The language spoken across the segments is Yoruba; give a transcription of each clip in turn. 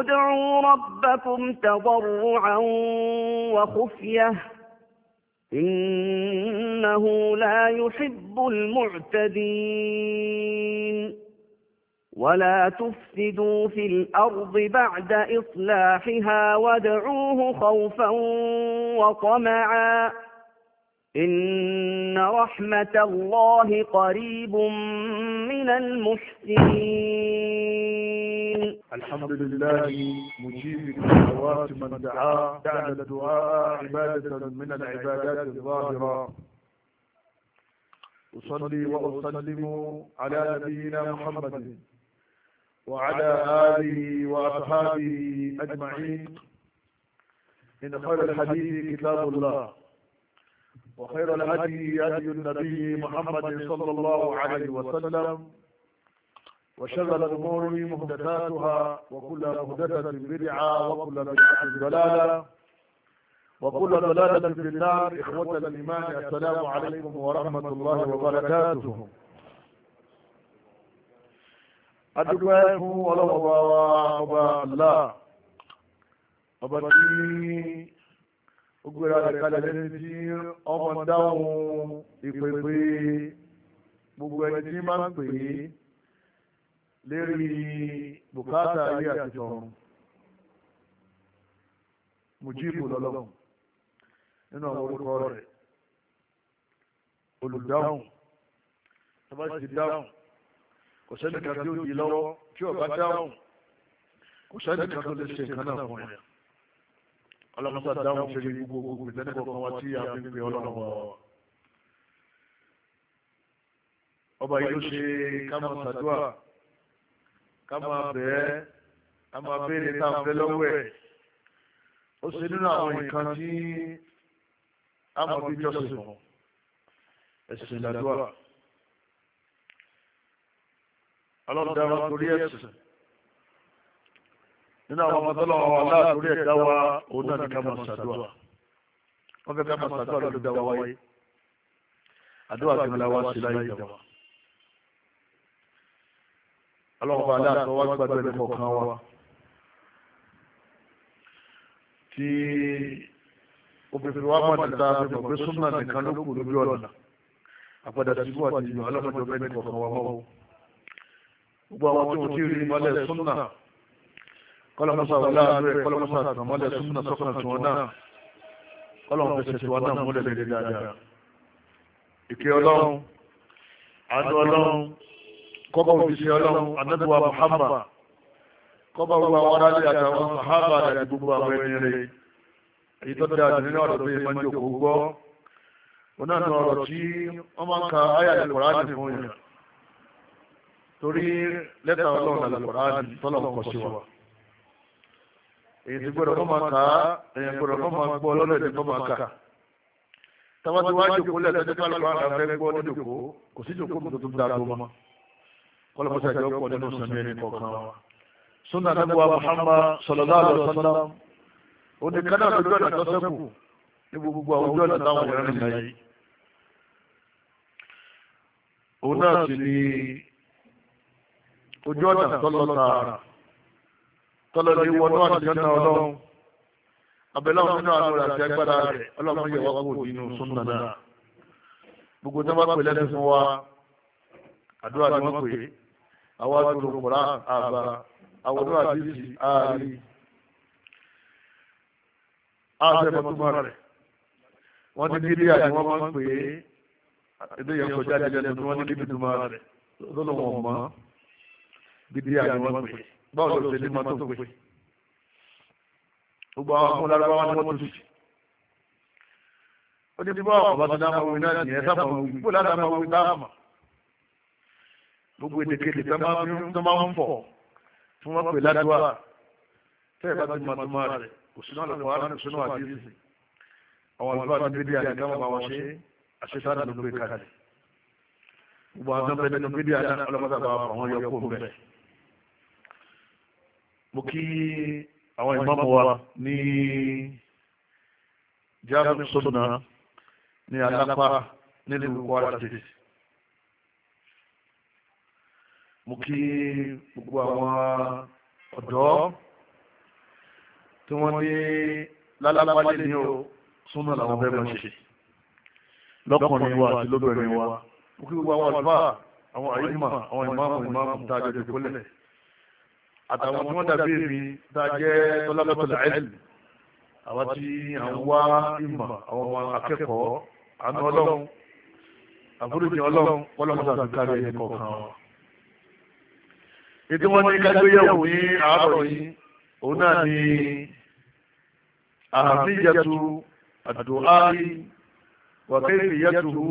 ادعوا ربكم تضرعا وخفية إنه لا يحب المعتدين ولا تفسدوا في الأرض بعد إصلاحها وادعوه خوفا وطمعا إن رحمة الله قريب من المحسنين الحمد لله مجيب الدعوات من دعا جعل الدعاء عبادة من العبادات الظاهرة أصلي وأسلم على نبينا محمد وعلى آله وأصحابه أجمعين إن خير الحديث كتاب الله وخير الهدي هدي النبي محمد صلى الله عليه وسلم وشر الأمور محدثاتها وكل محدثة بدعة وكل بدعة ضلالة وكل ضلالة في النار إخوة الإيمان السلام عليكم ورحمة الله وبركاته adúgbẹ́ fún ọlọ́wọ́wọ́ ọba àlá ọba tí ó gbéra rẹ̀ tí ọmọ dáhùn ìpèpè gbogbo ẹni tí máa ń pè é lérí bùkátà ayé àti tọ̀run mujibu lọ́lọ́run nínú àwọn orúkọ rẹ̀ olùdáhùn tọba ti dáhùn kò sẹ́ni kan tí ó di lọ́wọ́ tí ó bá dáhùn kò sẹ́ni kan tó lè ṣe nǹkan náà fún ẹ̀ ọlọ́mọsá dáhùn ṣe gbogbo ọba yìí ṣe ká máa ká máa bẹ̀ẹ́ ká máa béèrè táǹfẹ́ lọ́wọ́ ẹ̀ ó ṣe nínú àwọn nǹkan tí a mọ̀ bí jọ́sìn fún ẹ̀sìn ìdádúrà ọlọ́run dára torí ẹ̀sìn nínú àwọn ọmọdọ́lọ́ wa láàtúrí ẹ̀dá wa òun náà ní ká máa ṣàdúrà wọ́n fẹ́ ká máa ṣàdúrà lọ́dọ̀ dáwà wáyé àdúrà kí ni la wá sí láyé ìjọba ọlọ́run bá dáa tó wá gbàdúrà ẹni kọ̀ọ̀kan wa tí obìnrin wa máa dáa fi mọ̀ pé súnmọ́ nìkan ló kù lójú ọ̀nà àpadà síbú àti ìyọ̀ ọlọ́run jọ bẹ́ẹ̀ kọ̀ọ̀kan wa mọ́ gbogbo àwọn tí wọ́n ti rí mọ́lẹ̀ súnmọ́ kọlọmọsà wà láàárọ̀ ẹ kọlọmọsà súnmọ́ sọkànà tí wọn náà kọlọmọ fẹsẹ̀ tí wọn náà múlẹ̀ lè dáadáa ìkẹ́ Ọlọ́run àánú Ọlọ́run kọ́bà òjíṣẹ́ ọlọ́run anábíwá Muhammad kọ́bà gbogbo àwọn aráàlú àtàwọn sàhábà àti gbogbo àwọn ẹni rẹ̀ èyí tó dáa nínú ọ̀dọ̀ tó yẹ máa ń jókòó gbọ́ wọn náà nù ọ̀rọ̀ tí wọ́n máa ń ka ayé àlùkòránì fún yẹn torí lẹ́tà wájú kó lẹ́tà tó kálukú àgbà fẹ́ gbọ́ nídòkó kò sí jòkó mi tó dáa tó máa kọlọmọsí àjọ pọ̀ nínú sẹ́mi ẹni kọ̀ọ̀kan wa. sunna anabuwa muhammad sallallahu alaihi wa sallam òní kanáà lójú ọ̀nà tó sẹ́kù ní gbogbo àwọn ojú ọ̀nà táwọn ìrìn rìn láyé. òun náà sì ni ojú ọ̀nà tọ́lọ́ tààrà tọ́lọ́ ní wọnú àdìjọ́nà ọlọ́run abẹ́lẹ́ àti agbára rẹ̀ ọlọ́run yẹ wá nínú sunna náà. gbogbo tí bá pè fún wa àdúrà ni wọ́n pè é àwọn àdúró kura àbá àwòrán àdìsí àárí àṣẹfọ tó bá rẹ wọn ti kí díà ni wọn máa ń pè é ilé yẹn kọjá dídí ẹni wọn ní kíbi tó máa rẹ lọ́nà wọn mọ́ dídíà ni wọn pè é báwo ló ṣe ní máa tó pè é gbogbo àwọn akọ́ńdá lọ́wọ́ ni wọ́n tó sì ó ní bí wọ́n bá ti dá máa wí náà nìyẹn sábà wí kó ládàá máa wí dáhàmà gbogbo èdèkèdè tó máa ń fọ̀ tí wọ́n pè ládùúgbà tẹ́ ẹ̀ bá ti máa dùnmọ́ rẹ̀ kò sínú àlùkò àrùn sínú àdìsí àwọn àlùfáà ní bíbí àdìsí káwọn bá wọn ṣe àṣetára ló gbé kalẹ̀ gbogbo àwọn tó ń bẹ nínú bíbí àdìsí ọlọ́mọdé bá àwọn yọ kó bẹ̀. mo kí àwọn ìmáàmù wa ní jáàmù sọ́nà ní alápá nílùú kwara state mo kí gbogbo àwọn ọ̀dọ́ tí wọ́n ní lálápálẹ̀ ní o súnmọ́ làwọn fẹ́ máa ṣe lọ́kùnrin wa àti lóbìnrin wa mo kí gbogbo àwọn àlùfáà àwọn àyíkùmá àwọn ìmáàmù ìmáàmù tá a jọ jòkó lẹ̀ àtàwọn tí wọ́n dàbí èmi tá a jẹ́ tọ́lábọ́tọ̀lá ẹ̀lì àwọn tí àwọn wá ìmọ̀ àwọn ọmọ akẹ́kọ̀ọ́ àánú ọlọ́run àbúrò ìjìn ọlọ́run wọ́n lọ́mọdé títí wọ́n ní kágbéyàwó ní àárọ̀ yìí òun náà ni àhàmíyàtú àdùáyì wàkẹ́yìyàtú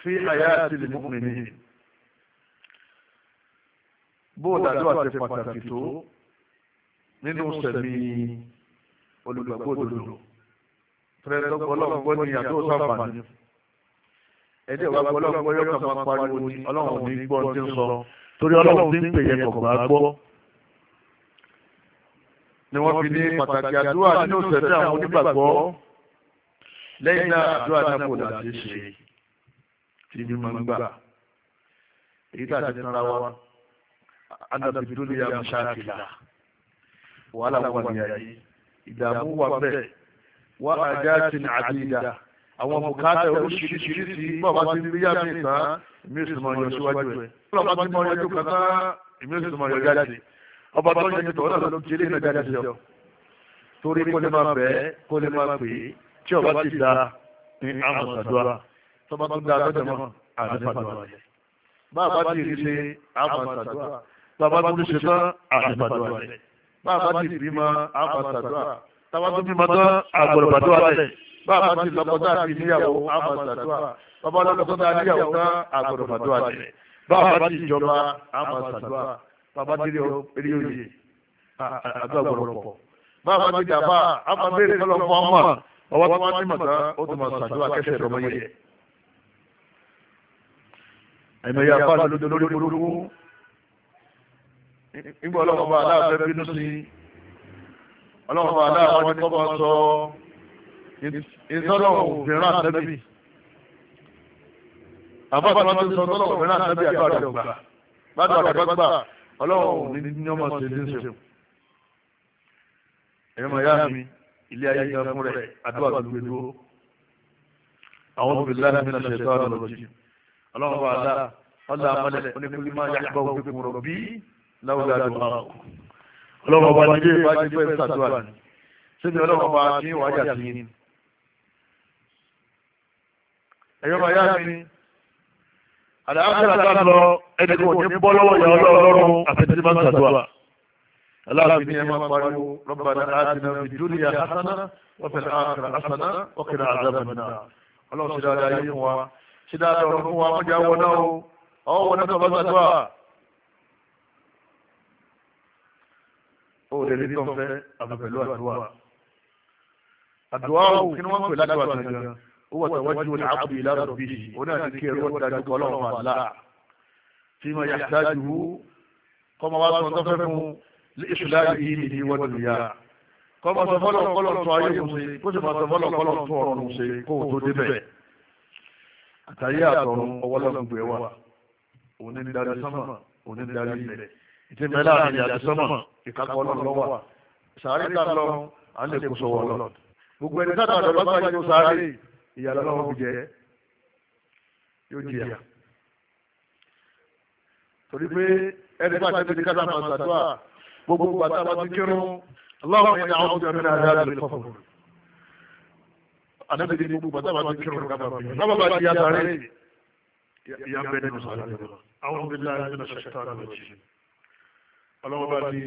fi hayati al-mu'minin. bóòdà tó àti pàtàkì tó nínú sẹ̀mí olùgbàgbọ́ òdodo fẹ́rẹ́dọ́gbọ́lọ́gbọ́ ni àtó sáfàní ẹ̀dẹ̀ wàgbọ́lọ́gbọ́ yọ̀ọ̀kan máa pariwo ni ọlọ́run ò ní gbọ́ ti ń sọ torí ọlọ́run ti ń pè yẹ kọ̀gbà gbọ́ ni wọ́n fi ní pàtàkì àdúrà nínú ìṣẹ̀dá àwọn onígbàgbọ́ lẹ́yìn náà àdúrà náà kò dà sí ṣe tí ní máa ń èyí tàbí tara wa anabi dúnìyà mọ́ṣáàkìlà wàhálà wà ní ayé ìdààmú wà bẹ́ẹ̀ wà á já sí ní àdìdá àwọn bùkátà oríṣiríṣiríṣi bàbá ti ń bíyà mí ìta èmi ò sì mọ ọyàn síwájú ẹ bàbá ti mọ ọyàn tó kàtá èmi ò sì mọ ọyàn jáde ọba tó yẹ tó ọ̀dà ló jẹ́ lẹ́yìn jáde sí ọ torí kó lè máa bẹ́ẹ̀ kó lè máa pè é tí ọba ti da ní àwọn sàdúrà tọ́ba tó da lọ́jọ́ mọ́ àdìpàdùà rẹ̀ bàbá ti rí ṣe àwọn sàdúrà bàbá tó ṣe tán àdìpàdùà rẹ̀ bàbá ti bímọ àwọn sàdúrà tàbá bàbá ti lọ́kọ́tà àti níyàwó àmàṣàdúà bàbá lọ́kọ́tà níyàwó tán àgbọ̀dọ̀ fàdúà ni bàbá ti jọba àmàṣàdúà bàbá ti rí oyè àdúrà gbọ̀dọ̀pọ̀ bàbá ti dàbà àmàbẹ̀rẹ̀ lọ́kọ́ ọmọ ọwọ́ tí wọ́n ti mọ̀ tán ó ti mọ̀ ṣàdúrà kẹsẹ̀ lọ́mọ yẹ. ẹ̀mẹ̀ yà bá lórí burúkú nígbà ọlọ́mọba aláàfẹ́ bínú sí ọlọ́mọba aláàfẹ́ wọn ni kọ́ ìtọ́lọ́wọ̀ òfìrán àtẹ́bí àbáta wọn ti sọ tọ́lọ́wọ̀ òfìrán àtẹ́bí àgbàdo àgbà gbàdo àgbàgbà ọlọ́wọ̀ òní ní ọmọ ṣe ní ṣe. ẹ̀rọ mọ̀ yá mi ilé ayé ga fún rẹ̀ àdúrà tó gbé dúró. àwọn òbí lára mi náà ṣe tó àdúrà lọ sí. ọlọ́wọ̀ bá dá ọ̀dà àmọ́lẹ̀ oníkúlí máa yá gbọ́ òkú kúrò bí láwùjọ àdúrà. ọlọ́wọ̀ bá ní ẹ̀yọ́ máa yá mi ni àdáhàkàrà tá a lọ ẹni kò ní bọ́ lọ́wọ́ ìyá ọlọ́run àfẹ́tí máa ń ṣàdúrà aláàbí ni ẹ máa pariwo rọ́bàdàn àdínà ìdúnìyà hasana wọ́pẹ̀lẹ̀ àkàrà hasana wọ́pẹ̀lẹ̀ àdàbẹ̀nà ọlọ́run ṣe dáadáa yé wa ṣe dáadáa ọ̀rọ̀ fún wa mọ́jà wọ náà o ọwọ́ wọn náà tó bá ṣàdúrà هو توجه العبد إلى ربه هناك كير ودك ولهم لا فيما يحتاجه قم الله تنظفه لإصلاح دينه ودنياه kọ́mọ sọ fọ́lọ̀ kọ́lọ̀ tó ayé mu sí kó sì máa sọ fọ́lọ̀ kọ́lọ̀ tó ọ̀run mu sí kó o tó débẹ̀. àtàyé àtọ̀run ọwọ́ lọ́dún gbé wa òní ń darí sánmà òní ń darí ilẹ̀ ìtì mẹ́lá àti àti sánmà ìkákọ́ ọlọ́run lọ́wọ́ sàárè tá lọ à ń lè kó sọ wọ́n lọ. gbogbo ẹni tá ìyàlọ́ lọ́wọ́ fi jẹ́ yóò jìyà torí pé ẹni bá tẹ́lẹ̀ ká sáà máa ṣàdúrà gbogbo bàtà bá ti kírun aláwọ̀ ẹ̀yà àwọn ọmọdé ọ̀rẹ́dà àdá àdúrà kọ̀ọ̀kan àdábìdì gbogbo bàtà bá ti kírun ká bàbá yìí sábà bá ti yàtà rẹ̀ ìyá ń bẹ nínú sàlẹ̀ lọ́wọ́ àwọn ọmọdé láàrin nínú ṣẹ̀ṣẹ̀ àdúrà jì ọlọ́wọ́ bá ti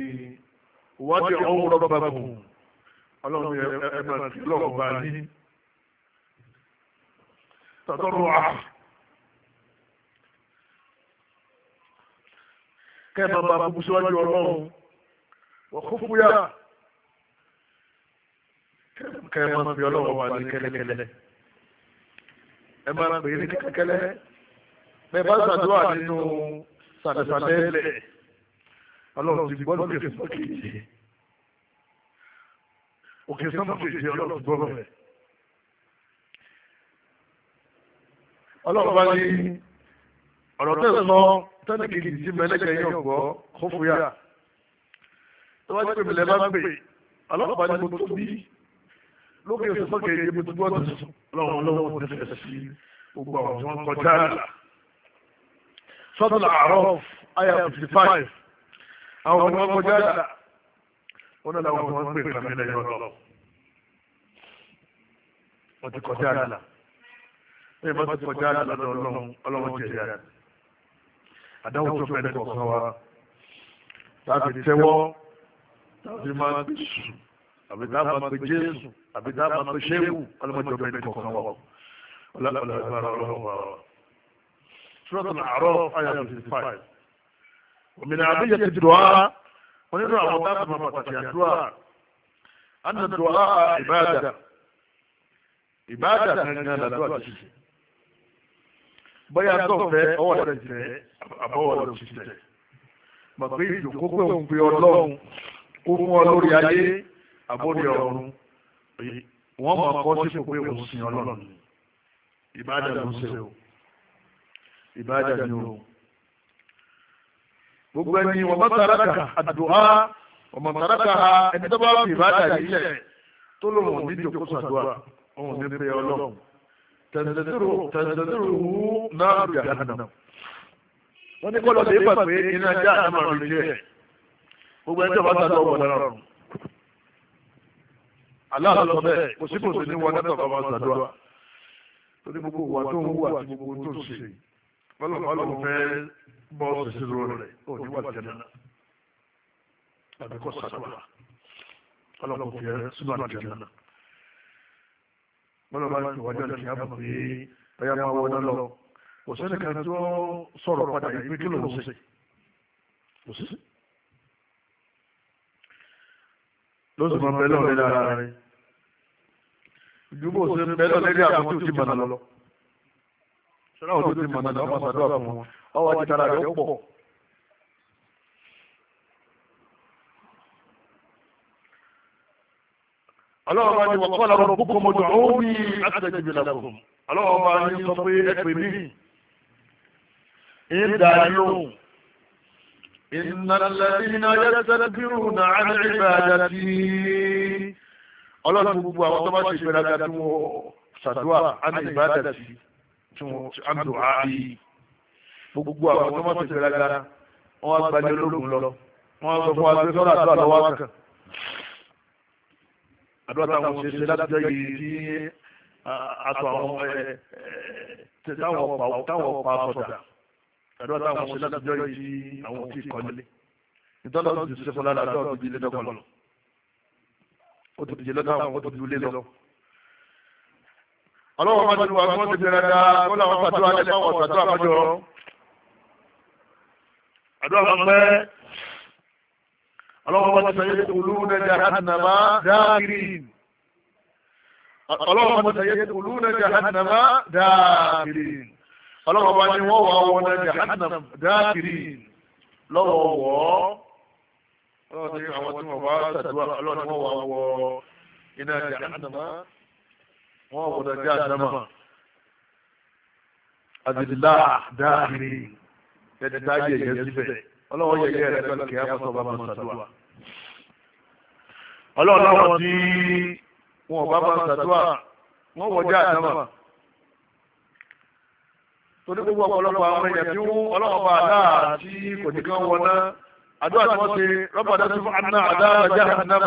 wádìí ọ̀hún rọ́bà bùn ọlọ́wọ́ bá ní tadarru'a kẹ́ bàbá gbogbo síwájú ọlọ́run wọ́n kó fúyà kẹ́ ẹ máa fi ọlọ́run wà ní kẹ́lẹ́kẹ́lẹ́ ẹ máa pè é ní kẹ́lẹ́kẹ́lẹ́ bẹ́ẹ̀ bá ṣàdúrà nínú ṣàdẹ̀ṣàdẹ̀ lẹ̀ ọlọ́run ti gbọ́ lókè sókè òkè sọ́mọ́ kejì ọlọ́run gbọ́ bẹ̀rẹ̀. ọlọ́run bá ní ọ̀rọ̀ tẹ́ sọ tẹ́lẹ̀ kejì sí mẹ́lẹ́kẹ̀ yín ọ̀gbọ́ kó fúyà tó bá ti pè mí lẹ́ bá ń pè ọlọ́run bá ní mo tó bí lókè oṣù sọ́kè èdè mo tó gbọ́ tó sùn ọlọ́run ọlọ́run tẹ́ fẹ́ sí gbogbo àwọn tí wọ́n kọjá àlà sọ́tún àárọ̀ àyà fifty five àwọn ọmọ wọn kọjá àlà wọn náà làwọn ọmọ wọn pè kàmílẹ̀ yọ̀ tẹ́ ẹ bá ti kọjá lọ́dọ̀ ọlọ́run ọlọ́run jẹ̀yà àdáwò tó fẹ́ẹ́ kọ̀ọ̀kan wa tàbí tẹ́wọ́ tàbí máa gbé sùn àbí dábà máa gbé jésù àbí dábà máa gbé ṣéwù ọlọ́run jọ fẹ́ẹ́ kọ̀ọ̀kan wa ọlọ́run ọlọ́run wa. Suratul A'raf ayat 55 ومن عبية الدعاء ونرى عوضات مفتح الدعاء أن الدعاء عبادة عبادة من الدعاء bóyá tó fẹ́ ọwọ́ rẹ̀ jẹ́ àbọ̀wọ̀ rẹ̀ ṣiṣẹ́ màgbé ìjòkó pé òun pe ọlọ́run kó fún ọ lórí ayé àbórí ọ̀run wọ́n máa kọ́ sípò pé òun sin ọlọ́run ìbáàdà ló ń ṣe o ìbáàdà ni o gbogbo ẹni wọ́n bá taraka àdùá ọmọ taraka ẹni tó bá fi ìbáàdà yìí lẹ̀ tó lòun ò ní ìjòkó sàdùá òun ní pe ọlọ́run tẹ̀síndínlùú náà rẹ̀ àná. wọ́n ní kọ́lọ́ lè bà pé iná já àmà rẹ̀ jẹ́ gbogbo ẹni tó bá sá lọ́wọ́ náà rọrùn. aláàlọ́ sọ bẹ́ẹ̀ kò sí kò sí ní wọn náà tọ́ka máa ṣàdúrà. torí gbogbo wa tó ń wà àti gbogbo tó ń ṣe ọlọ́run fẹ́ bọ́ọ̀sì sí lórí rẹ̀ ò ní wà jẹ́ náà àbíkọ́ ṣàdúrà ọlọ́run fi ẹ sínú àjẹ́ náà bọ́lá bá ti wájú àti àbò pé ọyá máa wọ náà lọ kò sẹ́ni kan tí wọ́n sọ̀rọ̀ padà yìí pé kí ló ń ṣe kò sí. lóṣù máa bẹ́ẹ̀ lọ́rẹ́ dára rẹ̀ ìdúgbò ṣe bẹ́ẹ̀ lọ́rẹ́ dára àwọn tó ti mọ̀nà lọ. sọ́nà àwọn ti mọ̀nà lọ́wọ́ àtàdúrà fún ọwọ́ àti tara rẹ̀ pọ̀. ọlọ́wọ́ bá ní wọ́kọ́ làwọn púpọ̀ mọ́tò àwọn ní àtẹ̀jìbì làwọn ọlọ́wọ́ bá ní sọ pé ẹ pè mí ìdá lóhùn ìnàlẹ́dínà yẹ́sẹ̀lẹ́bírùnà àdìbàdàtì ọlọ́run gbogbo àwọn tó bá ṣe ìfẹ́ wọ́n ṣàdúrà gbalẹ̀ ológun lọ wọ́n sọ fún wa pé sọ́dọ̀ kan àdúrà táwọn ṣe ṣe láti jẹ́ yìí tí aṣọ àwọn táwọn pa sọ̀dà àdúrà táwọn ṣe láti jẹ́ yìí tí àwọn tí kọ́lé ìtọ́lọ́ ti ṣe fọlá àdúrà tó di ilé dọ́kọ̀lọ́ ó ti dìje lọ́dọ̀ àwọn tó di ilé lọ. ọlọ́wọ́ máa ń lu àwọn tó ti bẹ̀rẹ̀ dáa kó làwọn fàdúrà lẹ́fọ̀ ọ̀sàdúrà mọ́jọ́ àdúrà máa ń pẹ́ ọlọ́wọ́ bá ti sọ yẹ́ olúna jahannama dáàbìrín ọlọ́wọ́ bá ti sọ yẹ́ olúna jahannama dáàbìrín ọlọ́wọ́ bá ní wọ́n wà wọ́n na jahannama dáàbìrín lọ́wọ́ wọ́ ọlọ́wọ́ ti àwọn tí wọ́n bá ṣàdúrà ọlọ́wọ́ ni wọ́n wà wọ́ iná jahannama wọ́n wọ́n na jahannama àdìdìlá dáàbìrín ẹ̀ẹ́dẹ́gbẹ́ yẹ̀yẹ́ síbẹ̀ ọlọ́wọ́ yẹ̀yẹ́ rẹ̀ pẹ̀lú kìí ọlọ́run láwọn tí wọn bá bá ń wọn wọjá àdámà torí gbogbo ọ̀pọ̀lọpọ̀ àwọn èèyàn tí wọ́n ọlọ́run bá dáa tí kò ní kán wọná àdúrà tí wọ́n ṣe rọ́bàdá tí fún yìí àwọn ènìyàn àti máa ń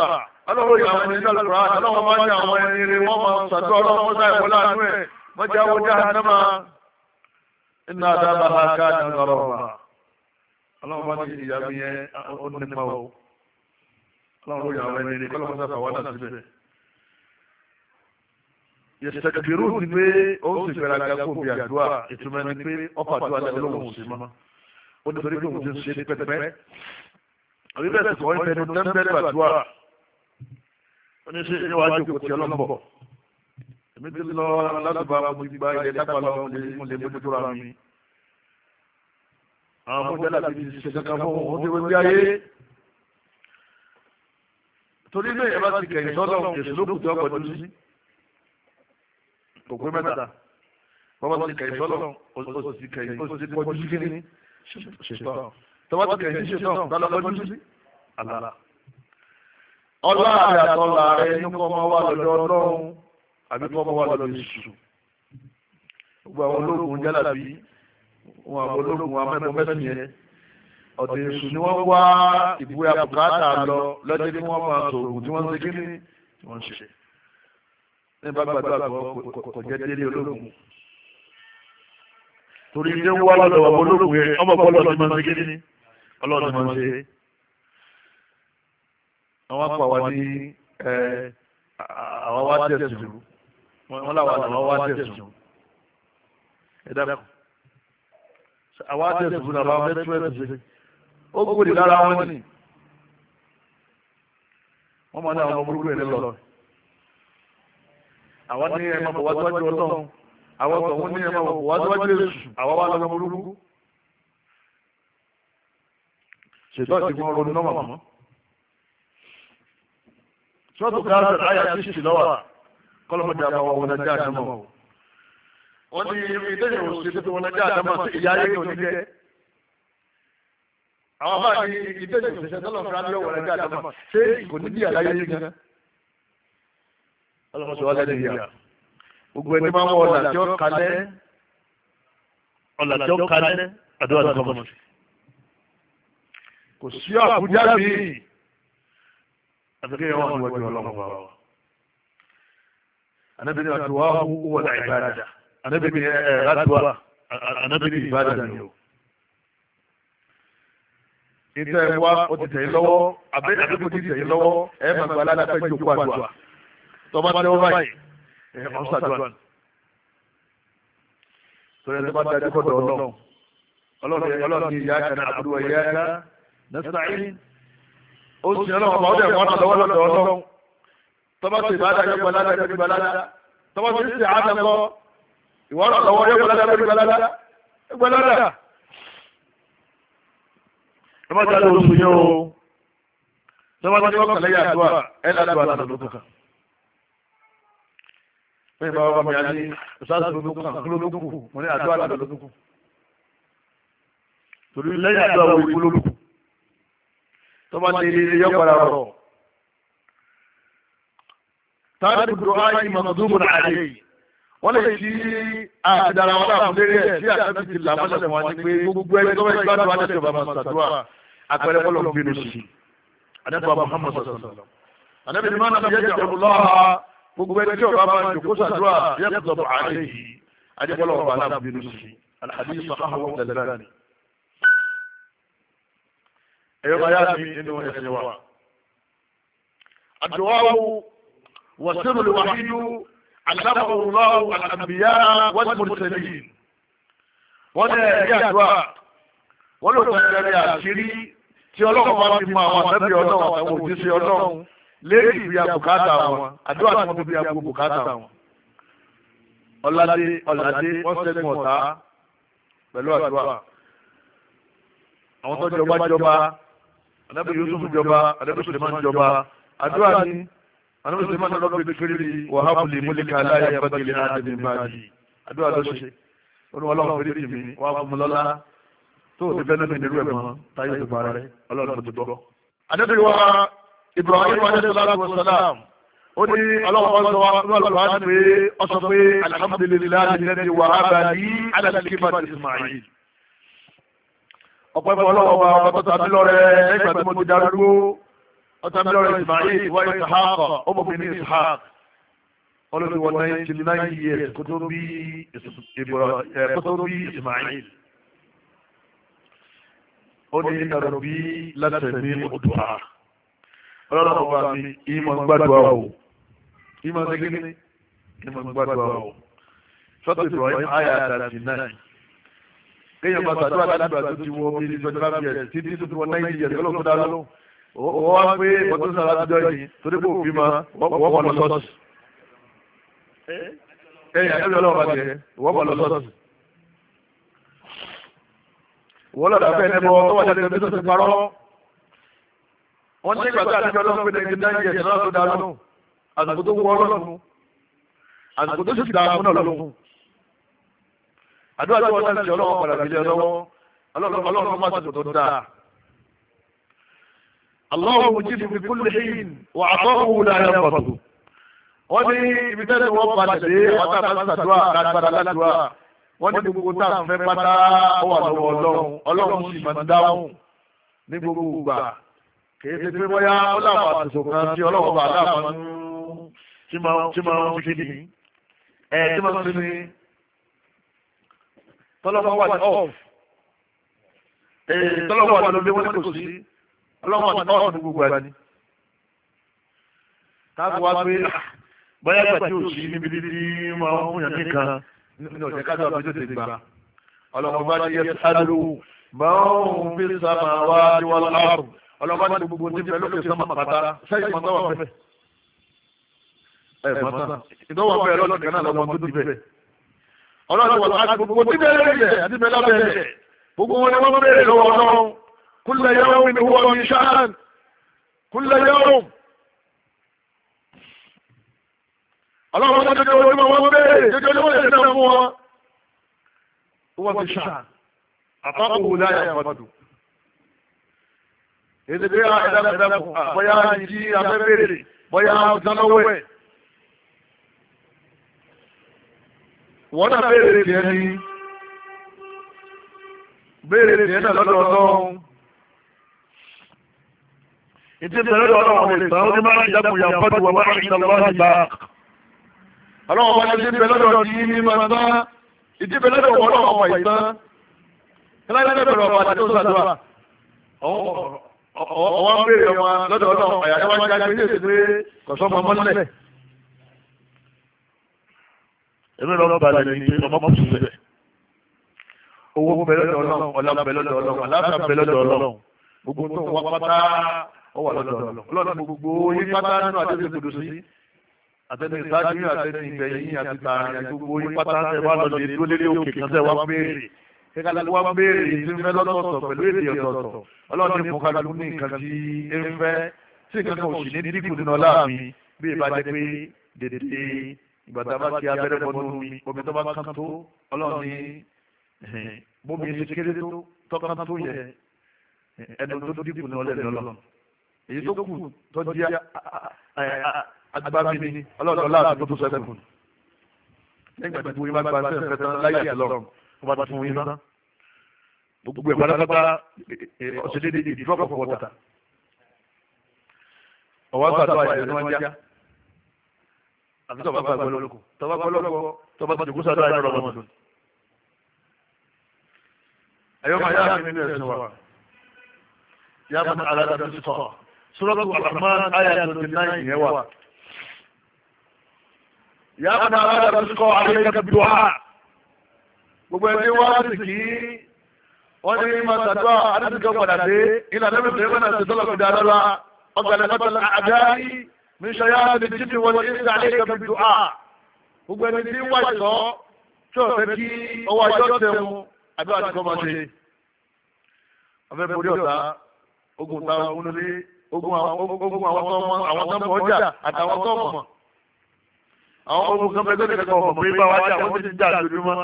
àwọn ẹni máa ń ẹ̀ ọlọ́run yà wọ́n ẹni kọ́lọ́ mọ́sá fà wọ́n náà síbẹ̀. yẹ̀sẹ̀kìrú ni pé ó sì fẹ́ra ga kó bí àdúrà ìtumọ̀ ni pé ọ̀pọ̀ àdúrà náà lóhùn sí mọ́ ó ní torí pé òun ti ń ṣe pẹ́pẹ́ àbí bẹ́ẹ̀ sì kọ́ ìfẹ́ ní tẹ́ńbẹ́lì àdúrà ó ní ṣe ìwájú kò tí ọlọ́mọ èmi ti lọ ládùúgbò àwọn ọmọ ìgbà ilẹ̀ dápà lọ mo lè mójútó ra mi àwọn ọmọ ìgbà láti ṣe kankan fún òun ó ti wé torí lóye bá ti kẹ̀yìn sọ́dọ̀ èsì ló kù tí ọkọ̀ dúdú sí kò pé mẹ́ta bọ́bá ti kẹ̀yìn sọ́dọ̀ ó sì kẹ̀yìn o sì kọjú sí kíní ṣètọ́ tọ́wọ́ ti kẹ̀yìn sí ṣètọ́ tọ́lá lọ́jú sí àlàlà. ọlá rẹ̀ àtọ́lá rẹ̀ ní kọ́ máa wà lọ́dọ̀ ọlọ́run àbí kọ́ máa wà lọ́dọ̀ èṣù gbogbo àwọn ológun jálàbí wọn àwọn ológun amẹ́mọ́ mẹ́sàn ọ̀dọ̀ èṣù ni wọ́n wá ìbúwe àbùkátà lọ lọ́jọ́ tí wọ́n máa sòògùn tí wọ́n ń ṣe kí ni wọ́n ń ṣe. ní bá gbàgbọ́ àgbọ̀ kò délé ológun. torí ilé ń wá lọ́dọ̀ àwọn ológun yẹn ọmọ ọ̀pọ̀ ọlọ́dún máa ń ṣe kí ni ọlọ́dún máa ń ṣe. àwọn apá wa ní àwọn wá tẹ̀sùn wọn làwọn àwọn wá tẹ̀sùn ẹ dákun. àwa tẹ̀sùn fún àwọn abẹ́tú ó gbòdì lára wọn ni wọ́n máa ní àwọn ọmọ burúkú rẹ̀ lọ. àwọn ní ẹ máa bọ̀ wá síwájú ọlọ́run àwọn ọ̀tọ̀wọ́n ní ẹ máa bọ̀ wá síwájú èṣù àwọn wá lọ́mọ burúkú. ṣètò àti ìgbìmọ̀ ronú náà màmá. sọ́ọ̀tù kan láti àyà ṣíṣì lọ́wọ́ kọ́lọ́mọdé àbáwọ̀ wọn ajá àdámọ̀. wọ́n ní ilé ìwòsàn wọn ajá àdámọ̀ sí ìyá ayé àwọn afáà ní ìtẹ́jọ́ ìṣẹ̀ṣẹ̀ tọ́lọ̀ fún abíyọ̀ wọ̀rẹ́ bí àtọ́mọ̀ ṣé kò ní bí àlàyé yìí gan. ọlọ́mọṣọ wa lẹ́nu ìyá gbogbo ẹni máa ń wọ ọ̀là tí ó kalẹ̀ ọ̀là tí ó kalẹ̀ àdúrà tó kọ́mọ̀ sí. kò sí àbújá mi àti kéèyàn wà níwájú ọlọ́mọba wa. anábìyẹn ni àti wàá wọ ọ̀là ìbáradà anábìyẹn ẹ̀ nítorí ẹ wá ó ti tẹ̀yìn lọ́wọ́ àbẹ́ àdúgbò ti tẹ̀yìn lọ́wọ́ ẹ máa gba aláàpẹ́ ìjókòó àdúrà tọ́ba tẹ́wọ́ báyìí ẹ ọ̀n sàdúrà torí ẹ tó bá dájú kọ́ dọ̀ọ́ náà ọlọ́run ìyá kan àbúrò ìyá kan nẹ́sàáyìn ó sì ọlọ́run ọba ọdẹ wọn lọ́wọ́ lọ́dọ̀ ọlọ́run tọ́ba tó ìbáda yọ gbalada yọ gbalada tọ́ba tó ìsì àdàkọ ìwọ́n lọ́wọ́ yọ gbalada yọ gbalada ẹ má jáde oṣù yẹn o sọ́wọ́n tí wọ́n kàn lẹ́yìn àdúrà ẹ̀ ládùúgbò àtàlù tó kàn. bẹ́ẹ̀ bá wà mí a ní ìsáàsì ló tó kàn kúló ló kù mo ní àdúrà àtàlù tó kù. torí lẹ́yìn àdúrà wo ìkúló ló kù. tọ́ba ní lè ti àdàrà wọn láàmú lérí ẹ̀ sí àtàkùn ti wọn ni pé gbogbo ẹgbẹ́ tó bá ti bàbá sàdúrà àpẹẹrẹ bọ́lọ̀ ń bínú sí anábà muhammad sallam anábì ni máa nàbí yẹjẹ ọlọ́ha gbogbo ẹni tí ọba bá ń jòkó sàdúrà yẹtọ̀ bọ̀ àárẹ̀ yìí adébọ́lọ̀ ọba aláà bínú sí alhadith sahahu dalilani ẹ̀yọ́ bá yá mi nínú ẹ̀sìn wa àdùwáwò wàsírù lùwàhídù alábàwò lọ́wọ́ alàbíyá wọ́n ti mú wọ́n ló fẹ́ rẹ̀ àṣírí tí ọlọ́run bá fi mọ àwọn àtẹ́bí ọlọ́run àtàwọn òjíṣẹ́ ọlọ́run léèdì bí abùkátà wọn àdúrà tí wọ́n fi bí abùkátà wọn. ọ̀làdé ọ̀làdé wọ́n ṣẹ́gun ọ̀tá pẹ̀lú àdúrà. àwọn tó jọba jọba ànábì Yusuf jọba ànábì Suleman jọba àdúrà ni ànábì Suleman lọ́dọ̀ pé kiri wàhábù lè múlẹ̀ ká láyà bàtìlẹ̀ àdébìnbàjì àdúrà ló ṣe olùwàlọ́wọ́ fèrè tì mí wàá fún mi lọ́lá tó o ti fẹ́ lómi nílùú ẹ̀ mọ́ táyé ti parẹ́ rẹ ọlọ́run mo ti gbọ́. àdébìrì wa ibrahim alayhisalaam wasalaam ó ní ọlọ́wọ́ ọlọ́wọ́ á pé ọ sọ pé alhamdulilayi alladhi wahaba li ala al-kibar ismail. ọ̀pọ̀ ẹ̀fọ́ ọlọ́wọ́ wa ọ̀pọ̀ tàbí lọ́rẹ́ nígbà tí mo ti darúgbó ọ̀tàbí lọ́rẹ́ ismail wáyé sahaba ọmọbìnrin ishaq ọlọ́dún wọn náà ti ní náà yíyẹ kótó bí ismail ó ní ìdàrú bí látẹ̀ ní òdùá ọlọ́run ọba mi ìmọ̀ gbàdúrà o ìmọ̀ ṣẹ́gẹ́ni ìmọ̀ gbàdúrà o sọ́tò Ibrahim ayé àtàtì náà kéèyàn bá sàdúrà ládùúgbà tó ti wọ bí ní twenty five years títí tó ti wọ nine years kọ́lọ́ tó dáná wọ́n wá pé ọdún sára àtijọ́ yìí torí kò fi ma wọ́n kọ́ lọ sọ́ọ̀sì. ẹ̀yìn àjọyọ̀ ọlọ́run bá jẹ wọ́n kọ́ wọ́n lọ́dà fẹ́ ẹni bọ́ tó wà jáde tó ti parọ́ wọ́n ní ìgbà tó àti ìjọ lọ́wọ́ pé ní ìdá ìyẹn náà tó dáa lọ́nu àsìkò tó wọ́ lọ́nu àsìkò tó sì dáa mú náà lọ́nu àdúrà tí wọ́n náà ti ọlọ́wọ́ padà sílẹ̀ lọ́wọ́ ọlọ́run máa sàtò tó dáa Allahu mujibu fi kulli hin wa atahu la yanfadu wọ́n ní ibi tẹ́lẹ̀ wọ́n padà dé wọ́n tàbí wọ́n ní gbogbo tá à ń fẹ́ pátá ó wà lọ́wọ́ ọlọ́run ọlọ́run sì máa ń dáhùn ní gbogbo ìgbà kìí ṣe pé bóyá ó làwọn àtúnṣe kan tí ọlọ́run bá dáhùn tí máa ń fi kíni ẹ̀ tí máa ń fi ní tọ́lọ́mọ wà ní ọ̀f tọ́lọ́mọ wà lóde wọ́n kò sí ọlọ́mọ wà ní ọ̀f ní gbogbo àní. táàbù wá pé ah, bóyá ìgbà tí ò sí níbi dídí máa ń fún yàn ní ọ̀jẹ̀ kájọ́ àbójú ti gbà ọlọ́run bá ní yẹ sálú máa ń fi sábà wá níwọ̀n láàrú ọlọ́run bá ní gbogbo ní bẹ́ẹ̀ lókè sọ́mà pátá sẹ́yìn mọ́tà wà fẹ́ ẹ̀ mọ́tà ìdánwò bẹ́ẹ̀ lọ́dún kan náà lọ́mọ tó di bẹ́ẹ̀ ọlọ́run wà láti gbogbo tí bẹ́ẹ̀ lẹ́yìn àti bẹ́ẹ̀ lábẹ́ẹ̀ gbogbo wọn ni wọ́n bẹ̀rẹ̀ lọ́wọ́ ọlọ́run kúlẹ̀ yẹ́wọ́n mi ni wọ́n mi ṣáà kúlẹ̀ yẹ́wọ́n ọlọ́run tó jẹ́ ojúmọ̀ wọn bẹ́ẹ̀ jẹ́jọ́ ló wọ́n ṣẹ̀dá fún wọn. ó wọ́n ti ṣà àpapọ̀ láyà ìfọdù. èdè bí a ẹ̀dá ẹ̀dá fún bóyá ìdí afẹ́fẹ́rẹ́ bóyá ìdánáwẹ̀. wọ́n náà béèrè tiẹ̀ ní béèrè tiẹ̀ náà lọ́dọ̀ ọlọ́run. ìdí ìbẹ̀rẹ̀ lọ́dọ̀ máa ń jákùn yàtọ̀ ọlọ́wọ́ bá ti bẹ lọ́dọ̀ ní ní máa bá ìdíbẹ lọ́dọ̀ wọ́n lọ́wọ́ ọmọ ìtàn kíláyà bẹ̀rẹ̀ ọba àti òṣàdúrà ọwọ́ ń bèrè ọmọ lọ́dọ̀ ọlọ́wọ́ àyàjọ́ wájú ajé ní èsì pé kọ̀sọ́ ọmọ mọ́lẹ̀. èmi lọ́wọ́ balẹ̀ ní pé ọmọ mọ́tò sílẹ̀ owó bẹ lọ́dọ̀ ọlọ́run ọlá bẹ lọ́dọ̀ ọlọ́run àtẹni ìsáájú yín àtẹni ìgbẹ̀yìn àti tààrin gbogbo yín pátá tẹ wá lọ lè dúró òkè kan tẹ wá béèrè kíkàlùkù wá béèrè tí ń fẹ́ lọ́tọ̀ọ̀tọ̀ pẹ̀lú èdè ọ̀tọ̀ọ̀tọ̀ ọlọ́run ní mọ̀kàlùkù ní nǹkan tí ń fẹ́ tí nǹkan kan ò sì ní dídìkù nínú ọlá mi bí ìbá jẹ́ pé dèdè ìgbà tá a bá ti abẹ́rẹ́ bọnú omi tó bá kán tó ọlọ́run ní bómi ṣe kéré tó tọ́kán tó yẹ ẹnu tó dídìkù nínú ọlẹ́ agbábíni ọlọ́dọ̀ láàbí tó tó sẹ́kùn. nígbà tí wọ́n bá gba sẹ́kùn tán láyé àlọ́run wọ́n bá fún yín tán. gbogbo ẹ̀ pátápátá ọ̀sẹ̀dédé ìdí drop of water. ọ̀wá gbàdúrà ìrẹ̀ ni wọ́n já. àfi tọ́ba gbàgbọ́ lọ́kọ̀ tọ́ba gbọ́ lọ́kọ̀ tọ́ba gbàdúrà kó sáré àìrọ̀ ọmọdún. ẹ̀yọ́ máa yá àmì nínú ẹ̀sìn wa. yá máa ní alága tó ti sọ ìyá kan náà alága tó kọ́ àlejò bí wá gbogbo ẹni wá sí kí wọ́n ní ma tàdúrà àdúgbò padà dé ilẹ̀ lẹ́nu tó yẹ kọ́nà tó tọ́lọ̀ gbẹdẹ àdọ́lá ọgbà lẹ́nu tó lọ àdá mi sọ yá ni jíjí wọn ní ìgbà àlejò bí wá gbogbo ẹni tí wá ìsọ tí ò fẹ́ kí ọwọ́ àjọ tẹ̀wọ̀n àbí àdúgbò máa ṣe ọfẹ borí ọ̀tá ogun ta ogun lórí ogun àwọn ọmọ àwọn tọmọ ọjà àtàwọn tọmọ àwọn ọmọ kan bẹ́ẹ̀ tẹ́lẹ̀ kan ọmọ pé bá wá jà wọ́n ti jà lójúmọ́.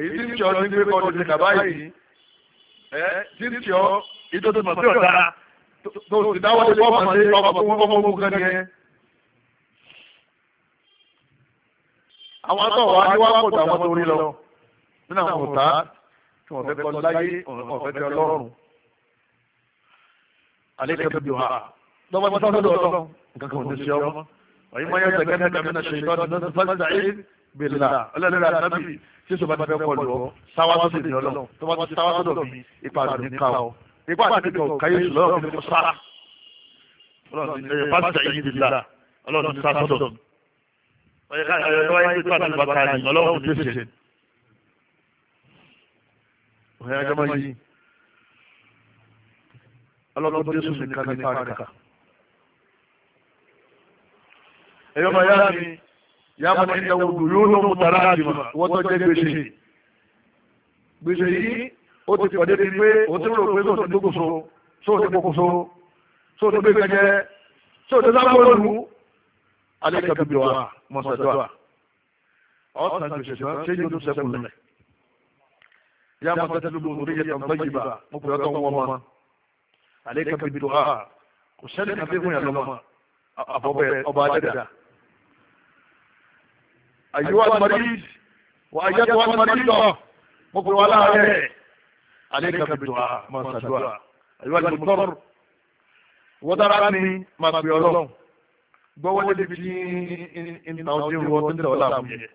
èyí tí ń tí ọ ní pé kọ́ ọdún ti kà báyìí ẹ tí ń tí ọ ìjọ tó mọ̀ sí ọ̀dà tó sì dáwọ́ sí ọmọ sí ọmọ tó wọ́n fọ́mọ́ ogun kan yẹn. àwọn atọ́wọ́ adéwà pọ̀ tó àwọn tó rí lọ nínú àwọn ọ̀tá tí wọ́n fẹ́ kọ́ láyé ọ̀fẹ́ tẹ ọlọ́run. àlékẹ́ tó di wa lọ́wọ́ tí wọ́n fẹ́ nǹkan kan ò ní ṣe ọmọ ọ̀yìn mọ́ yẹn tẹ̀kẹ́ tẹ̀kẹ́ mẹ́ta ṣe ìtọ́ ní fásitì ayé bèlà ọlọ́lẹ́lẹ́ àtàbí tí sọ bá ti fẹ́ kọ lọ sáwá tó sì ní ọlọ́ tó bá ti sáwá tó dọ̀ mí ipa àti ká ọ ipa àti ká ọ káyé sùn lọ́wọ́ mi kò sára fásitì ayé bèlà ọlọ́run sá sọ́dọ̀ ọlọ́run tó yẹ sùn nìkan nípa àkàkà. ẹ̀yọ́ máa yá mi yá máa ní ìdáwó dùn yóò ló mú tara àdìmọ̀ wọ́n tó jẹ́ gbèsè. gbèsè yìí ó ti pàdé ti pé ó ti rò pé sóòtú dókòso sóòtú kókòso sóòtú gbé kẹjẹ sóòtú sábà olú alẹ́ kàbíbi wa mọ̀sádọ́à ọ̀sán gbèsè tí wọ́n ṣe yóò tún sẹ́kù lẹ̀. yá máa tẹ́tí lóko orí yẹn tàn báyìí bá mo pè ọ́ alẹ́ kàbíbi wa kò sẹ́ni kàbí fún yàrá lọ́mọ àbọ̀bẹ̀ ọba ajẹ́dà. أيها المريض وأيتها المريضة مقبل ولا عليه عليك بالدعاء ما سدعاء أيها المضطر ودر عني ما في الله gbọ́wọ́ lè fi iná ọdún ìwọ tó ń tẹ̀wọ́ láàmú yẹ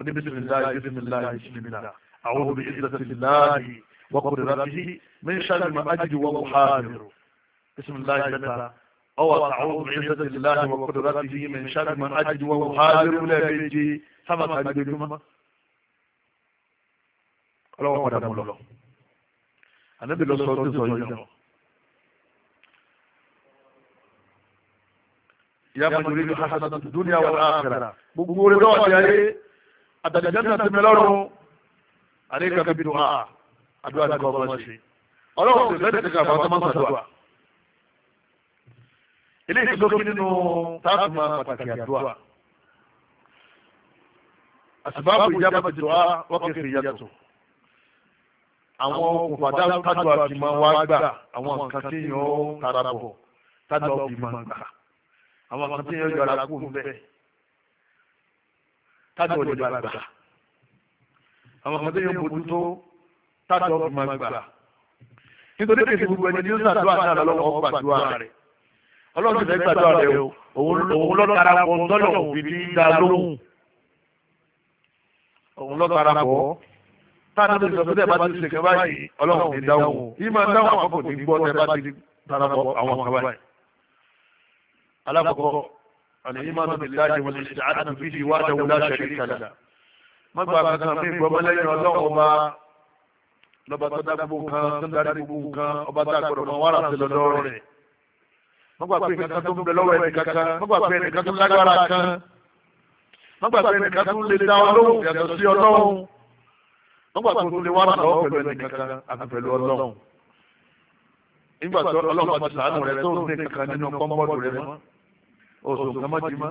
oní bisimilahi bisimilahi bisimilahi àwọn obì ìdílẹ̀sìláhi wọ́pọ̀ rẹ̀ rábí mí ṣáàlì máa ájì wọ́n mú hàmìrò bisimilahi mẹ́ta أو أعوذ بعزة الله وقدرته من شر من أجد وأهاجر لا بيجي ثبت عند الجمعة ọlọ́wọ́ padà mọ́ lọ ànábì lọ sọ ọdún sọ yìí lọ. ìyá máa yorùbá hasan dúnìá wà láàkàrà gbogbo orin lọ́wọ́ ti ayé àtàjàjá náà ti mẹ́lọ́rùn àríkà bíbí dùn áà àdúrà ní kọ́ ọmọ ṣe ọlọ́wọ́ sì fẹ́ẹ́ tẹ̀ka àbáwọ́ tó máa ń sàdúrà eléyìí tó kí nínú táàtùmá pàtàkì àdúrà àsìbáàbò ìjábọ̀ ti dùá wọ́pẹ́ fi yàtọ̀ àwọn òpàdá tájọ àti máa wá gbà àwọn nǹkan tí yàn ó tara bọ̀ tájọ òbí máa gbà àwọn nǹkan tí yàn ó yọra kú bẹ́ẹ̀ tájọ òbí máa gbà àwọn nǹkan tí yàn ó bójú tó tájọ òbí máa gbà nítorí kìí gbogbo ẹni ní ó ṣàdúrà náà lọ́wọ́ gbàdúrà rẹ̀ ọlọ́run ti fẹ́ gbàdúrà rẹ o òun lọ́dọ̀ tara pọ̀ tọ́lọ̀ òfin ní dá lóhùn òun lọ́dọ̀ tara pọ̀ táwọn ọdún sọ pé tẹ́ bá ti ṣe kẹfà yìí ọlọ́run ti dáhùn yìí máa dáhùn àkọ́kọ́ ti gbọ́ tẹ́ bá ti tara pọ̀ àwọn kaba yìí. alákọ̀ọ́kọ́ àná yìí máa ń tẹ̀lé láti wọlé ṣe àtúntò fi ṣe wájà wọlé àṣẹ ìkàlà. má gbà kankan mi gbọ́ mọ́lẹ́yìn ọlọ́run ọba lọ́ba tó dá gbogbo nǹkan tó dá gbogbo nǹkan ọba tá a gbọ́dọ̀ mọ wàrà sí lọ́dọ̀ rẹ̀ mọ́gbà pé nǹkan tó ń bẹ lọ́wọ́ ẹnì kankan mọ́gbà pé nǹkan tó lágbára kan mọ́gbà pé nǹkan tó lè dá ọlọ́run yàtọ̀ sí ọlọ́run mọ́gbà pé tó lè wá lọ́wọ́ pẹ̀lú ẹnì kankan àti pẹ̀lú ọlọ́run. nígbà tó ọlọ́run ti sàánù rẹ tó ń ní kankan nínú kọ́mọ́dù rẹ mọ́ oṣù kan má di mọ́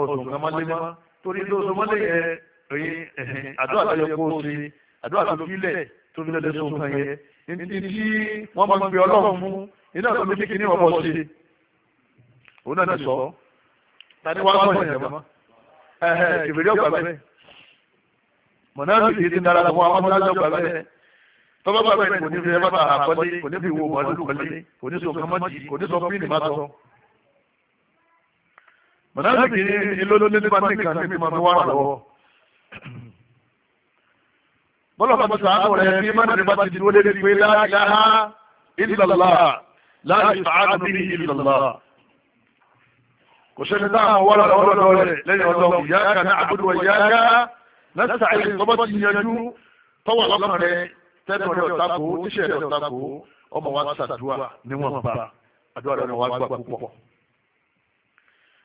oṣù kan má lé mọ́ torí lóṣù mọ́lẹ̀ yẹn àdúrà tó yẹ kó o ṣe àdúrà tó fi iná tó ní kíkí ní ọmọ ṣe òun náà ti sọ tani wá kọ́ ìyẹn mọ́ ẹ̀hẹ̀ ìbèrè ọgbà bẹ́ẹ̀ mọ̀nàmí kì í ti dára fún àwọn ọmọdé ọgbà bẹ́ẹ̀ tọ́gbà bá bẹ́ẹ̀ kò ní fi ẹbá bá àkọ́lé kò ní fi wo mọ̀ọ́lù kọ́lé kò ní sọ kọ́mọ́dì kò ní sọ pínì má sọ. mọ̀nàmí kì í lólólé nípa nìkan tí mi máa fi wá lọ́wọ́ bọ́lá bàbá sàánù rẹ̀ bí mọ́nà nípa ti dúró lé láàrin fàádùn ní ìlàlá kò sẹ́ni táwọn wọ́n lọ́rọ̀ lọ́rọ̀ rẹ̀ lẹ́yìn ọlọ́run ìyáka náà àbúrò ìyáka lẹ́sà ilé tọ́bọ́ ti yanjú tọ́wọ́ lọ́kàn rẹ̀ tẹ́tọ̀ rẹ̀ ọ̀tàkó tíṣẹ̀ rẹ̀ ọ̀tàkó ọmọ wa ṣàdúrà níwọ̀n bá àdúrà rẹ̀ wá gbà púpọ̀.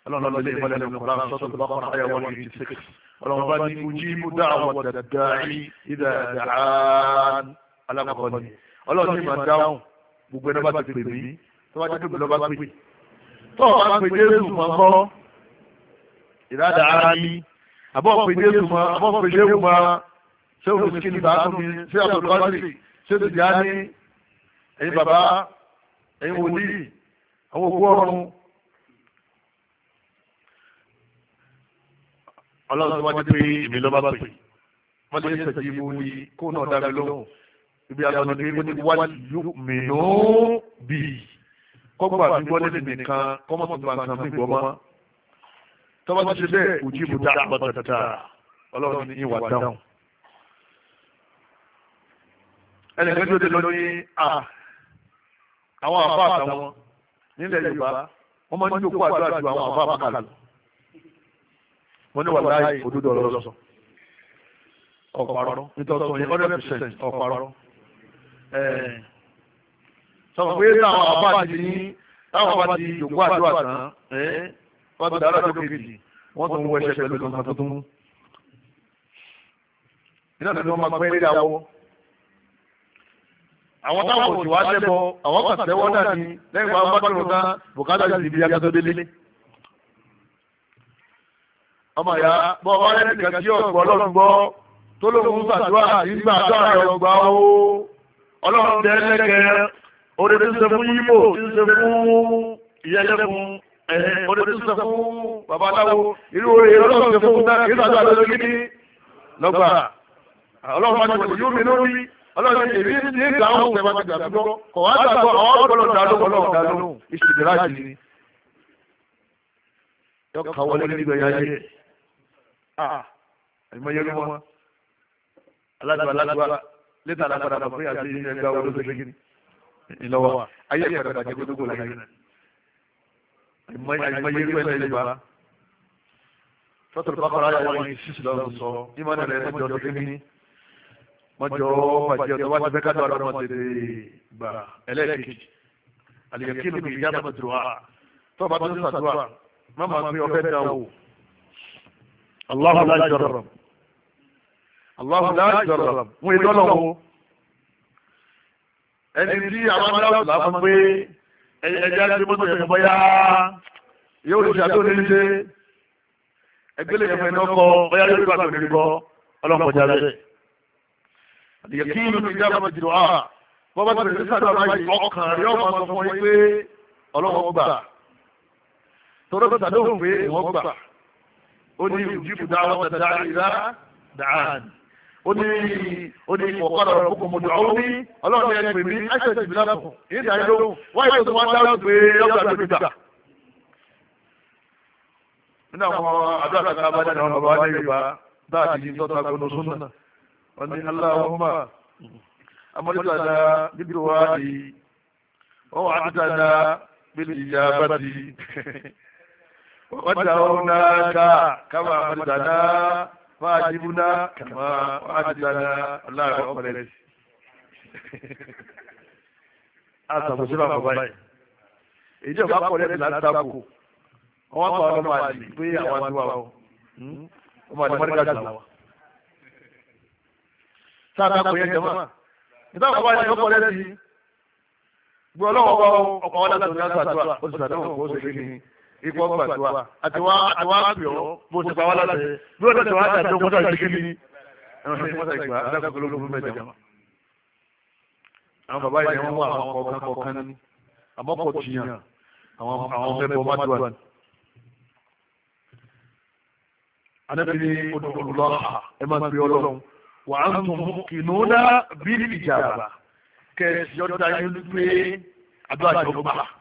ọlọ́run lọ́lẹ́ ìmọ̀lẹ́ ní kọ́lá sọ́tọ̀ lọ́kàn ayẹwo ní six ọlọ́run gbogbo ẹni bá ti pè mí tó bá ti pè mí lọ́ba pè tó o bá pè jésù mọ́ kọ́ ìdáda ara ní àbọ̀ pè jésù mọ́ àbọ̀ pè jésù mọ́ ṣé o fi kí ni bàá fún mi ṣé àbúrò bá sì ṣé o ti dá ní ẹ̀yin bàbá ẹ̀yin wòlíì àwọn òkú ọ̀run. ọlọ́run tó wá ti pé èmi lọ́ba pè wọ́n ti ń ṣèjì mú ni kó náà dá mi lóhùn ibi àtọ̀nà ní ó ní wájú mìínú bì kọ́gbà mi gbọ́ lẹ́sìn nìkan kọ́mọ́ tó bá nǹkan mi gbọ́ mọ́ tọ́ba ti ṣe bẹ́ẹ̀ òjì bùdá àbọ̀tàtà ọlọ́run ní ìwà dáhùn. ẹnìkan tó ti lọ ní à àwọn àbá àtàwọn nílẹ̀ Yorùbá wọ́n máa ń jókòó àdúrà ju àwọn àbá àbá kàlù wọ́n ní wàláhì òdodo ọ̀rọ̀ lọ́sọ̀ ọ̀pọ̀ àrọ̀ nítorí ọ̀sán yẹn hundred percent ọ̀pọ̀ àrọ̀ Sọ pé táwọn àbá ti ní táwọn àbá ti yòókù àdúrà tán wọ́n ti dára tó kejì wọ́n tún wọ ẹsẹ̀ pẹ̀lú tuntun tuntun. iná tó máa pẹ́ lédè àwọ̀. àwọn táwọn wá àwọn kan lẹ́yìn bá tán bùkátà délé. ọmọ ìyá bọ́ ọlọ́run gbọ́ tó lóun nígbà ọgbà ọlọ́run tẹ lẹ́kẹ̀ orí tí ń sọ fún yíbò tí ń sọ fún ìyẹ́lẹ́kùn orí tí ń sọ fún bàbá aláwo irú orí ọlọ́run tẹ fún ìdájọ́ àlọ́jọ́ kí ni lọ́gbà ọlọ́run máa ti yóò mi lórí ọlọ́run ti èmi ní ìgbà àwọn òkè máa ti gbà gbọ́ kọ̀ wá gbàgbọ́ àwọn ọ̀pọ̀lọ̀ dá lóhùn ọlọ́run dá lóhùn ìṣèjì láti ni yọkà wọlé nígbà yáyé ah, àìmọye ló wọn alágbà alágbà létà alágbára bàbá fún yàtí ilé ẹgbẹ́ owó lóṣèlú gíní ìlọ́wọ́ ayé ìpàdé bàjẹ́ gbódógó láyé àìmọye irú ẹ̀lẹ́ yorùbá tọ́tù bàbá ayé wọn yìí sísì lọ́wọ́ sọ ìmọ̀ nílẹ̀ mọ́jọ tó kébí ní mọ́jọ bàjẹ́ ọ̀dọ́ wá ti fẹ́ ká dọ̀ ọ̀dọ́ tètè gbà ẹlẹ́ẹ̀kejì àlìyàkí ló kì í yábà tó wà tó bá tó sàdúrà má máa gbé ọfẹ́ dáwò Allahu la jarrab Allahu la jọrọ wọn èdè ọlọ́wọ́ ẹni tí àwọn aláwọ̀ bá fún pé ẹja tí mọ́tò yẹn bọ́yá yóò ṣe àti òní ṣe ẹgbẹ́lẹ̀ yẹn fún ẹni ọkọ bọ́yá yóò gbà tóbi gbọ́ ọlọ́pàá jáde. Àdìyẹ̀kí mi ìjà bàbá jùlọ à bọ́ bá tẹ̀lé sáà bá yìí ọkàn rí ọmọ sọ fún yín pé ọlọ́wọ́ gbà. Tọ́lọ́ tó tàdóhùn pé ìwọ́n gbà. Ó ní ìjì ó ní ó ní ọ̀kadà ọ̀rọ̀ kókò mọ̀jọ̀ ọ̀hún ní ọlọ́run ẹni pèmí ẹ̀ṣẹ̀ tìbí lápò yìí dáa ló wáyé tó wá dáhùn pé ọgbà tó gbà. nínú àwọn àdúrà kan bá dáná ọba ní yorùbá bá a ti yí tọ́ta gbọ́dọ̀ sọ́nà wọn ní aláwọ̀mà amọ́lẹ́sàdá bíbí wa di wọ́n wà á dáná bíbí ìyá bá di wọ́n dáná ká ká máa dáná fàájìbúná kàmá fàájìbúná ọláàrẹ ọpẹlẹ sí àtàkùsí bàbá báyìí ìjọba pọ̀lẹ́tì láti dákò wọ́n pa ọlọ́mọ àlè pé àwọn àdúrà wọn ọmọ àlè mọ́ríkà jù lọ. sáà dákò yẹn jẹ́mọ́ nígbà wọn bá yẹn pọ̀lẹ́tì gbọ́ ọlọ́wọ́ ọkọ̀ ọ̀dà tó ní àtàdúrà ó sì sàdéhùn kó o sì fi ní ikọ̀ gbàdúrà àti wá àti wá pè ọ́ bó ṣe pa wá láti bí wọ́n tẹ̀sán wá tàbí ọmọ sáà ìdíkí ni ẹ̀rọ ṣe mọ́tà ìgbà adágún ológun fún mẹ́jọ. àwọn bàbá yìí wọ́n wà àwọn kọ̀ọ̀kan kọ̀ọ̀kan ní àmọ́pọ̀ tìyàn àwọn àwọn mẹ́bọ̀ mádùá. anábì ní olùlọ́ ẹ máa gbé ọlọ́run wà á tún kìnnú náà bí ìjàmbá kẹ̀ ẹ̀sì ọ̀dà yín pé àdúrà ìjọba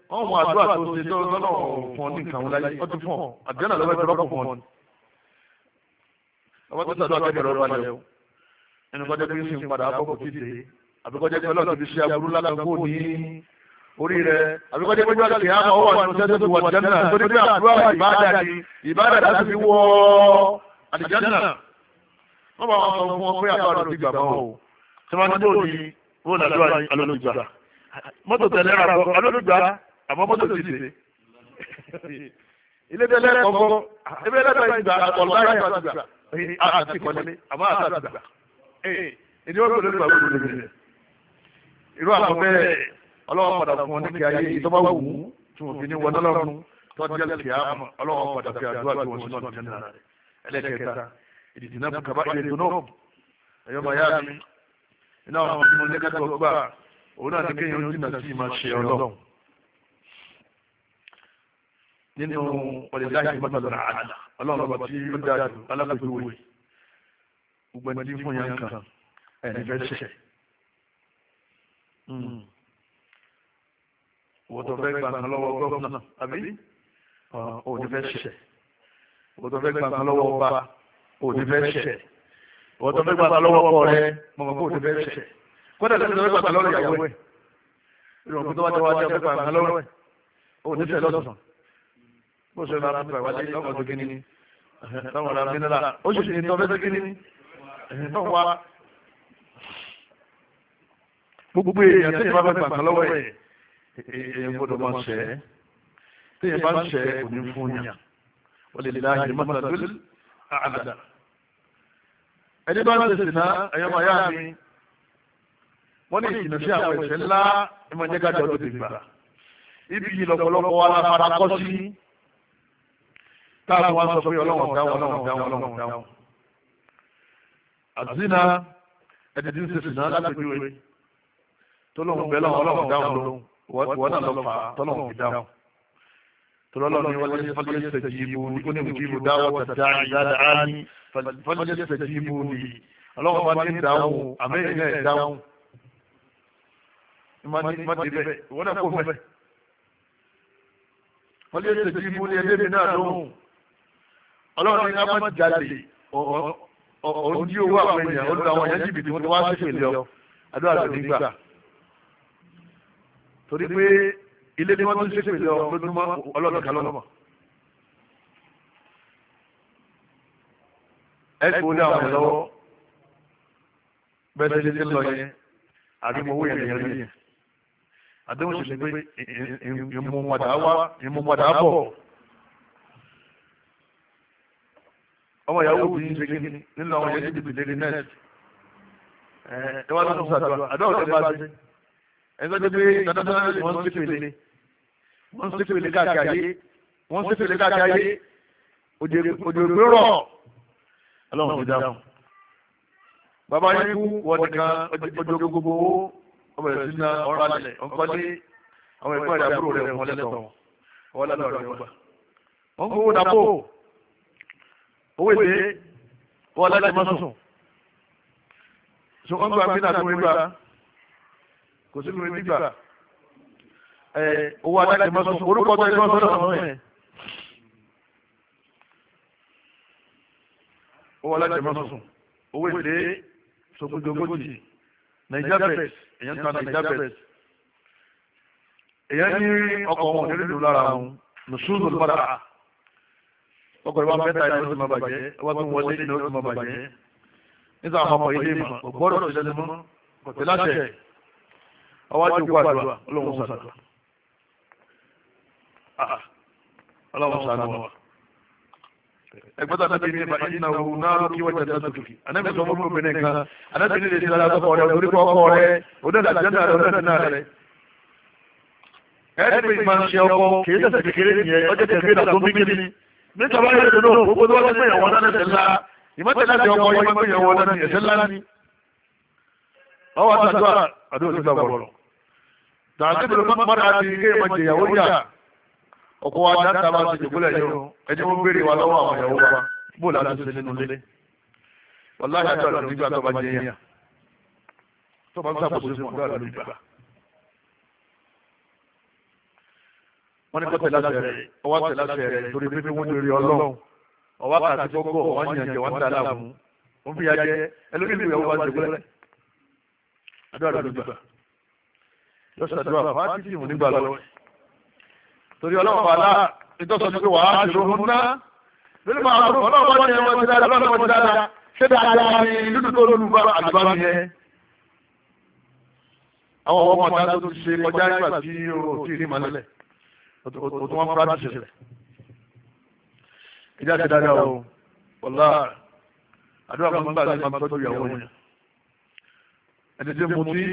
wọn mú àdúrà tó ṣe tó lọ́nà fún ọ ní nǹkan wọn láyé ọtí fún ọ àdéhùn àlọ́ bẹ́ẹ̀ rọ́pò fún ọ ni. ọmọ tó sàdúrà kẹ́kẹ́ lọ́rọ́ balẹ̀ o ẹnu kọ́jọ́ pé sì ń padà bọ́kọ̀ tí ṣe àbíkọ́jọ́ pé ọlọ́run ti ṣe aburú lágbàgbọ́ ní orí rẹ àbíkọ́jọ́ pé jọ́ọ̀kì àmọ́ ọwọ́ àti ọjọ́ tó ti wọ àdìjánà tó ní pé àdúrà ìbáàdà ni ìbáàdà láti fi wọ àdìjánà. wọ́n bá wọn sọ fún ọ pé àbáàdà ti gbà bọ́ o tí wọ́n ti dé òní wọ́n làdúrà alólùgbà mọ́tò tẹ̀lé ra alólùgbà àbọ̀mọ́tò ti ṣe ilé tẹ lẹ́rẹ̀ kọ́kọ́ ebe lẹ́tọ̀ ìgbà ọ̀lọ́rọ̀ ìgbà gbà àti kọ́lé àbá àti àgbà èdè ó gbọ́dọ̀ gbà gbọ́dọ̀ gbà irú àwọn bẹ́ẹ̀ ọlọ́wọ́ padà fún wọn ní kí ayé ìtọ́ba wù ú tí wọ́n fi ní wọn lọ́lọ́run tọ́jú ẹ̀kí àmọ́ ọlọ́wọ́ padà fi àdúrà tí wọ́n sún náà jẹ́ náà ẹlẹ́kẹta ìdìdì náà fún kaba ìrètò náà ẹ̀yọ́ bàyá mi iná àwọn ọmọ ìdílé kẹta ọgbà òun náà ní kéèyàn jìnnà sí ìmọ̀ ṣe ọlọ́run nínú ọ̀lẹ́dáyà ìbátàlọ́nà àdá ọlọ́run ọba tí ó dáa jù alábẹ́gbẹ̀wé gbogbo ẹni tí fún yàn kan ẹni fẹ́ ṣẹ̀. Hmm. wọ́tọ̀ fẹ́ gbà kan lọ́wọ́ gọ́fúnà àbí òní fẹ́ ṣẹ̀. wọ́tọ̀ fẹ́ gbà kan lọ́wọ́ ọba òní fẹ́ ṣẹ̀. wọ́tọ̀ fẹ́ gbà kan lọ́wọ́ ọkọ rẹ mọ̀mọ́ ìyàwó ẹ̀ ìrọ̀kú tó wájú wájú fẹ́ gbà kan lọ́wọ́ ẹ̀ fẹ́ lọ́sàn bó ṣe rárá pẹ̀lú àwọn ọkọ̀ tó kíní táwọn ará mínírà ó sì ní tọ́fẹ́ tó kíní náà wá. gbogbo èèyàn tẹ́yìn bá fẹ́ gbàgbọ́ lọ́wọ́ ẹ̀ èèyàn gbọ́dọ̀ máa ṣẹ́ tẹ́yìn bá ń ṣẹ́ òní fún yàn wọ́n lè láàyè mọ́tà tó àdàdà. ẹni bá ń ṣe sìnà ẹ̀yọ́mọ̀ ayá mi wọ́n ní ìjìnà sí àwọn ẹ̀ṣẹ̀ ńlá ìmọ̀ ìjẹ́gàjà ọdún ibi yìí lọ́pọ̀lọpọ̀ wa la fara kọ́ sí táàbù wa ń sọ pé ọlọ́wọ̀n dáhùn ọlọ́wọ̀n dáhùn ọlọ́wọ̀n dáhùn. àzínà ẹni tí ń ṣe sìnà lápẹjúwe tọ́lọ́wọ̀n bẹ́ẹ̀ lọ́wọ́ ọlọ́wọ̀n dáhùn lóhùn wọ́n náà lọ fà á tọ́lọ́wọ̀n fi dáhùn. tọ́lọ́wọ́n ni wọ́n lé fọ́lẹ́sẹ̀ jìbù ní ọlọ́wọ́n bá ní dáhùn àmẹ́yìn náà dáhùn wọ́n lè ṣèjì mú ní ẹlẹ́bí náà ọlọ́run ní ká má jáde òun jí owó àwọn èèyàn olùdó àwọn èèyàn jìbìtì wọn ti wá sí ìpínlẹ̀ ọ àdúrà rẹ̀ nígbà torí pé ilé tí wọ́n tún ṣe ìpínlẹ̀ ọ lójúmọ́ ọlọ́run kan lọ́mọ. ẹ kò ní àwọn ìlọ́wọ́ bẹ́ẹ̀ ṣe ṣe lọ yẹn àbí mo wó yẹn yẹn yẹn àdéhùn ṣe pé ìmúpadà bọ̀. ọmọ ìyàwó ti ń ṣe kí nínú àwọn yẹn ti dìbò lé nẹ́ẹ̀sì ẹ wá lọ́sọ̀ọ́sọ̀ àdúrà àdúrà ọ̀tẹ̀ bá ṣe ẹgbẹ́ tó gbé international wọ́n sí pèlè wọ́n sí pèlè káàkiri ayé wọ́n sí pèlè káàkiri ayé òjò ògbé rọ̀ ọlọ́run ti dáhùn. bàbá yín kú wọ́n kan ọjọ́ gbogbo owó ọmọ rẹ̀ sí ọ̀rọ̀ alẹ̀ ọkọ ní àwọn ẹ̀gbọ́n rẹ̀ rẹ̀ wọ́n lẹ́tọ̀ọ́ owó èlé wọ́n láti má sùn so wọ́n gba bínú àti onígbà kò sí lórí nígbà owó aláti má sùn orúkọ tó ń lọ sọ́dọ̀ ọ̀hún ẹ̀ owó aláti má sùn owó èlé sọgbọgbọgbọjì naija bẹs èyàn ta naija bẹs èyàn ní ọkọ̀ wọn nílùú lára wọn nùsùn lọ́dọ̀ ọkọ̀ ìwà mẹ́ta ni ó ti máa bàjẹ́ ọba tó ń wọlé ni ó ti máa bàjẹ́ nígbà àwọn ọmọ ilé mọ̀ ọgbọ́dọ̀ ti lẹ́nu mọ́ kọ̀tẹ́ láṣẹ ọwọ́ àti òkú àdúrà ọlọ́run sàdúrà ah, ah, ọlọ́run sàdúrà ẹgbẹ́ta tàbí ní ìbá ìdínà òun náà kí wọ́n tẹ̀lé sókè anábìsọ ọmọ nígbà bá yẹ lòdò gbogbo tó wá lọ pé ìyàwó ọ̀dá lẹ́sẹ̀ ńlá ìmọ̀tẹ̀lá ti ọkọ̀ yẹ pé ìyàwó ọ̀dá ẹ̀sẹ̀ ńlá ní. ọwọ́ àtàdúrà àdúrà ti gbà bọ̀rọ̀. tààtìbì ló máa mọ́ra ti ilé ìmọ̀ ìyàwó yà ọkọ̀ wa dáta máa ti dìbúlẹ̀ yìí ẹni mo béèrè wa lọ́wọ́ àwọn ìyàwó wa bó láti ṣe nínú ilé. wàláhì àdúrà ló ń tó bá jẹ yẹn. tó bá ń sàkóso fún àdúrà ló ń wọ́n ní kó tẹ̀lé rẹ̀ ọwọ́ tẹ̀lé àṣẹ rẹ̀ torí pé wọ́n lórí ọlọ́run ọwọ́ àti gbogbo wọ́n yànjẹ wọ́n dá láàmú wọ́n fi yàjẹ ẹlòmíì ìwé ọba jùlẹ̀ adúlá lùgbà lọ́sàdúrà fàájì mú nígbà lọ́wọ́ torí ọlọ́run bàálà ìtọ́sọ pé wàá ṣòro fún ná lórí máa rọ ọlọ́run bá ní ẹwọ́n ti dáadáa ọlọ́run bá ti dáadáa ṣé dáadáa ni lúdú tó lólu bá àdúrà mi yẹn àwọn ọmọ ọmọ ọ̀dà tó ti ṣe kọjá nígbà tí o ò tí ì rí màlẹ́ o tún wọn practice rẹ̀ ìdí àti dáadáa o wàlá àdúrà kan gbà sí máa tọ́jú ìyàwó yẹn ẹni tí mo ti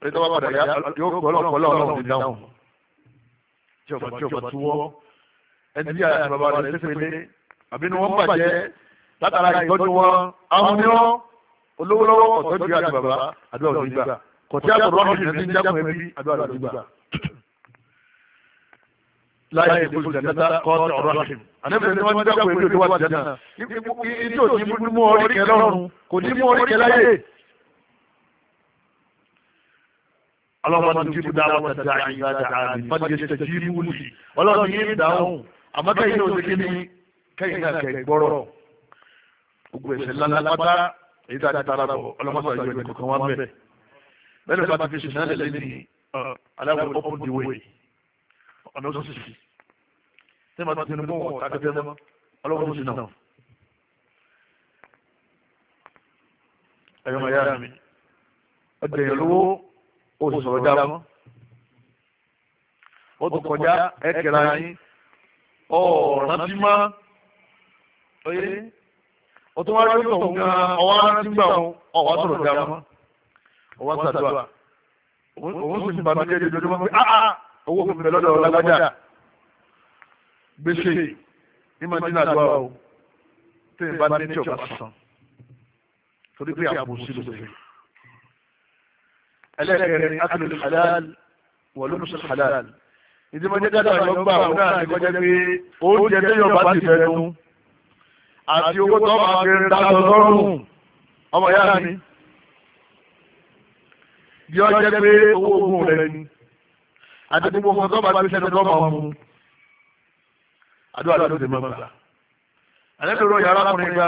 ẹni tó bá padà yá yóò kọ́ ọlọ́run kọ́ ọlọ́run ti dáhùn tí ọ̀fà tí ọ̀fà tí wọ́ ẹni tí àti bàbá rẹ̀ ṣe pélé àbí ni wọ́n bàjẹ́ látara ìtọ́jú wọn àwọn ni wọ́n olówó lọ́wọ́ ọ̀tọ́jú àti bàbá àdúrà òní gbà kọ̀tí àtọ̀rọ̀ ọ̀hún ìrìn ní jákùn ẹbí àdúrà òní gbà láyé ìdíkùn jẹ̀nẹ́ta kọ́ọ̀tù ọ̀rọ̀hìn. àníbẹ̀rẹ̀ ni wọ́n dákọ̀ èdè tó wà jẹ̀nà. ìdí ò ní mú orí kẹ lọ́rùn kò ní mú orí kẹ láyé. ọlọ́run ní jíbu dáwọ́ tẹ̀sí àyíká dáadáa ní fàdíyẹ tẹ̀sí jíbu lì. ọlọ́run ní ìdáhùn àmọ́ kẹ́yìn ò ṣèké ní kẹ́yìn náà kẹ́ gbọ́rọ̀. gbogbo ẹ̀sẹ̀ lálápátá èyí tá a ti tara bọ̀ ọlọ́mọ ọ̀nà òṣìṣì tí ma ti ní bó wọn takẹ́tẹ́ mọ́ ọlọ́run sí náà ẹ̀yọ́ maya mi ọdẹ ìlúwó òṣìṣọ́ dá mọ́ ó tún kọjá ẹ̀kẹ́ra yín ọ̀ràn tí má oyé ó tún wá rí ọ̀tọ̀ gan ọwọ́ rántí gbà ọwọ́ sọ̀rọ̀ dá mọ́ ọwọ́ sàdúrà òun sì ń banú jẹ́ jẹjọjọ́ mọ́ pé ah, ah, ah, owó fún mi lọ́dọ̀ lágbájá gbèsè ní madina àdúrà o tẹ́lẹ̀ bá ní tí ọba san torí pé àbòsí ló ṣe. ẹlẹ́kẹ̀rin akílò halal wọ̀lú musul halal ìdí mọ́jẹ́ dáadáa yọ gbà wọn náà ní kọjá pé oúnjẹ tó yọ bá ti fẹ́ nu àti owó tó máa fi ń dájọ lọ́rùn ọmọ yára ni. bí ọjọ́ pé owó ogun rẹ̀ ni àti gbogbo ọmọ tó máa fi sẹ́nu tó máa mú un àdúrà ló ti mọ gbà àlẹ́bẹ̀rọ yàrá ọkùnrin gba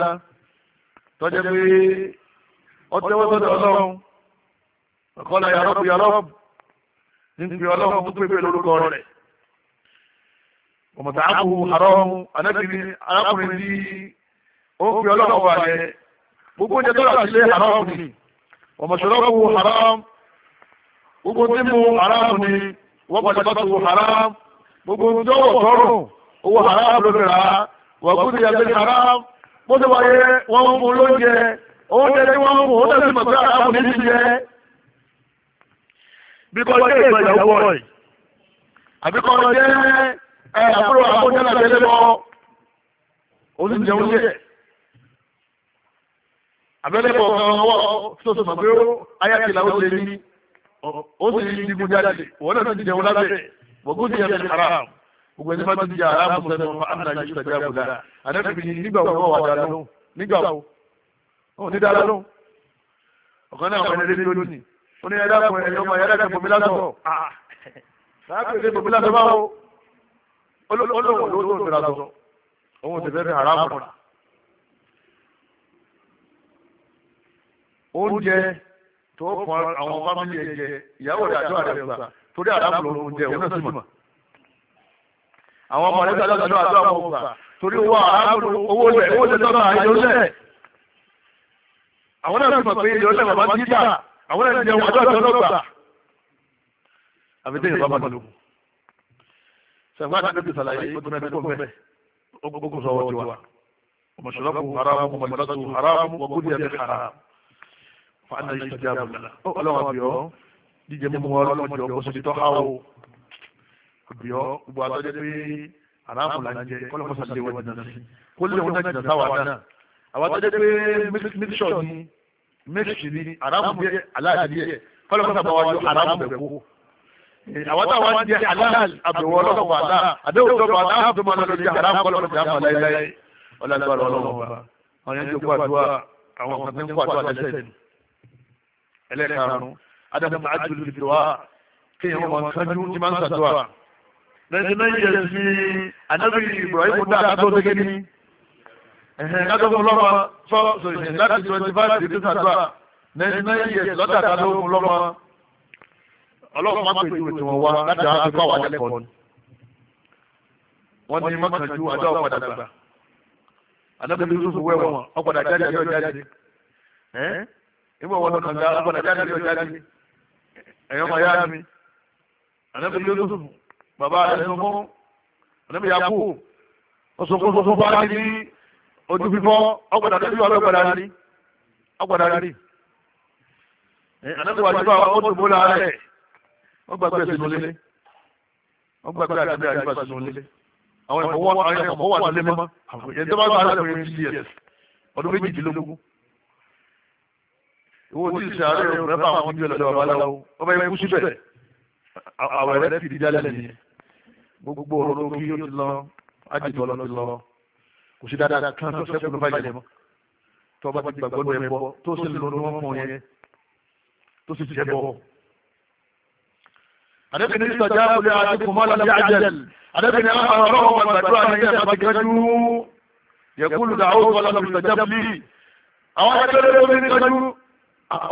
tọ́jẹ́ pé ọtẹ́wọ́ sọ́dọ̀ ọlọ́run ọ̀kọ́lá yàrá ọkùnrin ọlọ́run ní pé ọlọ́run tó pépé lórúkọ rẹ̀ ọmọọ̀tà àkùhù àrọ́hún àlẹ́bìnrin arákùnrin ní ó ń pè ọlọ́run wà lẹ́ gbogbo oúnjẹ tó rà sílé àrọ́hún ni ọmọṣọ́lọ́kù haram gbogbo tí mo haram ni wọ́n pàdé bá tó haram gbogbo oúnjẹ ọ̀wọ̀ tọ́rùn owó haram ló fi rà á wàkúndé yàgbé haram bó ti wáyé wọ́n lóúnjẹ wọ́n haram ní ti jẹ. bí kò jẹ́ ìgbà ìyàwó rẹ̀ àbí kò jẹ́ àbúrò náà tẹ́lẹ̀ bọ́ ọwọ́ tó sọ pé gbogbo ẹni bá ti di aráàmù sẹ́nu ọmọ amúnà yìí sọ̀jà àbúdá àdẹ́bí ni nígbà wo wà dára lóhùn nígbà wo òun ní dára lóhùn ọ̀kan náà ọ̀kan ẹlẹ́dẹ́ lónìí ó ní ẹ̀dá kan ẹ̀yọ́ ọmọ ẹ̀dá kan bòmí lásọ̀ sáàpèlè bòmí lásọ̀ báwo olóhùn lóhùn fẹ́ra sọ òun ti fẹ́ fi aráàmù oúnjẹ tó kọ àwọn fámìlì ẹ̀jẹ̀ ìyàwó rẹ̀ àjọ àrẹ̀ gbà torí aráàmù lòún jẹ òun náà sì mọ̀ àwọn ọmọ rẹ̀ tọ́jọ́ tọ́jọ́ àdúrà wọn gbà torí owó àárò owó lẹ̀ owó tẹ̀ tọ́jọ́ àìyọ lẹ̀ àwọn náà sọ pé ìyọ lẹ̀ bàbá dídà àwọn náà jẹun àdúrà tọ́jọ́ gbà àbẹ̀dẹ̀ ìbámu lò sẹ̀gbọ́n àti àdébí sàlàyé ọdún mẹ́rin tó mẹ́ ogun sọ wọ́n ti wa ọmọṣọ́lọ́kù haramu ọmọṣọ́lọ́kù haramu ọgbọ́dì ẹ̀mí haramu fún àná ìṣèjì àbùlà ọlọ́wọ́ àbíọ́ jíjẹ mú wọn lọ́jọ́ kó sọ àbíọ́ gbogbo àtọ́jẹ́ pé aráàmù là ń jẹ kọ́lọ́mọ́sá lé wọn jìnnà sí kó lé wọn jìnnà sáwà náà àwọn àtọ́jẹ́ pé mílíṣọ̀ ni méjì ni aráàmù díẹ̀ aláàdì díẹ̀ kọ́lọ́mọ́sá bá wa aráàmù bẹ̀ kó àwọn táwọn ń jẹ aláàlì àbẹ̀wọ̀ ọlọ́wọ́ àdá àdéhùn tó bá aláàbò tó máa lọ lórí aráàmù kọ́lọ́mọ́sá bá láéláé ọlọ́dúnrún ọlọ́wọ́ àwọn yẹn tó kó àdúrà àwọn kan tó ń kó àdúrà lẹ́sẹ̀ ni ẹlẹ́karùn-ún adàmọ́ àjùlù ìdùwà kéèyàn wọn kájú ní máa ń sàdúrà lẹ́yìn náà yẹ sí anábì Ibrahim dá àkàtọ́ tó kéde látọ̀kùn lọ́mọ sọ sọ̀yìn láti twenty five degree sàdúrà lẹ́yìn náà yẹ sí lọ́tà àkàtọ́ lọ́mọ ọlọ́run má pèjú ètò wọn wá láti àkàtọ́ àwọn akẹ́kọ̀ọ́ wọ́n ní wọn lọ kàn dá ọ̀padà jáde àjọ jáde ẹ̀yọ́ máa yá mi anábì Yusuf bàbá rẹ̀ sunkún ànábì yakú ó sunkún sunkún fún wa ní ojú fífọ́ ọgbàdà níbi ọlọ́ ọgbàdà rí ọgbàdà rí ànábì wàjú àwọn ó dùbò lára rẹ̀ ó gbàgbé sínú ilé ó gbàgbé àti àti àti sínú ilé àwọn ìfọwọ́ àwọn ìfọwọ́ wà lẹ́mọ́ ẹ̀dọ́ bá bá àlọ́ ìfọwọ́ ti yẹ ọdún méjìdínlógún ìwọ tí ìṣe àárẹ̀ rẹ̀ bá àwọn ojú ẹ̀lọ́dọ̀ babaláwo ọba ẹ̀kú síbẹ̀ àwẹ̀rẹ̀ fìdí dálẹ́ nìyẹn gbogbo ọ̀rọ̀ kí yóò ti lọ ájìtọ́ lọ ti lọ kò sí dáadáa kan tó sẹ́kù ló bá ilẹ̀ mọ́ tó bá ti gbàgbọ́ ló yẹ bọ́ tó sì lọ ní wọ́n fún yẹn tó sì jẹ́ bọ́. àdébìnrin sọjá olè àdínkù mọ́ lọ́lá àjẹl àdébìnrin àwọn ọ̀rọ̀ wọn gbàdúrà ní ẹ̀ka ti gẹ́jú yẹ̀kúlù dàáwó sọlá lọ́lá sọjá bí àwọn akẹ́kọ̀ọ́ lórí ní gẹ́jú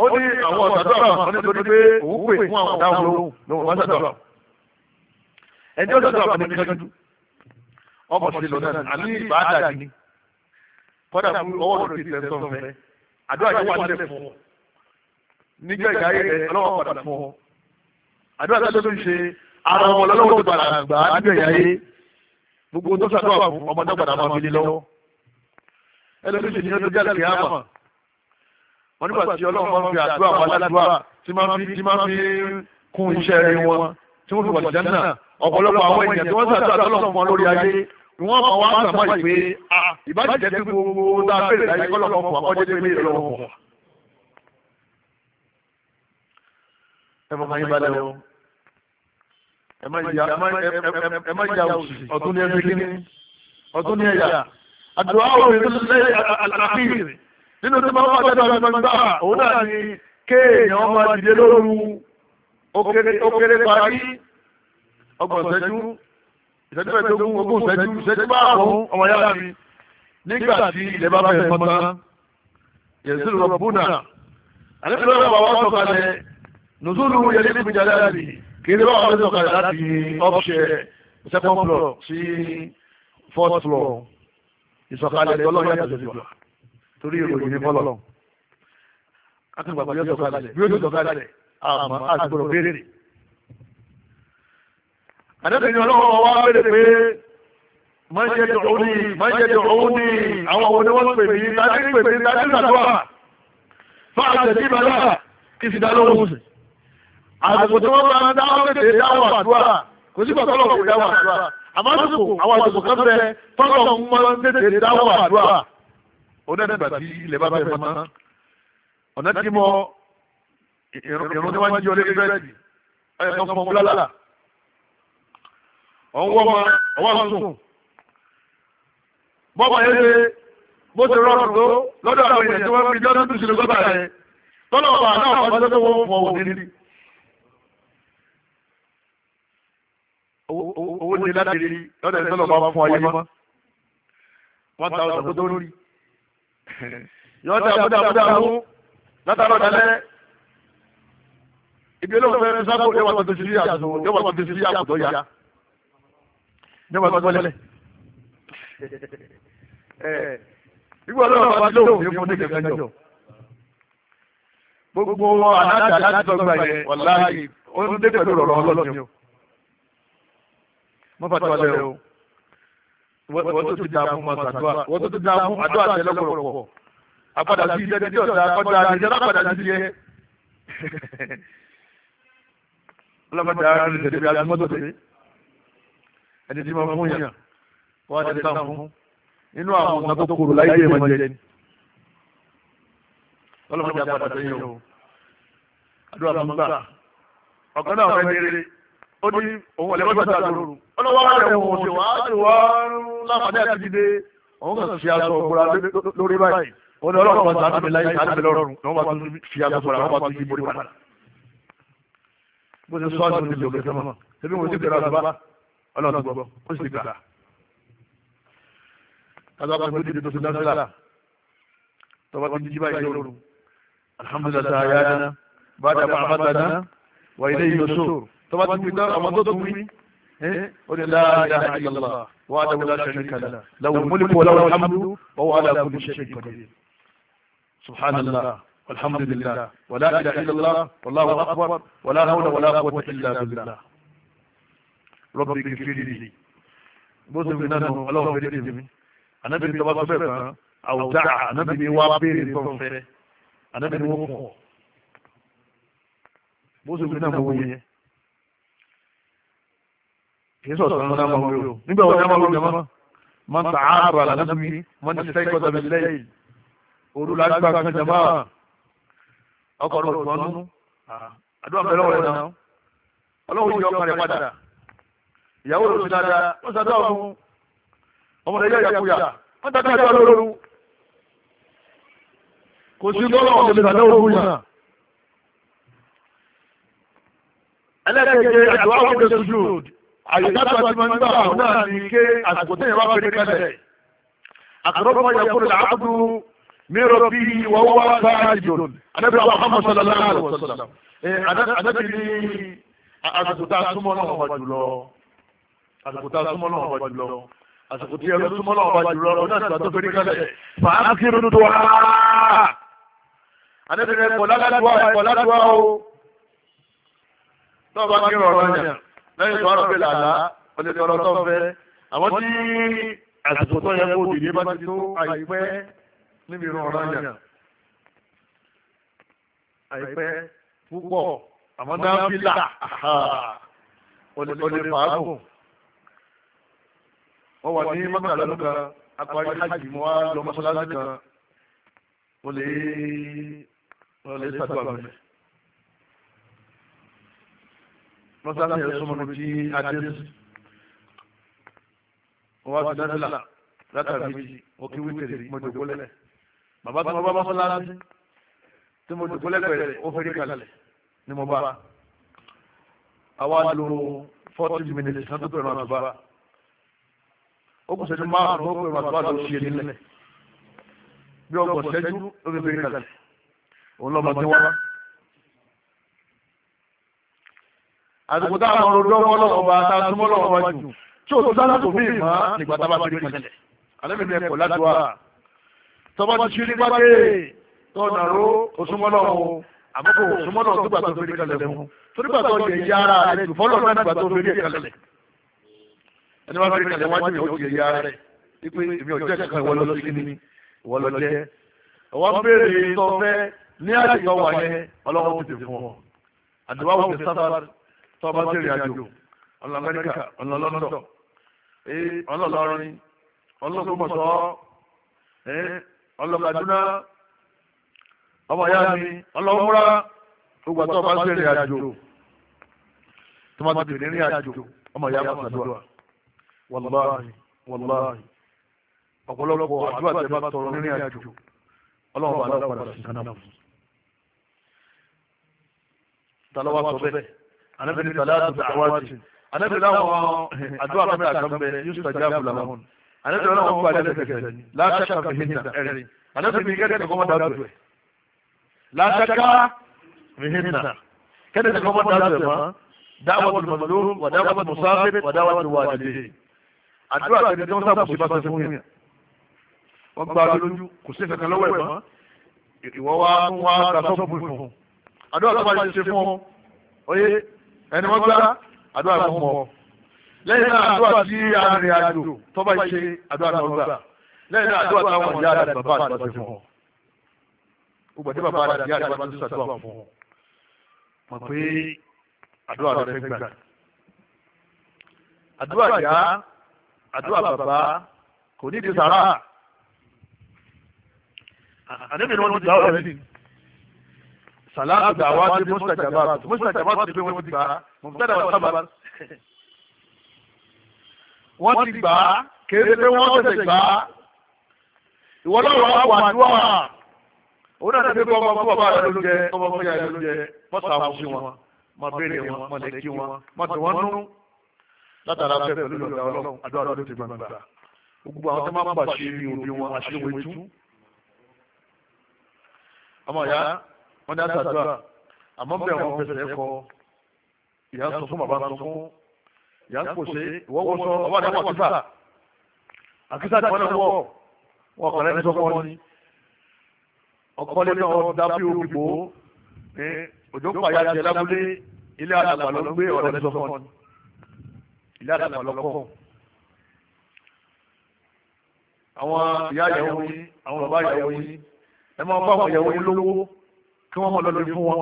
ó ní àwọn ọ̀sàdúrà wọn nítorí pé òun pè fún àwọn ọ̀dà ẹni ó dọ̀dọ̀ ọ̀gbìn kanjú ọmọ sí lọ náà àní ìbáàdà ni kọ́dà fún ọwọ́ rẹ̀ ti tẹ̀ sọ́n fẹ́ àdúrà yóò wà lẹ̀ fún ọ níjọ́ ìgbà ayé rẹ̀ ọlọ́wọ́ padà fún ọ àdúrà tó tó ń ṣe ara ọmọ lọ́wọ́ tó padà gbà á níjọ́ ìyá ayé gbogbo tó ṣàdúrà fún ọmọ padà máa fi lọ́wọ́ ẹlẹ́gbẹ̀ẹ́ ti ọjọ́ jáde àmà wọn nígbà tí ọlọ́run máa ń fi àdúrà wọn tí wọ́n fi wà jẹ́ náà ọ̀pọ̀lọpọ̀ àwọn ènìyàn tí wọ́n sàtọ́ àtọ́lọ̀ fún lórí ayé ni wọ́n kọ́ wá sàmọ́ ìpè ìbájẹ́ tí gbogbo tá a fèrè láyé kọ́lọ́kọ́ fún akọ́jẹ́ pé mí lọ́wọ́ fún. ẹ máa ń balẹ̀ o ẹ má ya ọ̀tún ní ẹgbẹ́ kíní ọ̀tún ní ẹ̀yà àdùá òfin tó lé àlàfíì nínú tí wọ́n bá dáadáa ó kéré parí ọgbọ̀n ìṣẹ́jú ìṣẹ́jú ẹ̀ẹ́dógún ogún ìṣẹ́jú ìṣẹ́jú márùn-ún ọmọ yàrá mi nígbà tí ilẹ̀ bá fẹ́ mọ́ta yẹ̀sùn lọ búnà àlejò náà bàbá wọn sọ̀kalẹ̀ nùsùlù yẹlé níbi jáde àbí kiri bá wọn sọ̀kalẹ̀ láti ọ̀ṣẹ̀ second floor sí fourth floor ìsọ̀kalẹ̀ lọ́lọ́run yàtọ̀ sí torí ìròyìn ní fọlọ́ akẹ́gbàgbà yóò sọ̀kalẹ̀ yóò sọ̀kalẹ̀ àmọ́ àgbọ̀rọ̀ béèrè. àdébẹ̀ ni ọlọ́wọ́ wa béèrè pé máa ń jẹ́ dọ̀ọ́ ní máa ń jẹ́ dọ̀ọ́ ní àwọn òní wọ́n pè mí dájú pè mí dájú nàdúrà fáwọn àjẹsí ìbálà kí sì dá lóhùn sí. àsìkò tí wọ́n bá ń dáwọ́ tètè dáwọ́ àdúrà kò sí pàtó lọ́wọ́ dáwọ́ àdúrà àmọ́ àsìkò àwọn àsìkò kan bẹ tọ́lọ̀ ń mọ́ tètè dáwọ́ àdúrà. onídàgbà tí ilẹ̀ bá bẹ̀rẹ̀ mọ́ ọ̀nà tí mo ìrún tí wọ́n jí olórí bẹ́ẹ̀dì ẹ̀yẹ kan fún ọmọlá ọwọ́ ma ọwọ́ ń sùn bọ́ọ̀mọ̀ yẹn ṣe bó ti rọrùn tó lọ́dọ̀ àwọn èèyàn tí wọ́n fi jọ́dún tún sílẹ̀ gbọ́dọ̀ rẹ̀ tọ́lọ̀ ọ̀bà náà wọ́n tó tó wọ́n fọ̀ òní nílí. owó ní láti rí lọ́dọ̀ ìtọ́lọ̀ bá fún ayé mọ́ wọ́n ta ọ̀sán tó tó rí yọ̀ọ́ta àbúdà àbúdà mú látàrọ̀ dalẹ́ ibi olóòwò fẹ́ẹ́ sábò yọba tó ti sí àtò yọba tó ti sí àtò ya yọba tó gbọ́lẹ̀. ibi olóòwò bá lóòwò ní fún nígbà jọ. gbogbo aláàtà aláàtà gbà yẹn wàláhì ó ń dé pẹ̀lú ọ̀rọ̀ ọlọ́ọ̀ni o. mọ́fà tó wà lẹ́yìn o wọ́n tó ti dààmú àtàdúrà wọ́n tó ti dààmú àpadà sí ilé ẹni tí ọ̀sán àpadà sí ilé ọlọ́mọdé ara rẹ̀ tẹ̀lé bí agbọ́n tó tẹ̀lé ẹni tí wọ́n fún yàn wọ́n á tẹ̀lé sáà fún inú àwọn ọmọ tó kúrò láyé ìmọ̀ jẹ ni ọlọ́mọdé apàdà sẹ́yìn o àdúrà fún gbà ọ̀kan náà fẹ́ kéré ó ní òun ọ̀lẹ́ mọ́tò àdúró ọlọ́wọ́ wa rẹ̀ wọ̀n ṣe wàá ṣe wàá láǹfààní àti dìde òun kàn fi aṣọ òkúra lórí báyìí ó ní ọlọ́wọ́ kan sáà bó ṣe sọ ọ́ ní ojú òkè sọ́mọ́ ṣebí wọn ti gbẹ̀rẹ̀ àdúrà ọlọ́run gbọ́ ó sì gbà. kájọ pé mo dìde tó ṣe dáńtẹ́lá tọ́ba ti jí báyìí lóru alhamdulilayi ayáná bá dàbà àmàdàná wà ilé ìyọ̀ṣọ́ tọ́ba ti wí tán àwọn tó tún wí ó والحمد لله ولا إله إلا الله والله أكبر ولا حول ولا قوة إلا بالله ربي اغفر لي bóso mi náà nù ọlọ́run fẹ́rẹ́ tèmi mi anábìrin mi tọ́ba tó bẹ́ẹ̀ tán àwùjá anábìrin mi wá béèrè tó ń fẹ́ anábìrin mi wọ́n kọ̀ bóso mi náà mọ̀ wọ́n yẹn kì í sọ̀tọ̀ náà náà mọ̀ wọ́n o nígbà wọn náà mọ̀ wọ́n jọmọ́ máa ń ta ààbà lànà mi wọ́n ti sẹ́kọ̀ọ́ tàbí lẹ́yìn òru làgbà kan jàmáà ọkọ̀ rẹ̀ gbọ́nú àdúrà bẹ̀rẹ̀ ọ̀rẹ́ náà ọlọ́run yọ ọkàn padà ìyàwó rẹ̀ sí dáadáa wọ́n ṣàdúrà fún ọmọ rẹ̀ ìyàkuyà wọ́n tàbí àjọ lóru kò sí lọ́wọ́ ọ̀sẹ̀ mi sàdá òru yàn. ẹlẹ́kẹ̀kẹ́ àdúrà wọn kẹ́ sojú àyíkáta ti máa ń gbà náà ní ké àsìkò tẹ̀yìn wá fẹ́rẹ́ kẹ́lẹ̀ àkàrọ̀ fún ọyàn mírò bí wọ́wọ́ sáájò anábìrì àwọn ọmọ sọlá láàrú sọlá anábìrì àsìkòtà súnmọ́ náà wà jùlọ àsìkòtà súnmọ́ náà wà jùlọ àsìkòtà ẹ̀rọ súnmọ́ náà wà jùlọ ọ̀nà àti àtọ́ torí kálẹ̀ fàákìrì wa wá. anábìrì ẹ̀kọ́ ládùúwá ẹ̀kọ́ ládùúwá o tọ́ba kí rọrọ yàn lẹ́yìn tó rọ̀ pé làlá ọ̀lẹ́dẹ̀ ọ̀rọ̀ tó fẹ́ àwọn tí àsìkòtà yẹn kó dìde bá ti tó àìpẹ́ níbi ìran ọ̀ràn yà àìpẹ́ púpọ̀ àmọ́ náfìlà olè fàágùn wọ́n wà ní mọ́tàlá lóka apárí hajj mọ́ á lọ mọ́sálásí kan olè olè sàdúrà mi mọ́sálásí yẹn súnmọ́ níbi tí adé wọ́n wá sí náfìlà látàrí méjì wọ́n kí wíkẹ̀rì mọ́jọ́gbọ́lẹ̀ bàbá tí mo bá mọ́sálásí tí mo dùkú lẹ́pẹ̀ẹ́ ó fẹ́rí kalẹ̀ ni mo bá àwa lo forty minutes kan tó pẹ̀lú àtúbà ó kù sẹ́jú márùn-ún ó pẹ̀lú àtúbà ló ṣe nílẹ̀ bí ọgbọ̀n sẹ́jú ó fi fẹ́rí kalẹ̀ òun lọ́mọ tí wọ́n wá. àdùkù táwọn ọmọ ọdún ọmọ ọlọ́wọ́ bá tá a túmọ̀ ọlọ́wọ́ wá jù tí òun sálá tó bí ìmọ̀ nígbà tá a bá fi rí kalẹ̀ alẹ́ mi ní ẹ̀kọ́ ládùúgbà tọ́ba ti ṣe nípa dé tọ́nà ró osùmọ́lọ́ wọn àmọ́kò osùmọ́lọ́ tó gbàgbọ́ fèrè kalẹ̀ wọn torí gbàgbọ́ yẹ yí ara rẹ jù fọ́lọ́ náà gbàgbọ́ fèrè kalẹ̀ ẹni wá fèrè kalẹ̀ wájú yẹ ó yẹ yí ara rẹ ipe èmi ò jẹ́ kankan ìwọ lọ sí kíní ìwọ lọ jẹ́ ọwọ́ béèrè tọ́fẹ́ ní àtìkọ́ wà yẹn ọlọ́wọ́ ti àjò ọ̀nà Amẹ́ríkà ọlọ́kadúná ọmọ ìyá mi ọlọ́múra gbogbo àti ọba ṣe ìrìn àjò tó máa ti bèrè ìrìn àjò ọmọ ìyá máa ṣàdúrà wàláhì wàláhì ọ̀pọ̀lọpọ̀ àdúrà tẹ bá tọrọ ìrìn àjò ọlọ́run bá lọ́wọ́ padà sí kanáà fún tàlọ́wọ́ sọ bẹ́ẹ̀ anábìrin tàlá àti àwọn àti anábìrin àwọn àdúrà kan bẹ yóò ṣàjábù làwọn àlejò náà wọ́n gbà lẹ́sẹ̀kẹsẹ̀ ni láṣẹ́ká fi hin náà ẹ̀rìn àlejò mi kẹ́kẹ́ kọ́ mọ́ dáadọ́ ẹ̀ láṣẹ́ká fi hin náà kẹ́kẹ́ kọ́ mọ́ dáadọ́ ẹ̀ mọ́ dáwọ́ tó mọ̀ lóru wà dáwọ́ tó musáfẹ́ wà dáwọ́ tó wà nílé àdúrà tó ní sábà sí bá fún yẹn wọ́n gba lójú kò sí kankan lọ́wọ́ ẹ̀ mọ́ ìwọ wa ń wá ta sọ́ọ̀bù fún àdúrà tó bá ṣe fún ọ lẹ́yìn náà àdúrà sí arìnrìn àjò tó bá ṣe àdúrà náà gbà lẹ́yìn náà àdúrà táwọn ìyá àti bàbá àti bàbá fún ọ. Ògbà tí bàbá àti ìyá àti bàbá tó ṣàdúrà fún ọ. Mọ̀ pé àdúrà rẹ̀ fẹ́ gbà. Àdúrà ìyá, àdúrà bàbá kò ní di sàrà. Àdébì ni wọ́n ti gbà ọ́ rẹ̀ nìyí. Sàlámù dàwátì Mùsùlùmí Jàbá Mùsùlùmí Jàbá ti pé wọ́n ti gbà á. Mùsùlùmí Jàbá wọ́n ti gbà á kéde pé wọ́n tẹ̀sẹ̀ gbà á ìwọ lọ́wọ́ wà wà dúrà òun náà tẹ̀sẹ̀ pé ọmọ bàbá rẹ ló ọmọ fún rẹ ló jẹ mọ́tà sí wọn mọ́ béèrè wọn mọ́ lè kí wọn mọ́ tẹ̀ wọ́n nú látara fẹ́ pẹ̀lú ìlọ́dà ọlọ́run àdúrà ló ti gbàgbà gbogbo àwọn tó máa ń bà ṣe ibi òbí wọn àṣewé tú ọmọ ìyá wọn ní àtàdúrà àmọ́ bẹ́ẹ̀ wọn fẹsẹ̀ kọ ìyá sọ fún bàbá sọ ìyá ń pòṣe ìwọ́ wọ́n sọ ọba àdàpọ̀ àkísà àkísà tí wọ́n náà wọ̀ wọ́n kọ̀ lẹ́ni sọ́kọ́ ni ọkọ lé náà dá bí omi gbòó òjò pàyà jẹ lábúlé ilé àdàpà ló ń gbé ọ̀rẹ́ ní sọ́kọ́ ni ilé àdàpà lọ́kọ́ àwọn ìyá ìyàwó yín àwọn bàbá ìyàwó yín ẹ máa bá àwọn ìyàwó yín lówó kí wọ́n mọ̀ lọ́lọ́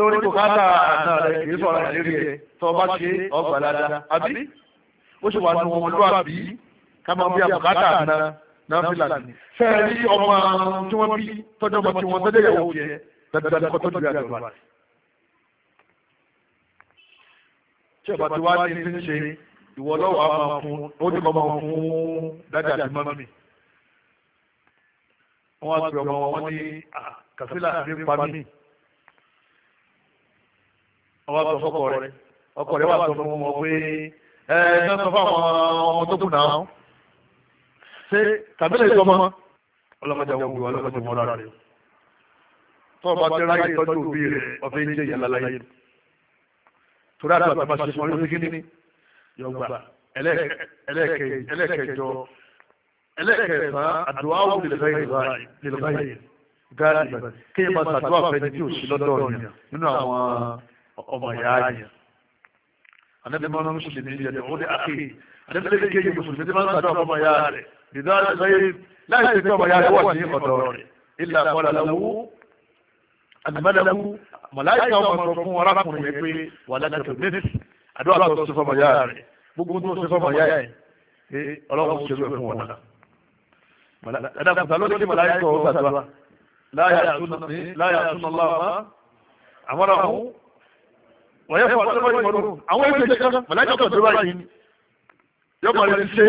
sórí kò káàtà àná rẹ̀ kìí sọ̀rọ̀ ìlérí ẹ̀ tó bá ṣe ọgbà dáadáa àbí ó sì wà nù ọmọlúwàbí ká máa bí àbùkátà àná náà fi lànà fẹ́ẹ̀ rí ọmọ tí wọ́n bí tọ́jú ọmọ tí wọ́n tọ́jú ìyàwó jẹ dandan kọ́ tọ́jú ìyàwó rẹ̀ tí ọba tí wàá ní ní ṣe ìwọ lọ́wọ́ àwọn máa fún ó ní kọ́ máa fún dájà àti mọ́mí wọ́n á pe ọmọ wọn ní ọwọ́ sọ fọkọ rẹ ọkọ rẹ wà sọ fún wọn pé ẹ ẹ sọ fún àwọn ọmọ tó kù náà ṣé tàbílẹ̀ ìjọba ọlọ́mọdé àwọn òbí wa ọlọ́mọdé wọn lára rẹ tó o bá ti ráyè tọ́jú òbí rẹ ọ̀fẹ́ ń jẹ́ ìyá láláyé torí àti àti àti àti àti kíní yọgbà ẹlẹ́ẹ̀kẹjọ ẹlẹ́ẹ̀kẹsàn àdúrà wù lè lọ́yìn gáàdì kéèyàn máa ṣàdúrà fẹ́ni tí ò sí lọ́dọ̀ ọ̀yàn nínú àwọn ọmọ ìyá yẹn anabi mọ́nà mùsùlùmí yẹn ni òun àkè anabi lè kéye mùsùlùmí tí wọ́n ń sàdọ̀ ọmọ ìyá rẹ̀ dídá ṣayé láì sí pé ọmọ ìyá rẹ̀ wà ní ọ̀dọ̀ rẹ̀ ilà àkọlà lọ́wọ́ àdìmọ́lẹ́wọ́ mọ̀láyíkà ọmọ sọ fún arákùnrin yẹn pé wà lẹ́tọ̀ nẹ́tì àdó àlọ́ sọ fọmọ ìyá rẹ̀ gbogbo tó sọ fọmọ ìyá rẹ̀ ọlọ́run ṣe lóye fún wọn náà ẹ̀dàkùnrin ló dé mọ̀láyíkà ọ̀gbàdúrà láyà àtúnà láyà àtúnà láwà àwọn ọ̀hún wọ́n yẹ fọ àtọ́fọ́ ìmọ̀rún àwọn ẹgbẹ́ ìṣẹ́ kan mọ̀lájọ́ kan tó báyìí ni yóò mọ̀ lórí ṣe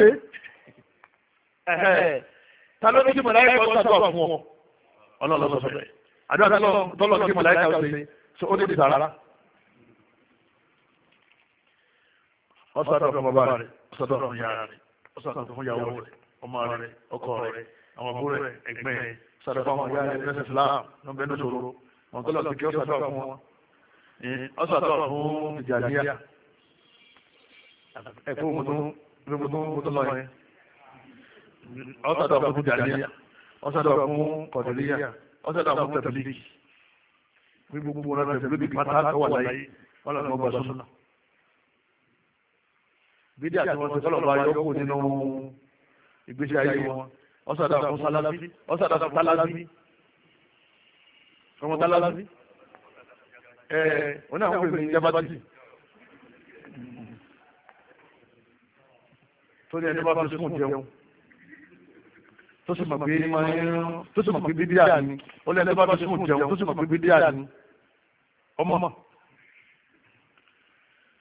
ta ló ní kí mọ̀lájọ́ kan sàtọ̀ fún ọ ọlọ́ọ̀lọ́ sọ bẹ́ẹ̀ àdúrà tọ́lọ̀ kí mọ̀lájọ́ kan ṣe so ó ní ti sàrà wọ́n sàtọ̀ fún bàbá rẹ̀ wọ́n sàtọ̀ fún yàrá rẹ̀ wọ́n sàtọ̀ fún yàwó rẹ̀ ọmọ rẹ̀ ọkọ rẹ̀ àwọn àbúrò rẹ̀ ẹgbẹ́ sàtọ̀ fún àwọn yàrá rẹ̀ ọ̀sọ̀tọ̀ fún ìjàdíyà ẹ̀kú mọ́tún lọ yẹn ọ̀sọ̀tọ̀ fún ìjàdíyà ọ̀sọ̀tọ̀ fún kọ̀dọ̀líyà ọ̀sọ̀tọ̀ fún tẹ̀lé ní gbogbo ọ̀nà tẹ̀lé bí pátá wà láyé wọ́n lọ́nà ọgbà sọ́nà bídí àti wọn ti kọ́lọ̀ bá yọ kù nínú ìgbésí ayé wọn ọ̀sọ̀tọ̀ fún sálábí ọ̀sọ̀tọ̀ fún tálábí ọmọ tálábí Eh, òun náà wọ́n pè ní jabati tó ní ẹni bá fi sùn jẹun tó sì mọ̀ pé tó sì mọ̀ pé bíbíà ni ó lẹ́ni bá fi sùn jẹun tó sì mọ̀ pé bíbíà ni ọmọ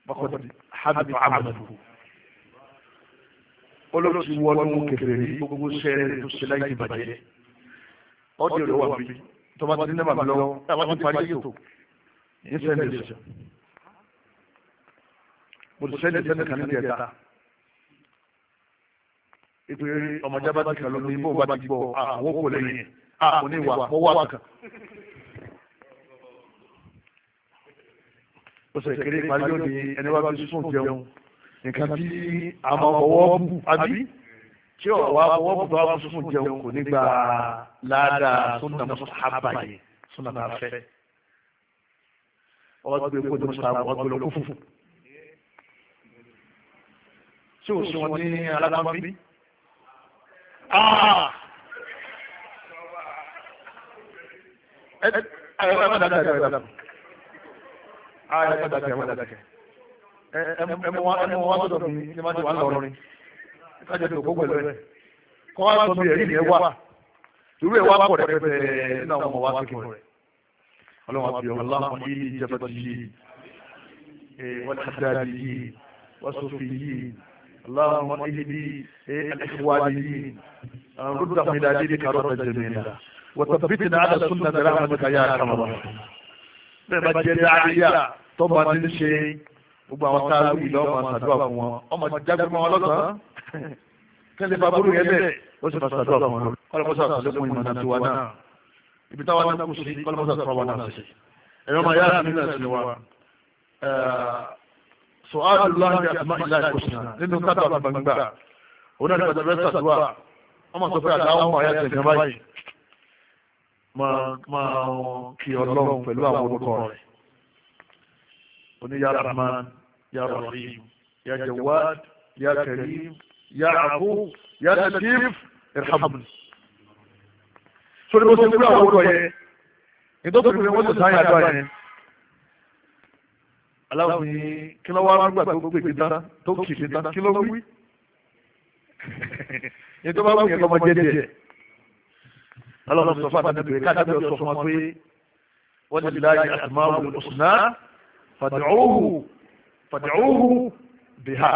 bọ́kọ̀tì hábìtì àmàlùkù olóòtú wọnú kẹfẹ rí gbogbo sẹ́rẹ̀ tó ṣe láyé ìbàjẹ́ ọdẹ rẹ wà bí tọ́ba ti ní nàbàbí lọ́wọ́ táwa ti parí ètò yín sẹ́ndì sọ mo ti sẹ́ndì sẹ́ndì kan níbi ẹ̀ta ipe ọmọdé bá ti kàn lómi bó bá ti gbọ́ àwọn kò lẹ́yìn àwọn oníwà mo wà kàn. ó sì kéré parí ó di ẹni wá bí sùn jẹun nǹkan tí a máa fọwọ́ bù àbí tí ó wà fọwọ́ bù bá sùn jẹun kò ní gba ládàá súnà mọ́sáhábà yìí súnà náà fẹ́ ọgbẹ́ kó jọ sáà ọgbẹ́ lọ kúfù tí ò sí wọn ní alábàámbí. ẹmu wa sọ̀tọ̀ mi ní ma ti wà lọ́rin kájọ tó gbogbo ẹ̀lọ́ rẹ̀ kọ́ wa sọ bí ẹ̀rí ni ẹ wá irú ẹ̀ wá pọ̀ rẹ̀ pẹ̀lẹ́ nínú àwọn ọmọ wa kékeré rẹ̀ ọlọ́run àbí ọmọ aláwọ̀ ní ìjẹba ti yìí wọ́n ti dáadé yìí wọ́n sọ fi yìí aláwọ̀ ní ìdí alẹ́kùwájú yìí rúdà fún ìdájí ní kàrọ́ ọ̀tọ̀ jẹ̀mẹ̀lá wọ́n tàbí ti náà àdàsùn náà tẹ̀lé àwọn ọmọdé yára kàmọ́ bẹ́ẹ̀ bá jẹ́ dáadéyà tó bá ti ń ṣe gbogbo àwọn táàrù ìlọ́ ọmọ àṣàdúrà fún wọn ọmọ jágbọ́n wọn lọ́sàn-án kẹ́lẹ́ bá burú yẹn bẹ́ẹ̀ ó sì máa ṣàdúrà fún wọn kọ́lọ́mọ́sà àṣàlẹ́kùn ìmọ̀ بتوانا مسلمين بل مزاد روانا مسلمين يوم يارا من الناس نوا سؤال الله في أسماء الله الحسنى لأنه كتب في المنبع هنا نبدا بس سوا أما سوف يدعو ما يأتي الجمعي ما ما كي الله في الله والبقر يا رحمن يا رحيم يا جواد يا كريم يا عفو يا لطيف ارحمني sórí bó ṣe pé àwọn orúkọ yẹn ìdókòwò ni wọ́n tó sáyà àdúrà yẹn aláwọ̀ ni kí ló wá wá gbà tó gbègbè tán tó kì í tán kí ló wí ní tó bá wù yẹn lọ́mọ jẹ́jẹ́ sọ fún àtàkùn yẹn káàkiri sọ fún wa pé wọ́n ti láyé àtìmáwò lọ́sùnà fàdìcúhù fàdìcúhù bìhà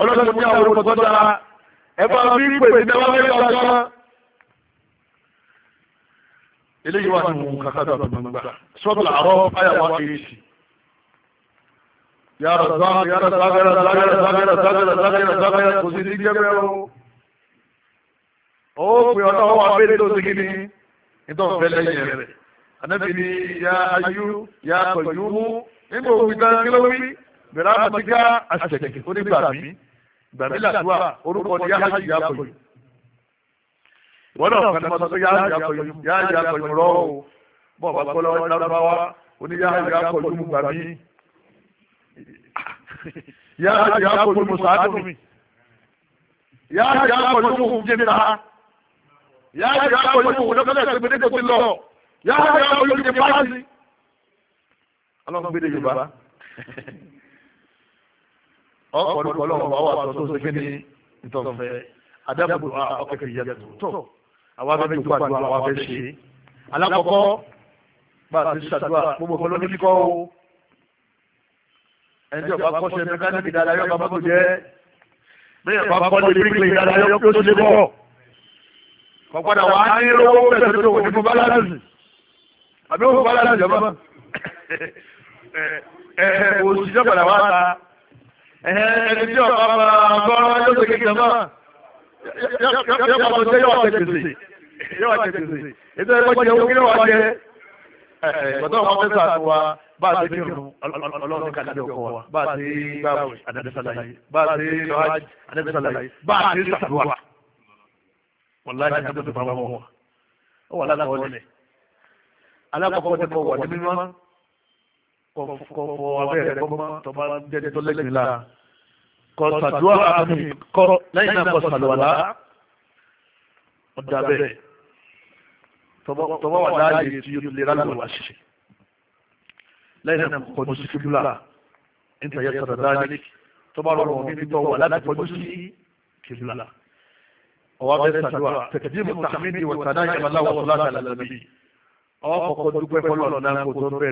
ọlọ́dún ní àwọn olùkọ́ tó dára ẹ bá wọn bí pèsè náà wọn bí ọjọ́ eléyìí wà nínú kàkàtà àtọ̀gbọ̀ngbà sọ́tù àárọ̀ ayàwó àkéyèsí. yàrá zan yàrá zagara zagara zagara zagara zagara zagara kò sí ní jẹ́bẹ̀ o. ó pè ọ́ náà wà bẹ́ẹ̀ tó segin ní nítorí fẹ́ lẹ́yìn rẹ̀. anábì ni ya ayu ya pẹ̀lú nígbà òkúta kílówì bẹ̀rẹ̀ àmàtíkà àṣẹ̀kẹ̀ onígbà mi gbàmí làdúrà orúkọ ni yáhà yìí yá kọyì wọn náà kàn máa sọ yáhà yá kọyì yáhà yá kọyì rọ o bọ́ọ̀ bá gbọ́ lọ́wọ́ lárúbáwá oní yáhà yá kọyì mú gbàmí yáhà yá kọyì mú sàádùn mi yáhà yá kọyì mú kún jẹ́ ta yáhà yá kọyì mú kún lọ́kọ́lẹ́ ẹ̀sìnkú tó lọ yáhà yá kọyì mú jẹ́ pàṣẹ. ọlọ́run gbé ọ̀pọ̀lọpọ̀ ọlọ́run bá wà sọ tó ṣe kíni ìtọ̀fẹ́ adábòbò ọkẹ́kẹ́ ìyàtọ̀ tó àwọn abẹ́bẹ́ tó gbàdúrà àwọn abẹ́ ṣe alákọ̀ọ́kọ́ bá a ti ṣàdúrà gbogbo kan ló ní kíkọ́ o ẹni tí ọba kọ́ṣẹ́ mẹkáníkì dáadáa yóò bá mọ́tò jẹ́ bẹ́ẹ̀ bá kọ́ lé bíríkìlì dáadáa yóò tó ṣe bọ̀ kọ́ padà wà á ní lówó bẹ̀rẹ̀ tó wò ní fún ẹni tí ọ̀pá máa gbọ́rọ́ yóò ṣe kékeré máa yóò máa ṣe yóò àtẹ gbèsè yóò àtẹ gbèsè ètò ẹ̀kọ́ jẹ owó kí ló wà jẹ gbọ́dọ̀ wọn fẹsẹ̀ àtiwá bá a ti kí ọdún ọlọ́run ká dájọ kọ wa bá a ti gbàwé adébísàlàyé bá a ti lọ́wọ́ adébísàlàyé bá a ti sàdúrà wàláyé adébísàlàyé bá wọn wà ó wà lálàkọọlẹ alákọọkọ tẹ kọ wà ní mímọ́ kọfọ abẹ́rẹ́ gbọmọ tọba jẹjẹ tó lẹ́gbẹ̀ẹ́ la kọ̀ọ̀tàdúrà àmì kọ́ lẹ́yìn náà kọ̀ọ̀tàlùwàlá ọ̀dà bẹ́ẹ̀ tọ́wọ́ wà láàyè tí o lè lálùwà ṣe lẹ́yìn náà kọ̀ọ̀tù sí kíbùlà níta yẹ sọ̀rọ̀ dáadé tọ́wọ́ rọrùn ní títọ́ wà láti kọjú sí kíbùlà ọwọ́ abẹ́ sàdúrà tẹ̀kẹ̀dí mu tàmídì wọ̀ tàdá ìyàmàlá wọ̀ láti àlàlẹ́bí ọwọ́ kọ̀ọ̀kọ́ dúpẹ́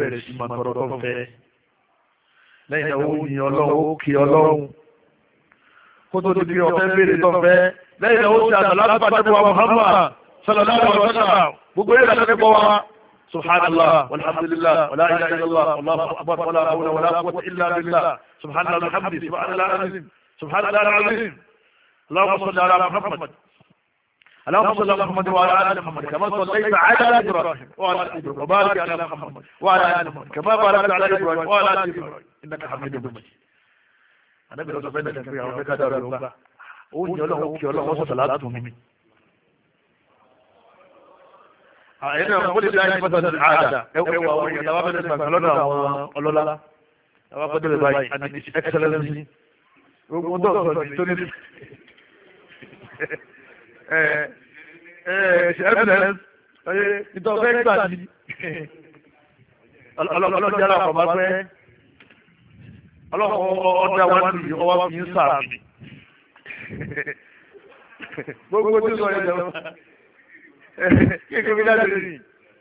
lẹ́yìn náà ó yin ọlọ́run ó kí ọlọ́run kó tó di ọ̀fẹ́ béèrè tó lẹ́yìn náà ó ṣe àgbàlá pàtàkì wa Muhammad sallallahu alaihi wa sallam gbogbo eré àtàkì pọ̀ wa. سبحان الله والحمد لله ولا اله الا الله والله اكبر ولا حول ولا قوه الا بالله سبحان الله الحمد سبحان الله العظيم سبحان الله العظيم اللهم صل على محمد اللهم صل على محمد وعلى ال محمد كما صليت على ابراهيم وعلى ال ابراهيم وبارك على محمد وعلى ال محمد كما باركت على ابراهيم وعلى ال ابراهيم انك حميد مجيد ànábì lọ́sọ̀ fẹ́ nìkan pé àwọn mẹ́ta dára lọ́gbà ó ní ọlọ́run kí ọlọ́run sọ̀tà látùn mi. àyẹ̀ náà wọ́n lè dá ẹni fọ́tà ní àdá ẹ̀wẹ̀ wà wọ́n yẹn láwọn fẹ́ẹ́ gbàgbà lọ́dọ̀ àwọn ọlọ́lá àwọn akọ́jọ́lẹ̀ báyìí and his excellency gbogbo tó sọ ní tó ní ẹ ẹ ṣẹ́fẹ̀ẹ́ ìtọ́fẹ́ gbà ní ọlọ́run ọ̀dà wọn lù yìí ọwọ́ fi ń sàmì gbogbo tí ó sọ ẹ̀jẹ̀ wọn kékeré láti rí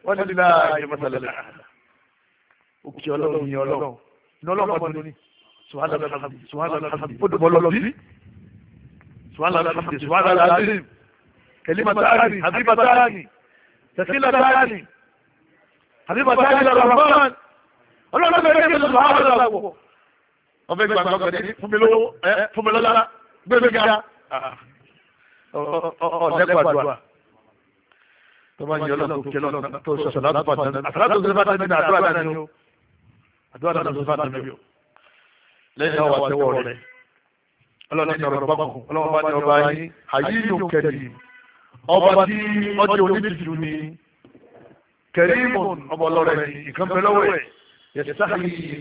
wọ́n ti dá ìmọ̀sálẹ̀ òkè ọlọ́run yìí ọlọ́run ní ọlọ́run ọdún ní sùwádà láti sùwádà láti ó dùbọ̀ lọ́lọ́ bí sùwádà láti sùwádà láti kẹlímà táàgì àbíbà táàgì tẹ̀sílà táàgì àbíbà táàgì lọ́rọ̀ wọ́n fẹ́ gbàgbọ́ gbẹ̀dẹ̀ fún mi lówó fún mi lọ́lá gbé mi ga ọ̀dẹ́kọ̀ àdúrà tó bá yọ lọ́dún kí lọ́dún tó sọ̀sọ̀ láti bá tẹ̀lé àtàlà tó sọ̀rọ̀ bá tẹ̀lé ní àdúrà náà ni o àdúrà náà ló sọ̀rọ̀ bá tẹ̀lé o lẹ́yìn náà wà tẹ́wọ́ rẹ̀ ọlọ́run ní ọ̀rọ̀ bá kù ọlọ́run bá ní ọba yín àyí yóò kẹ́lì ọba tí ọjọ́ onídìjú ni kẹ́lì mọ̀ ọba ọlọ́rẹ̀ ìkànnì lọ́wọ́ ẹ̀ yẹsáàyè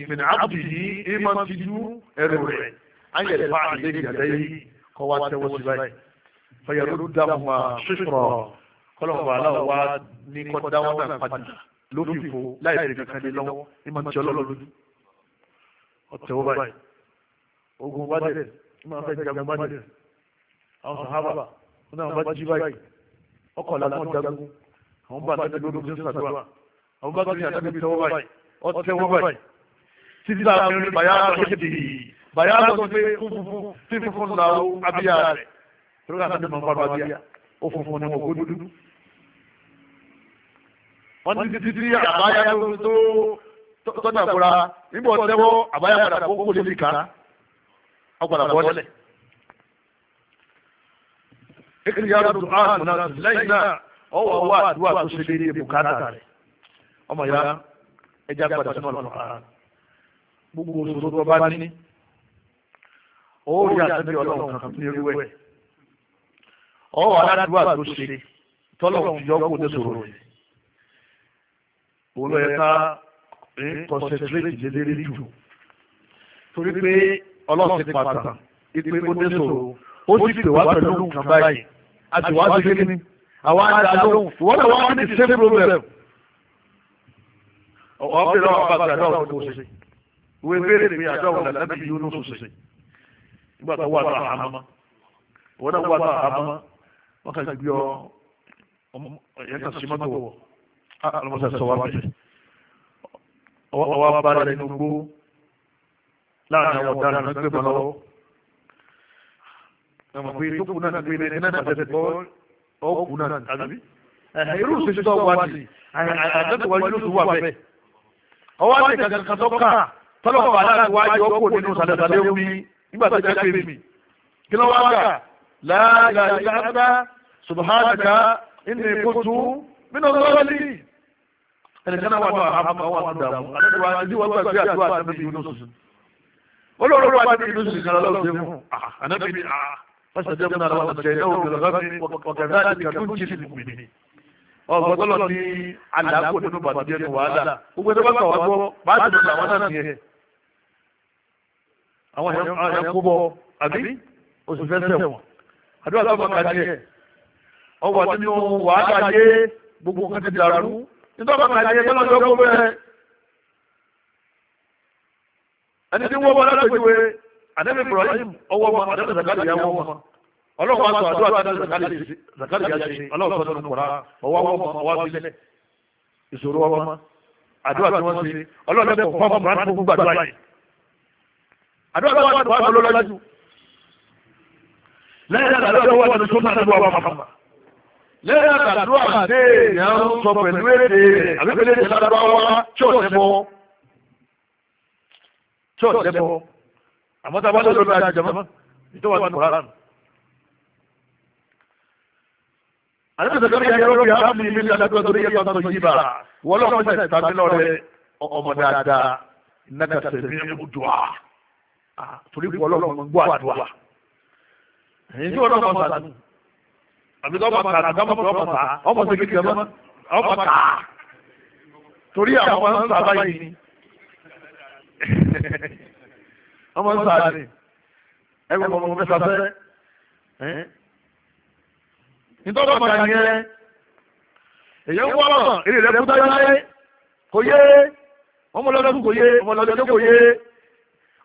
mìnà àbùyí ẹ máa fi ju ẹrù rẹ̀ ayé ẹ̀fà àdé ìyàdá yìí kọ́ wa tẹ́wọ́ sí báyìí fayọ̀rọ̀ dàmú wa ṣíṣọ̀rọ̀ kọ́lọ́mọba aláwọ̀ wa ní kọ́dá wọn náà padà lófìfo láì rí kankan ní lọ́wọ́ ní máa ń jẹ́ ọlọ́lọ́dún ọ̀tẹ̀wọ́ báyìí ogun bá dẹ̀ máa fẹ́ jagun bá dẹ̀ àwọn sàhábà wọn náà bá jí báyìí ọkọ̀ làwọn jagun àwọn bá àtàkùn lórí ojú sàtọ́wà àwọn bá gbé àtàkùn bí tọ́wọ́ báyìí ọtẹ wọ́n báyìí títí tá a fi rí bàyá lọ ṣe dìí bàyá lọ sí pé fúnfún tí fúnfún la ó abíyá rẹ̀ tó ká sábẹ́ máa ń bá abíyá ó funfun ni wọn kó dúdú. wọ́n ti títí tí àbáyá tó tọ́jà kóra nígbà ọ̀tẹ́wọ́ àbáyá padà kó kó lè kà á ọ̀padà bọ́ọ̀lẹ̀. Ekiri yàrá tó ààrùn náà lẹ́yìn náà ọwọ́ wa àdúrà tó ṣe lé ní bùkátà rẹ̀. Ọmọ ìyá ẹja padà sínú ọ̀nà gbogbo òṣòro tó bá ní ó rí àtẹ́bí ọlọ́run kan ní orí wẹ̀ ọ wà ládùúgbà tó ṣe tọ́lọ̀ fi yọ kó tẹ̀sọ̀rọ̀ rẹ̀ òun lọ yẹ ká concentrate lélẹ́rẹ́ jù torí pé ọlọ́run ti pàtà ipe ó tẹ̀sọ̀rọ̀ ó sì pè wá pẹ̀lú nǹkan báyìí a sì wá sí kékeré àwọn àdá lóhùn ìwọ́n náà wọ́n ti same problem ọ̀ọ́ bí lọ́wọ́ bá gbé àdáwọ̀ tó ṣe ìwé béèrè mi àdáwọ̀ làlábì yóò ló ṣe nígbà tó wà ní àhámọ́ ìwọ náà wà ní àhámọ́ wọ́n kàn gbé ọ ẹ̀yẹ́ kan sí mọ́tò wọ̀ ọlọ́mọṣẹ́ sọ wá bẹ́ẹ̀ ọwọ́ bá rẹ̀ nínú gbó láàrin àwọn ọ̀daràn náà gbé bọ́ lọ́wọ́ ẹ̀mọ̀ pé tó náà gbé lẹ́ni náà pàṣẹ bọ́ ọkù náà àgbẹ̀ irú òṣèṣẹ́ tó wà ní àdẹ́tọ̀wájú ló tó wà bẹ́ẹ̀ ọwọ́ àti kankan tó kà tọ́lọ́pàá aláàbò wájú ọkọ̀ nínú sàlẹ̀sàlẹ̀ omi nígbà tó jẹ́ pé mi kí ló wá kà láàyè ìlànà subhanaka inni kuntu min al-zalimin ẹnìkan wà náà àmọ́ àwọn àdàmú àdàmú àti wọ́n gbàgbé àdúrà àdàmú Yunus olóòrò wà ní Yunus kan lọ́wọ́ ṣe fún ah, ànábì ni àà wọ́n ṣàjẹ́ fún àdàmú àti ẹ̀dá òkè lọ́gọ́ ọgbọ́n tó ní àlàkò nínú bàtúndé ní wàhálà gbogbo ẹgbẹ́ bá bá náà nìyẹn àwọn bọ àbí oṣù àdúrà tó wàhálà yé gbogbo ti dàrú nítorí ẹni tí ọlọ́run wá sọ àdúrà tí zakari yà ṣe ọlọ́run sọ nínú kọ̀ọ̀rá ọwọ́ ọwọ́ sílẹ̀ ìṣòro ọwọ́ mọ́ àdúrà tí wọ́n ṣe ọlọ́run bẹ́ẹ̀ kọ́ fún bàbá fún gbàdúrà yìí àdúrà tí wọ́n wá sọ lọ́lájú lẹ́yìn àdúrà tí wọ́n wá sọ tó náà lọ́wọ́ pàpà lẹ́yìn àdúrà tí èèyàn ń sọ pẹ̀lú èdè àbí pẹ̀lú èdè ládàbáwá tí ò tẹ́bọ̀ tí ò tẹ́bọ̀ àmọ́ tá a bá lọ́dọ̀ lọ́dọ̀ àjẹmọ́ ìtọ́wà ní kọ̀ọ̀rá àlejò sọ̀rọ̀ yẹn yọrọ yàrá mi mi lọ́dọ̀ tó lórí yẹn tó yí bá wọ́n lọ́wọ́ sẹ̀ tàbí lọ́rẹ́ ọmọ dáadáa nàkà sẹ̀mí ẹ̀mùdùá torí pọ̀ lọ́wọ́ gbọ́ àdúrà èyí tí wọ́n lọ́wọ́ sàánù àbí tó bá kàrà dámọ̀ tó bá sàá ọmọ sí kékeré mọ́ ọmọ kàá torí àwọn ń sàbá yìí ni ọmọ ń sàá ni ẹgbẹ́ ọmọ mẹ́ta fẹ́ nítorí ọmọ ìyá yẹn èyí ń wọ́ ọ̀rọ̀ èrè rẹ̀ kú dáyé kò yé ọmọ ọlọ́dọ́dú kò yé ọmọ ọlọ́dọ́dú kò yé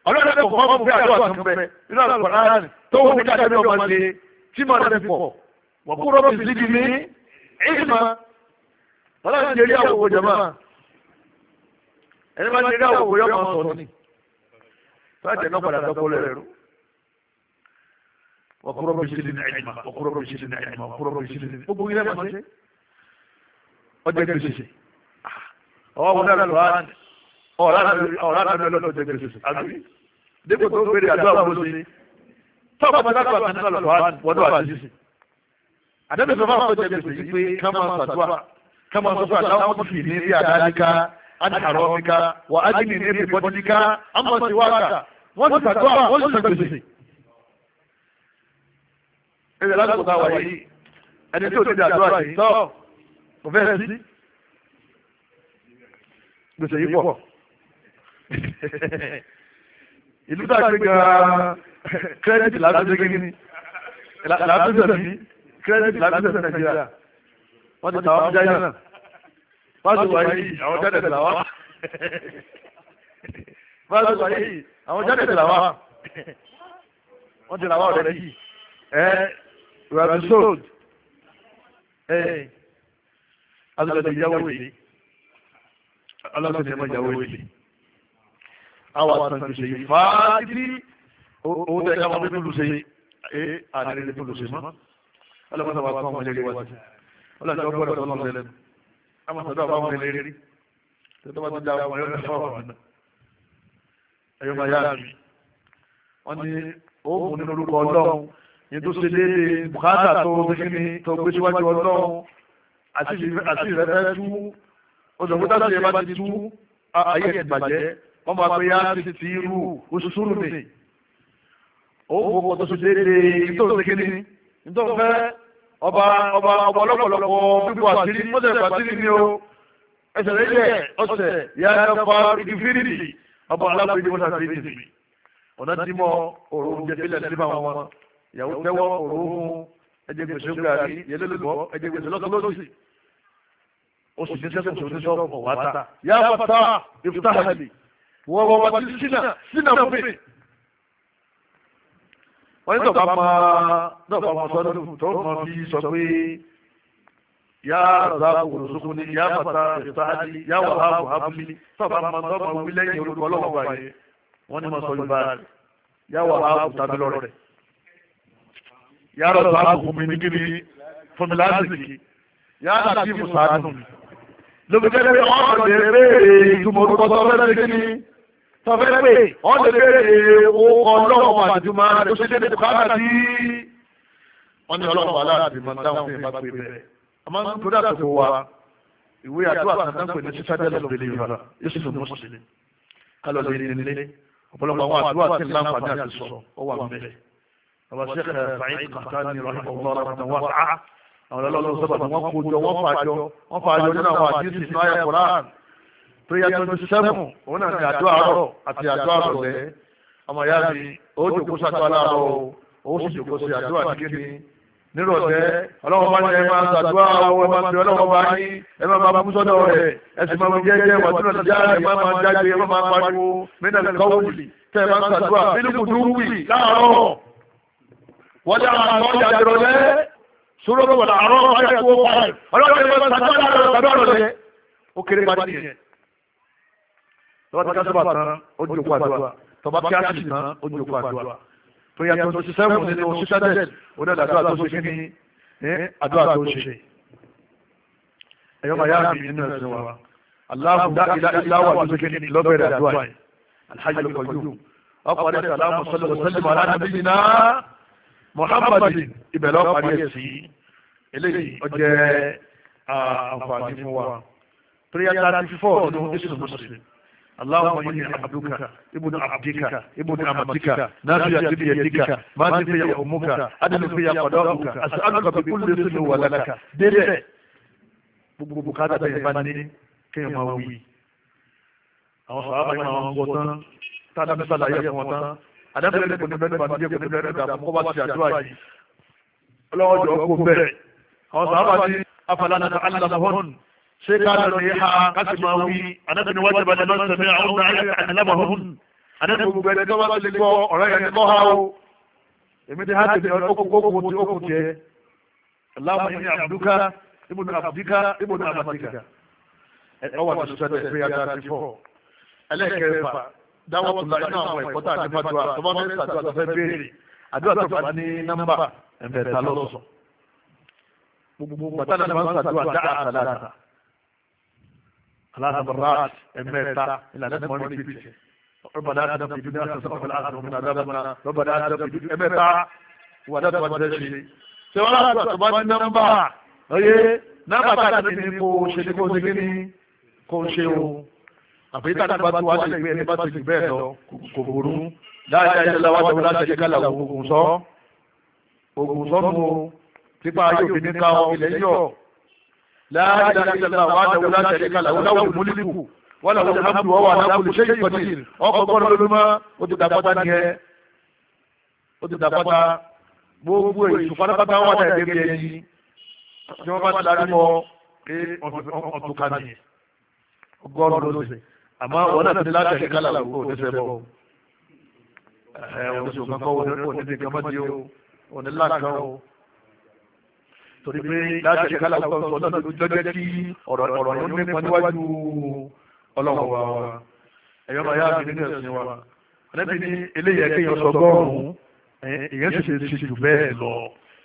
ọlọ́dọ́dú kò kọ́ fún àjọ àtúnbẹ nínú àgbà láàrín tó wọ́n ká ẹgbẹ́ ọmọ ṣe tí mo rẹ̀ pọ̀ wọ́n kú rọ́bọ̀ sí di ní ìgbìmọ̀ ọlọ́dún ti rí àwòkò jẹ̀mọ́ ẹni bá ti rí àwòkò yọ وقل رب زدني علما وقل رب زدني علما وقل رب زدني gbogbo ilé ẹ̀fọ́ ṣe ọjọ́ gbèsè ṣe ọwọ́ wọn náà lọ́wọ́ ọ̀rá náà lọ́wọ́ ọjọ́ gbèsè ṣe àbí dípò tó bèrè àdúrà wọn ṣe tọ́pọ̀ bá dákọ̀ àti náà lọ́wọ́ wọ́dọ̀ àti ṣe àdébẹ̀ sọ fáwọn ọjọ́ gbèsè yìí pé ká máa sàdúrà ká máa sọ fún àtàwọn tó fi ní bí àdáníká àtàrọ̀ọ́míká wà á jìnnì ní bí bọ́díká á máa ti wá ẹ̀rẹ̀ lásìkò tá a wà yìí ẹni tí ò ti di àdúrà yìí tọ́ kò fẹ́ sí gbèsè yìí pọ̀ ìlú tá a gbé ga kírẹ́dìtì láti ṣe kí ni láti ṣe mí kírẹ́dìtì láti ṣe nàìjíríà wọ́n ti tàwọn jáde náà wọ́n ti wà yìí àwọn jáde tẹ̀lé àwọn wọ́n ti wà yìí àwọn jáde tẹ̀lé àwọn wọ́n ti làwọn ọ̀rẹ́ yìí ẹ́ you have been sold ẹ adúlọ́dọ̀ ìyáwó èlé ọlọ́sẹ̀ ẹ̀mọ́ ìyáwó èlé àwọn àtàntàn ṣe yìí fàájì owó tẹ̀ ká máa lùsẹ̀ ẹ̀ àdìrẹ́lẹ̀ tó lùsẹ̀ mọ́ ọlọ́mọdé wa kọ́ ọmọ ìjẹ́lẹ̀ wa sí ọlọ́dọ̀ ọgbọ́dọ̀ tó lọ́sẹ̀ lẹ́nu àmọ́ sọ́dọ̀ àwọn ọmọ ìlẹ̀ rí tó bá ti da àwọn ẹ̀rọ fọ́ọ̀rọ̀ ọ̀nà ẹ̀yọ́ máa yára mi wọ́n ní òun nínú orúkọ ọlọ́run ní tó ṣe déédéé bùkátà tó kíni tó gbé síwájú ọlọ́run àti ìrẹ́ fẹ́ tú ọ̀dọ̀gbọ́tà sí ẹ bá ti tú ayé ẹ̀ bàjẹ́ wọ́n máa pe yá sí ti irú oṣù sùúrù mi ó kò tó ṣe déédéé ní tó ṣe kíni ní tó fẹ́ ọba ọba ọba ọlọ́pọ̀lọpọ̀ pípọ̀ àtìrí mọ́tẹ̀ pàtìrí ni o ẹsẹ̀ lẹ́yẹ ọ̀sẹ̀ yá ẹ̀fà ìfírìdì ọba alápèjì mọ́tẹ̀ àtìrí ọ̀nà tí mọ́ òrùn jẹ́ sílẹ̀ nípa wọn wọn ìyàwó tẹ́wọ́ òru fún ẹjẹ gbèsè gàrí yẹlẹ́lẹ́gbọ́ ní sẹ́kùn sọ̀rọ̀ sọ́ọ̀ fọ̀ wá ta yá fata ìfúntàhàlì wọ́n wọ́n wá sí sínà sínà wọ́n ní tọ́ba sọ lọ́dún tó mọ̀ bí sọ pé yá lọ́rẹ̀ yàrá ọ̀sán àgùn mi ní kíni fún mi lásìkì yàrá àti ìfúsàánù mi. lóbi jẹ́ pé ọ̀rọ̀ lè béèrè ìtumọ̀ orúkọ sọfẹ́lẹ́ kíni sọfẹ́lẹ́ pé ọ̀rọ̀ lè béèrè orúkọ ọlọ́wọ́ àdìmọ́ rẹ̀ tó ṣe dédé bùkátà sí. wọ́n ní ọlọ́wọ́ aláàbì máa ń dáhùn sí ìbá pé bẹ́ẹ̀. àmọ́ nítorí àtòkò wa ìwé àdúrà kan pè ní sísádẹ́lẹ̀ òbílẹ̀ yorùbá yóò sì tún mọ́ àwọn Sheikh Sa'id Qahtani rahimahullah rahmatan wasi'a àwọn ọlọ́lọ́wọ́ sábà ni wọ́n kojọ wọ́n fàjọ wọ́n fàjọ nínú àwọn àdìsí nínú ayé Qur'an tó yẹ tó ti sẹ́mù òun náà ni àjọ àárọ̀ wọ́n dára àwọn ọjà ìrọ̀lẹ́ ṣúrọ́ wọ̀lá àárọ̀ ọjà tó wọ́n wọ́n ọlọ́run ẹgbẹ́ sàgbọ́n àrọ̀ tàbí ọ̀rọ̀ lẹ́yẹ ó kéré pa díẹ̀ tọ́ba ti kásọ́bà tán ó di òkú àdúrà tọ́ba ti kásì tán ó di òkú àdúrà tó yẹ tó ti sẹ́wọ̀n nínú ṣíṣẹ́dẹ̀ onídàádúrà tó ṣe kíní àdúrà tó ṣe Muhammad ibẹ̀lẹ́ ọ̀pàdé sí eléyìí ọjẹ́ àǹfààní fún wa prayer thirty four ọdún jésù mùsùlùmí اللهم اني عبدك ابن عبدك ابن امتك نافيا بيدك ماضي في امك عدل في قضاؤك اسالك بكل اسم هو لك ديري gbogbo bùkátà bẹ́ẹ̀ bá ní kéèyàn máa wí àwọn sàábà yìí máa ń gbọ́ tán tá a dábẹ́ sàlàyé fún wọn tán àdáfẹ́lẹ́ kò ní bẹ́ẹ̀ bá jẹ́ kò ní bẹ́ẹ̀ dààmú kó bá ti àdúrà yìí ọlọ́wọ́ jọ kó bẹ́ẹ̀ àwọn sábà ti afalana ta alamahun ṣé ká lọ ní ha káṣí máa wí àdáfẹ́ni wájú bá lọ sẹ̀mí àwọn ọmọ ayé alamahun àdáfẹ́ni gbogbo ẹni tó bá ti gbọ́ ọ̀rẹ́ yẹn kọ́ ha o èmi ti há tèmi okùn tí okùn aláwọ̀ yẹn àbúkà dáwọ́ tó la inú àwọn ẹ̀kọ́ tá a ní fàdúrà tó bá fẹ́ sàdúrà tó fẹ́ béèrè àdúrà tó fà ní nọ́mbà ẹ̀fẹ̀ ta lọ́sọ̀ gbogbo pàtàkì náà máa ń sàdúrà dáa àtàlàtà aláàbàrà ẹ̀mẹ́ta ìlànà mọ́rin pípìtì ربنا آتنا في الدنيا حسنة وفي الآخرة وقنا عذاب النار ربنا آتنا في الدنيا متاع ولا تبدل سوى الله سبحانه نمبر oye nọ́mbà tá a ti ní kó ṣe ní kó ṣe kí ni kó ṣe o àfi tá a bá tó wá lè gbé ẹni bá tó jù bẹ́ẹ̀ lọ kò burú láàyè ayélujára wá tóbi láti ẹ̀ka làwọn ogun sọ ogun sọ mu tipa yóò fi ní ká ọ ilẹ̀ yọ láàyè ayélujára wá tóbi láti ẹ̀ka làwọn láwọn múlíkù wọ́n làwọn lábùdù wọ́n wà lábùdù ṣé yìí kọ́tì ọkọ̀ gbọ́dọ̀ lójúmọ́ o ti dàpọ́tà ni ẹ o ti dàpọ́tà gbogbo èyí pátápátá wà láì débi ẹni tí wọ́n bá darí mọ́ ọ̀tún kan ní ọgọ́rùn-ún lóṣèlú àmọ́ wọn náà ti láti ẹ̀ka làwọn kò ní sẹ́bọ̀ ẹ̀ oṣù kankan wọn ní nìkan mọ́ di o wọn ní láàkan o torí pé láti ẹ̀ka làwọn kan sọ náà lójọ́ kí ọ̀rọ̀ ọ̀rọ̀ yóò nípa níwájú ọlọ́run wa wa ẹ̀yọ́ máa yá àbí nínú ẹ̀sìn wa àlẹ́bí ní eléyìí ẹ̀kẹ́ yẹn sọ gọ́ọ̀rùn èèyàn sì ṣe jù bẹ́ẹ̀ lọ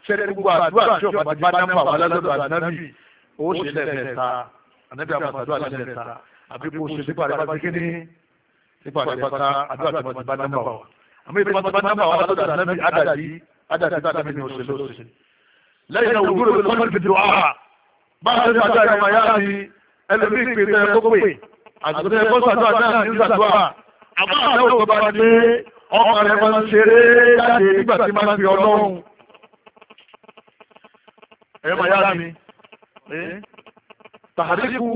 ṣẹ́ni gbogbo àdúrà tí ọ̀pá bá dáná wà lálẹ́ ànábì ó ṣe lẹ́ẹ̀mẹ́ta ànábì àpàdúrà lẹ́ẹ̀mẹ́ta àbí kò ṣe sípò àdébá ti kíni sípò àdébá ta àdúrà tí wọ́n ti bá nọ́mbà wa àmọ́ ìpè wọn ti bá nọ́mbà wa látọ̀dọ̀ ànábì àdàdì àdàdì tá ànábì ni òṣèlú òṣèlú lẹ́yìn náà wùdúrò ló kọ́ níbi wà á bá a ṣe àdúrà yẹn máa yára ni ẹlòmíì pè tẹ kó pè àtúntò ẹ̀kọ́ sàdúrà náà máa yára ni tàbí kú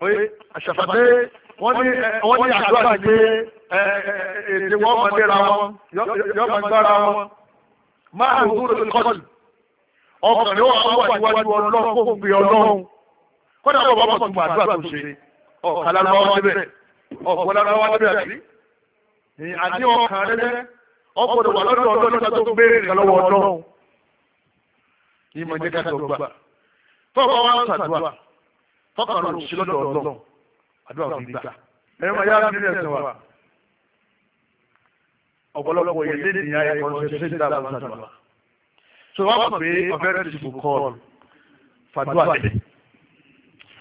oye àṣàfàdé wọ́n ní wọ́n ní àdúrà ṣe èdè wọ́n máa dẹ́ra wọn yọ́ máa gbára wọn máa ń gbúrò tó kọ́tù ọkàn ni wọ́n wà níwájú ọlọ́run kó gbé ọlọ́run kọ́dà bọ̀ bọ́ bọ̀ tó àdúrà tó ṣe ọ̀kàlára wọn níbẹ̀ ọ̀kọ̀lára wọn níbẹ̀ àbí àti ọkàn rẹ̀ ọgbọ̀dọ̀ wà lọ́dọ̀ ọlọ́run tó béèrè lọ́wọ́ ọlọ́run ìmọ̀ jẹ́ ká tọkàrọ òṣìṣẹ́ lọ́dọ̀ ọlọ́run àdúrà òbí gbà ẹ máa yára nílẹ̀ ẹ̀sìn wa ọ̀pọ̀lọpọ̀ yẹn lé nìyá ẹ̀ kọ́ńtẹ́sẹ̀ ní dàbà sàdùà so wọ́n mọ̀ pé ọ̀fẹ́ rẹ̀ ti bù kọ́ọ̀lù fàdúà lẹ̀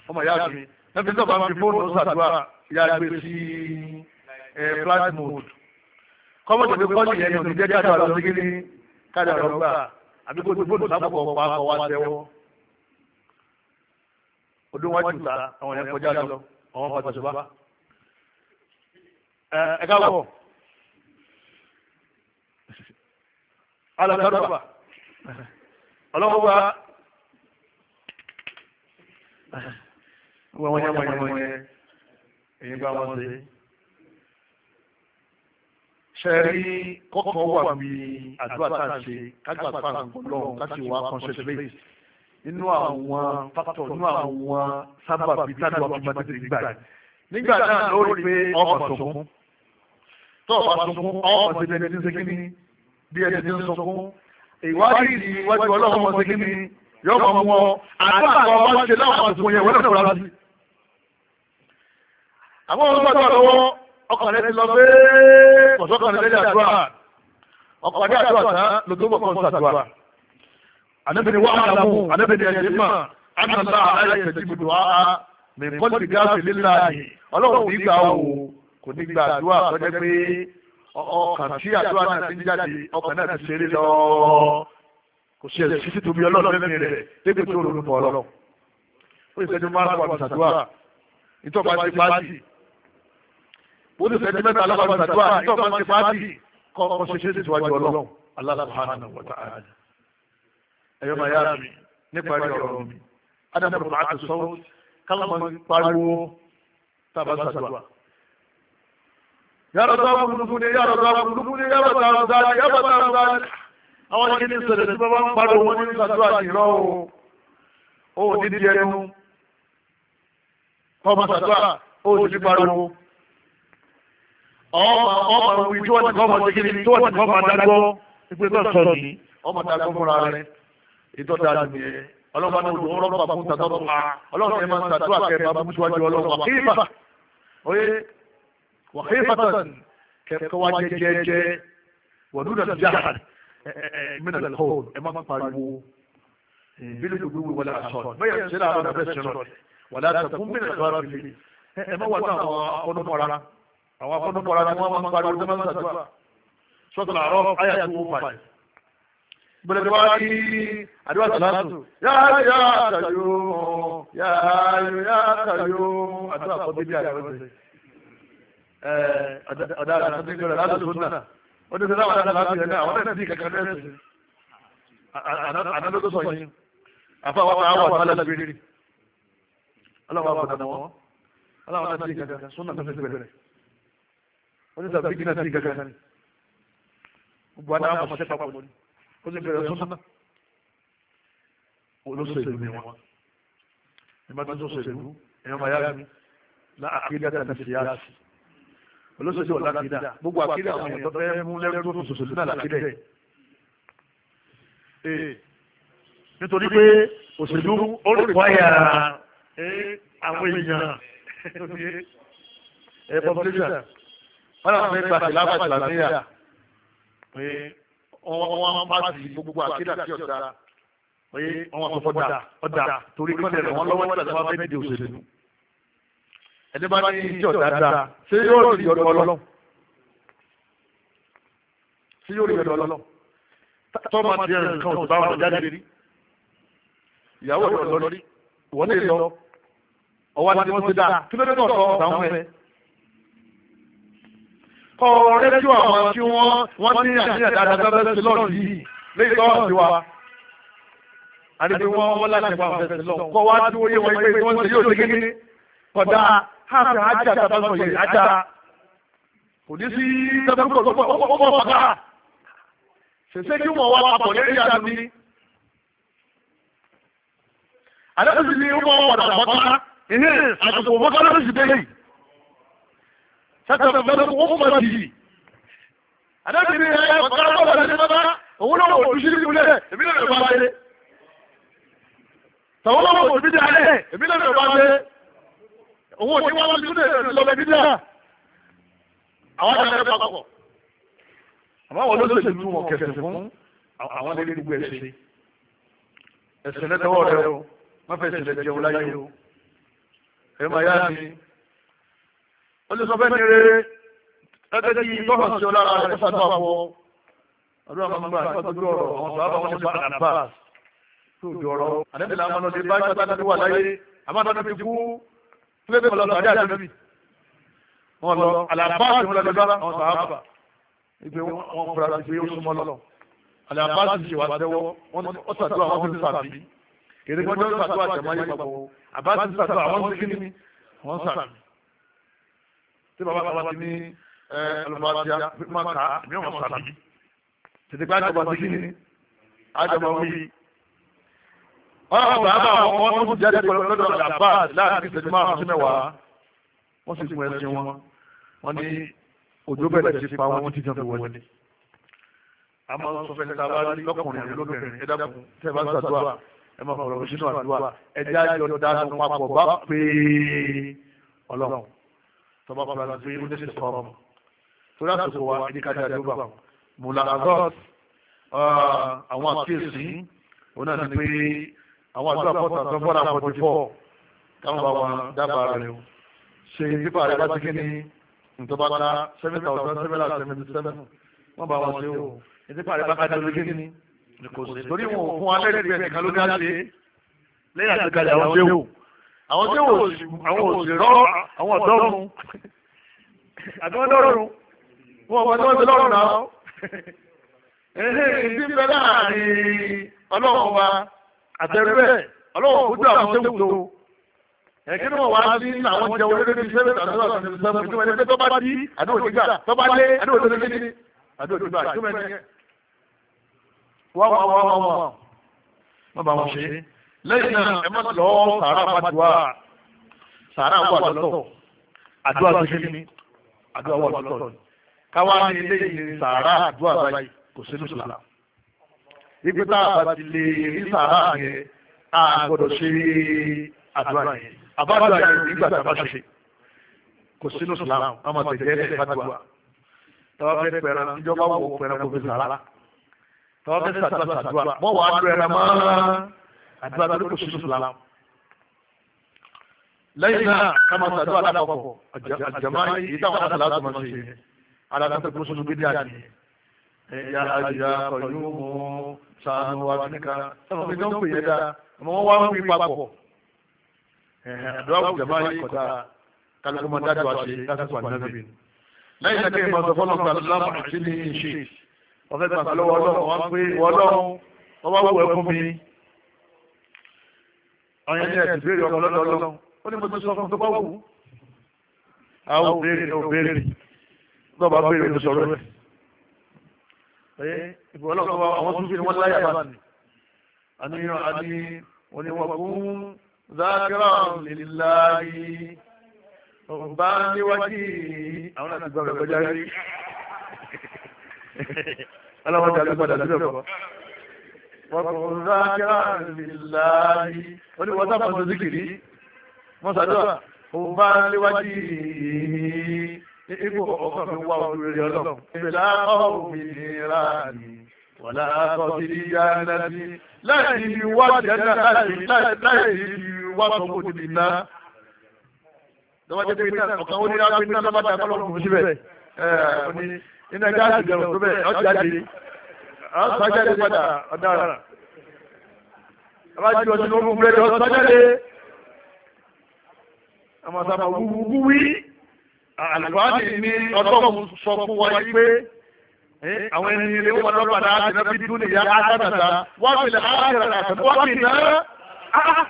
ọmọ yára mi ẹbí tó bá fi fóònù sàdúà yára gbé sí ẹ flash mode kọ́mọ̀tò pé kọ́ọ̀lù yẹn ni òbí jẹ́ káàdà lọ sí kí ni káàdà lọ gbà àbí kó ti fóònù sábà kọ̀ ọdún wájú ta àwọn èèyàn kọjá lọ àwọn pàtàkì ẹ káàbọ̀ alàkàrọ̀bà ọlọ́wọ́wà wọ́n yẹ́ wọ́n yẹ́ wọ́n yẹ́ èyí bá wọ́n sí ṣẹ́rí kọ́kọ́ wà bí àdúrà tàà ṣe kágbà pàǹkọ́ lọ́wọ́ káti wà kọ́nṣẹ́ nínú àwọn factor nínú àwọn sábàbí tábìlì wọn bá tètè gbà nígbà náà ló rí pé ọkọ̀ sọ̀kún tó ọkọ̀ sọ̀kún ọkọ̀ sí ẹni tí ń sekí ni bí ẹni tí ń sọ̀kún ìwádìí ni iwájú ọlọ́mọ sekí ni yóò mọ wọn àti àgbà ọba ṣe láwọn àsìkò yẹn wọlé fúnra sí. àwọn ọmọ gbàgbọ́ lọ́wọ́ ọkọ̀ rẹ ti lọ pé kọ̀sọ́kọ̀ rẹ lẹ́yìn anabini wa alamu anabini ẹjẹma anala ayẹyẹ jibudu a mi kọli gaasi lilayi Ọlọ́run ní gbà o kò ní gbà àdúrà tọjá pé ọkàn tí àdúrà náà ti ń jáde ọkàn náà ti ṣeré lọ kò sí ẹsẹ títí tóbi Ọlọ́run lẹni rẹ débi tó ronú pọ Ọlọ́run ó yẹ sẹni máa wà sàdúrà ìtọ́ba ti pàdì ó ní sẹni mẹ́ta alábàbà sàdúrà ìtọ́ba ti pàdì kọ́ ọkọ̀ ṣe ṣe síwájú Ọlọ́run Allah subhanahu wa ta'ala ẹ̀yọ́ máa yára mi nípa ẹ̀rí ọ̀rọ̀ mi adamu bàbá àti sọ́wọ́ kálámà pariwo tábà sàdùà. yàrá tó àwọn olùkú ni yàrá tó àwọn olùkú ni yàrá tó àwọn dáa yàrá tó àwọn dáa àwọn yìí ní sọ̀rọ̀ tí bàbá ń pariwo wọn ní sàdùà nìrọ̀ o ò ní di ẹnu kọ́mọ sàdùà ó ti pariwo. ọmọ ọmọ ìjọ ti kọ́ ọmọ ti kiri ìjọ ti kọ́ adágbọ́ ìpínlẹ̀ sọ̀rọ̀ ni ọmọ adágbọ́ fúnra rẹ̀ ìtọ́ta ni ọlọ́pàá ní odò ọlọ́pàá fún tàtọ́ pa ọlọ́pàá ní máa ń tàtọ́ àkẹ́bà mú síwájú ọlọ́pàá wàkífà oyè wàkífà tán kẹ́kọ́ wá jẹ́jẹ́jẹ́ wọ̀dúnà jáhàn mínà lọ́wọ́ ẹ má pariwo bílí gbogbo wọlé àṣọ bẹ́ẹ̀ ṣe láàárọ̀ náà fẹ́ ṣẹlẹ̀ wàlá àtàkùn mínà lọ́wọ́ ẹ má wà àwọn akọ́nùmọ̀ra àwọn ni wọ́n máa ń pariwo bọ̀dẹ̀ tó bá rí àdúrà sàlátù yáyà àtàyò yáyà àtàyò àdúrà kọ́ bíbí àgbà ọ̀sẹ̀. ọ̀dà àti àti ìgbọ̀dọ̀ láti tó náà ó ní sọ́dọ̀ àwọn aláàbí ẹ̀ náà àwọn náà ti kàkà bẹ́ẹ̀ sí. àná ló tó sọ yìí àfa àwọn àwọn àwọn àlọ́ lábẹ́rẹ́ aláwọ̀ àwọn àbọ̀dà wọn aláwọ̀ náà ti kàkà sọ́nà tó fẹ́ bẹ̀rẹ̀ ó ní sàbíkì náà ti kàkà gbogbo àdáwọ̀ àmọ̀ṣẹ́ ó sì bẹ̀rẹ̀ sọ́sọ́nà olóṣèlú ni wọn ní bá tó sọ́sẹ̀lú ẹ̀yọ́ máa yára mi láàkídá tàbí síyáàsì olóṣèlú ọ̀làkídá gbogbo àkídá àwọn èèyàn tó fẹ́ mú lẹ́rú tó sọ́sẹ̀lú náà làkídá eh. eh. nítorí pé òṣèlú ó lè kọ́ eh, àwọn èèyàn ẹ̀ pọ́pùlẹ́ṣà wọ́n làwọn fẹ́ gbàgbé lábàtì làmíyà pé wọ́n máa sì gbogbo àkídà tí ọ̀dà oye wọ́n sọ fọ́dà ọ̀dà torí kọ́lẹ̀ rẹ̀ wọ́n lọ́wọ́ nígbà tí wọ́n bá fẹ́ di òṣèlú ẹni bá ní ìjọ dáadáa ṣé yóò rí ọdún ọlọ́lọ́ ṣé yóò rí ọdún ọlọ́lọ́ tọ́mọ díẹ̀ nǹkan oṣù báwọn ọjà jáde rí ìyàwó ọ̀dọ́ lórí wọ́n lè lọ ọwọ́ àti wọ́n ti dáa kí ló dé náà sọ ọ̀tà wọn fẹ́ kọ́ rẹ́díò àwọn tí wọ́n wọ́n ní àṣírí àdáadáa sí lọ́ọ̀ yìí lẹ́yìn tó wà sí wa. àdébí wọn wọn láti pa àwọn ẹsẹ̀ lọ kọ́ wá tí ó yé wọn pé wọ́n ṣe yóò ṣe kíní kọ̀dá káàpì ajá tàbí ọ̀sọ̀ yìí ajá kò ní sí tẹ́tẹ́ kúrò lọ́pọ̀ ọ̀pọ̀ ọ̀pọ̀ ṣèṣe kí wọ́n wá papọ̀ lórí àmì àdébí ni wọ́n wọ̀ sátàmù ọmọdé adájúbi ẹ ọ̀gára bọ́ọ̀lù àti bàbá òun náà wò lùsí nípìnlẹ̀ èmi náà lọ́ba lé ẹ̀sẹ̀ ẹ̀sẹ̀ lẹ́tọ̀wọ́ rẹ o má fẹ́ ẹ̀sẹ̀ lẹ́jẹun láyé o ẹ̀ máa ni ó lè sọ fẹ́ ní rere gẹ́gẹ́ bí lọ́hàn sí ọlára rẹ̀ tó sàdúrà wọ àdúrà máa ń gbà nípa tójú ọ̀rọ̀ àwọn tó bá wọn ní bàtà bá tójú ọ̀rọ̀ àdébí làwọn ọmọ lè bá ìgbà tó wà láyé àmọ́ àtọ́ ti kú fúlẹ́bẹ̀ kọlọ lọ àdé àdébí wọn lọ àlàbá àti wọn lọ lọ bá wọn sàábà ìgbé wọn fura ìgbé oṣù mọ́ lọ àlàbá sì ṣe wà tẹ́wọ́ wọn sàdúrà tí bàbá bàbá ti ní alùpàdé máa kà sàbí tètè pé àjọba ti kíni àjọba wí. ọlọ́run bàbá àwọn ọmọ tó jáde pẹ̀lú lọ́dọ̀ àgbà láàrin ìṣẹ́jú márùn-ún mẹ́wàá wọ́n sì tún ẹsẹ̀ wọn wọ́n ní òjò bẹ̀rẹ̀ sí pa wọn títí wọn wọlé. a máa sọ fẹ́ni tá bá rí lọ́kùnrin lóbìnrin ẹ dákun tẹ́ bá ń ṣàdúrà ẹ máa fọwọ́ sínú àdúrà ẹ jẹ́ àjọ dáná papọ̀ bá pé ọlọ́run tọba bàbá lọ sí oníṣẹ́ fọ́rọ̀ torí àsìkò wa ní kájà àdúgbà mùlàdọ́t àwọn àkíyèsí òun náà ni pé àwọn àdúrà pọ̀tà tó bọ́ra àpọ̀jù pọ̀ káwọn bá wọn dábàá rẹ̀ o ṣe pípa rẹ̀ bá ti kí ni ntọ́ba ta seven thousand seven hundred seventy seven wọ́n bá wọn ṣe o ìdípa rẹ̀ bá kájà lórí kí ni kò sí torí wọn ò fún alẹ́ rẹ̀ nìkan ló dá sí lẹ́yìn àti kájà wọn ṣe o àwọn tí wò sí àwọn òsì rọ́rọ́ àwọn ọ̀dọ́run àti wọ́n dọ́rùn wọn wọ́n tí wọ́n ti lọ́rùn náà ẹ̀hìn tí bẹ láàrin ọlọ́run wa àtẹ̀rẹ́ ọlọ́run kújú àwọn tó wùdó ẹ̀kí ni wọ́n wá sí àwọn jẹun lórí ní sẹ́fẹ̀ tàbí ọ̀sán ní sẹ́fẹ̀ tí wọ́n ní tó bá dí àdúgbò tó gbà tó bá lé àdúgbò tó lé ní àdúgbò tó gbà tó mẹ́ni wọ́n wọ́n wọ́n wọ́n wọ́n bá wọn ṣe é lẹ́yìn náà ẹ má lọ sàárà fàdùà sàárà wà lọ́tọ̀ àdúrà tó ṣe ní àdúrà wà lọ́tọ̀ káwá ní ilé ìlú sàárà àdúrà báyìí kò sínú sàárà ibi tá a bá ti lè rí sàárà yẹn a gbọ́dọ̀ ṣe àdúrà yẹn àbádọ́ àyè nígbà tá a bá ṣe kò sínú sàárà a máa tẹ̀lé ẹ̀ fàdùà tọ́wọ́ fẹ́ pẹ̀rẹ̀ ìjọba wò pẹ̀rẹ̀ kò fi sàárà tọ́wọ́ fẹ́ sàdúrà sàdúrà àdúrà tó kò sínú Islam lẹ́yìn náà ká máa sàdúrà lápapọ̀ àjàmá yìí táwọn àtàlà tó máa ṣe yẹn alága tó kò sínú bídíà ni ẹ̀yà àjà pẹ̀lú mu sànù wa nìkan sábà pé dánwó yẹn dáa ọmọ wọn wá ń wí papọ̀ àdúrà àjàmá yìí kọ̀dá kálukú máa dájọ́ àṣe lásìkò àdínábì lẹ́yìn náà kéèyàn máa sọ fọ́nà pé aláàmù àti ní ìṣe ọ̀fẹ́ gbàgbọ́ lọ́wọ́ ọlọ́run wọn pé ọlọ́run wọn wá wọ ẹkún mi àwọn ẹni ọba níwájú àwọn àti gbàgbẹ́ kọjá rí. aláwọ̀ tí wọ́n rákẹ́rà níláàrí wọ́n ní wọ́n sábà tó zikiri wọ́n sàdúrà òun bá léwájú ipò ọkàn mi wá ojú rere ọlọ́run ìbẹ̀lá òmìnira ni wọ́lá kọ́sílì yára sí láì ní wá jẹ́nà láì ní wá sọ́kò níbi náà. lọ́wọ́dé pé náà ọ̀kan ó ní láti pín náà lọ́wọ́dé akọ́lọ́run fún síbẹ̀ iná gáàsì gẹ̀rọ̀ tó bẹ̀ ọjà dé àwọn sọ́jáde padà ọ̀daràn abájú ọdún ló mú búrẹ́dì ọ̀sọ́jáde àmọ́ sábà wúwú wí àlùfáàdì ní ọlọ́run sọ fún wa pé àwọn ẹni ilé wọn lọ padà àti náà fi dún ní ìyá àtàtà wọ́n fi lè àtàtà àtàtà wọ́n fi náà ah, ah.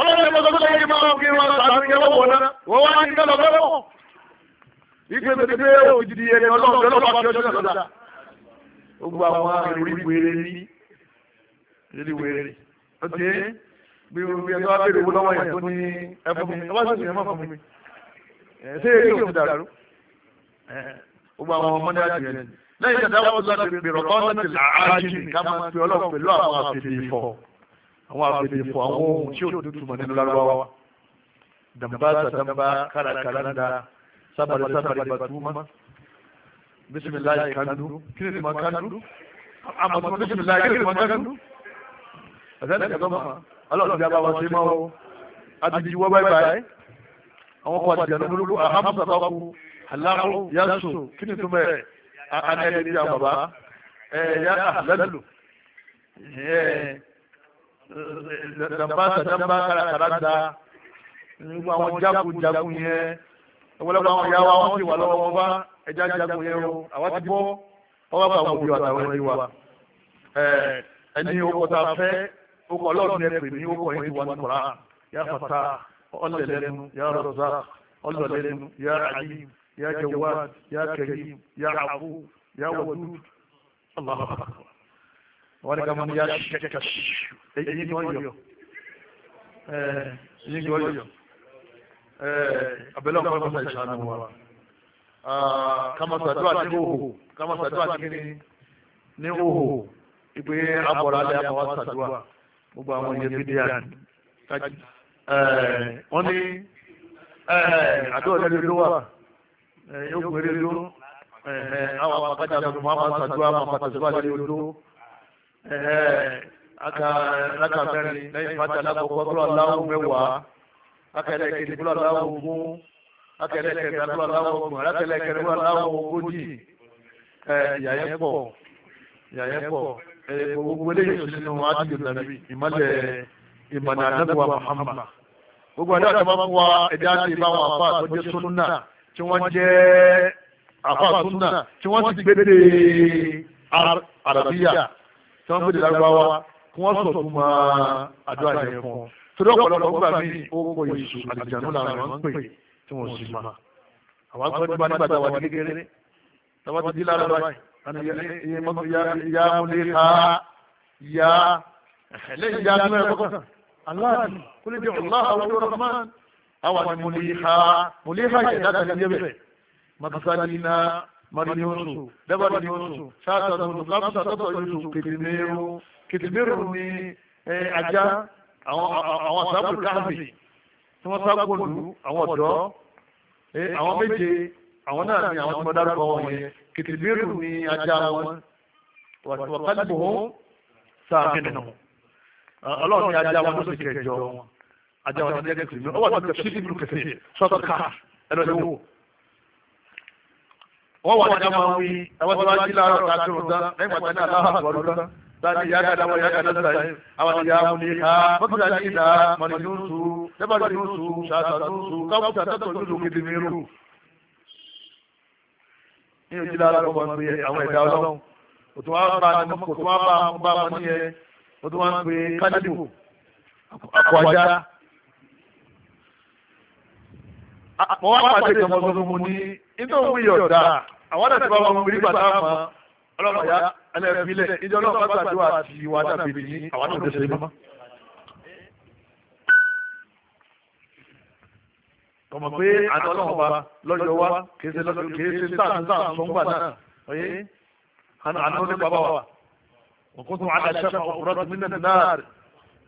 ọlọ́run ẹ̀mọ́ sọ́kọ́ yìí máa ń kí wọ́n sàánú yẹn wọ́n náà wọ́n wá ní ìdálọ́gbọ́n ìgbésẹ̀ ti dé òjìdí gbogbo àwọn èrè wèrè ní èrè wèrè ó ti bí omi ẹjọ́ bá béèrè owó lọ́wọ́ yẹn tó ní ẹfún mi ọba sì ní ẹmọ fún mi ṣé èyí ò fi dàrú gbogbo àwọn ọmọdé àti yẹn lẹ́yìn ìjọba wọn sọ pé pèrò kọ́ ní ti àájì ká máa pe ọlọ́run pẹ̀lú àwọn àfèdè ìfọ̀ àwọn àfèdè ìfọ̀ àwọn ohun tí ó dúdú mọ̀ nínú lárúbáwá dàmbá sàdàmbá kárakára dáa sábàdà sábàdà bàtúmọ́ bisimilayi kandu kí ni ma kandu amadu bisimilayi kí ni ma kandu ẹsẹ ní ẹgbẹ́ ma ọlọ́run ti a bá wa ṣe máa wọ adidi wọ báyìí báyìí àwọn kọ àti àná burúkú ahamusa ah, bá kú aláwọ yasu kí ni túmọ̀ ẹ anayẹ ní àwọn bàbá ẹ yá lẹlu ẹ dàmbà sàdàmbà kàràkàràdà nígbà àwọn jagunjagun yẹn wọlé wọn yà wá wọn ti ẹja jagun yẹn o àwa ti bọ́ ọwọ́ bá àwọn òbí àtàwọn ẹbí wa ẹni owó tá a fẹ́ owó ọlọ́run ẹ ní owó yẹn ti wà ní yà fàtà ọlọ́lẹ́nu yà rọ̀zà ọlọ́lẹ́nu yà alim yà jawad yà karim yà afu yà wadud wọ́n ní ká mọ́ ní yà ṣẹ́kẹ́kẹ́ èyí ni wọ́n yọ èyí ni wọ́n yọ abẹ́lẹ́ ọ̀pọ̀lọpọ̀ ìṣàánú wa. Ah, kama sàdúrà ní òhò kama sàdúrà ní kíni ní òhò ìpè abọ̀rọ̀ alẹ́ àbáwá sàdúrà gbogbo àwọn ìyẹn bíi díà wọ́n ní àdúrà lẹ́nu ló wà yóò gbé lé ló àwọn àpàkájà lọ́dún wọn máa sàdúrà máa pàtàkì wà lẹ́nu ló aka látẹlẹkẹta ló aláwọ ọgbọ̀n látẹlẹkẹta ló aláwọ ogójì ìyàyẹ pọ̀ ìyàyẹ pọ̀ gbogbo eléyìí sínú àdìgbò nàbí ìmọ̀lẹ̀ ìmọ̀nà àdàbọ̀ Muhammad gbogbo àdàbọ̀ àti máa ń wá ẹ̀dá àti ìbá wọn àfa àtọ́jú súnà tí wọ́n jẹ́ àfa súnà tí wọ́n ti gbé dé àràbíyà tí wọ́n gbé dé lárúbáwá kí wọ́n sọ fún ma àdúrà yẹn fún torí ọ̀pọ̀lọpọ̀ gbà mí ó kọ ìṣù àlìjànú làwọn ń pè é tí wọ́n sì máa àwọn akọ́ni bá nígbà tá a wà ní kékeré tọ́wọ́ ti di lára báyìí iye mọ́tò ya múlẹ̀ ká ya lẹ́yìn ya nínú ẹ̀kọ́ kan aláàbí kó lè jẹ́ ọ̀la àwọn ọ̀dọ́ rahman àwọn ni múlẹ̀ ká múlẹ̀ ká yẹ dáadáa ní ẹbẹ̀ makasalina mariosu dabara yosu sáàtà tó lámsà tọ́tọ̀ yosu kìtìmẹ́rù kìtìmẹ́rù ni ajá àwọn sábà káàbì tí wọ́n sá gbòòlù àwọn ọ̀dọ́ àwọn méje àwọn náà ni àwọn tí wọ́n dárúkọ wọn yẹn kìtìbírù ni ajá wọn wàkálìbò wọn sáàkìnì nù ọlọ́run ni ajá wọn ló sì kẹjọ wọn ajá wọn ni jẹ́ kìtìbírù ọwọ́ àti kẹsì ìbírù kẹsì sọ́tọ̀ ká ẹ̀rọ ìwò wọ́n wà ní ajá wọn wí ẹwọ́n tí wọ́n á jí láàárọ̀ ká sani ya ka dama ya ka nasa awa ya muni ha mafita ni da mani nusu daba nusu sasa nusu kabuta tato nusu kiti miru ni o jila ala ko ba nbi àwọn ẹ̀dá Ọlọ́run o tún wá bá ní o tún wá bá ń bá o ní ẹ o tún wá ń pe kálíbù àpò ajá mo wá pàdé ìjọba tuntun mu ní inú òun yọ̀ọ̀dà àwọn àti bàbá wọn wí bàtà mọ́ ẹlẹ́filẹ̀ ìjọ náà bá gbàdúrà ti wà dàbí ní àwọn náà tẹ̀sẹ̀ mọ́. ọmọ pé àná ọlọ́run bá lọ́jọ́ wá kìí ṣe lọ́jọ́ kìí ṣe sáàtúnṣà sọ́ngbà náà ọyẹ́ àná ní bàbá wa òkú tó àdá ṣẹ́fà ọ̀rọ̀ tó nílẹ̀ náà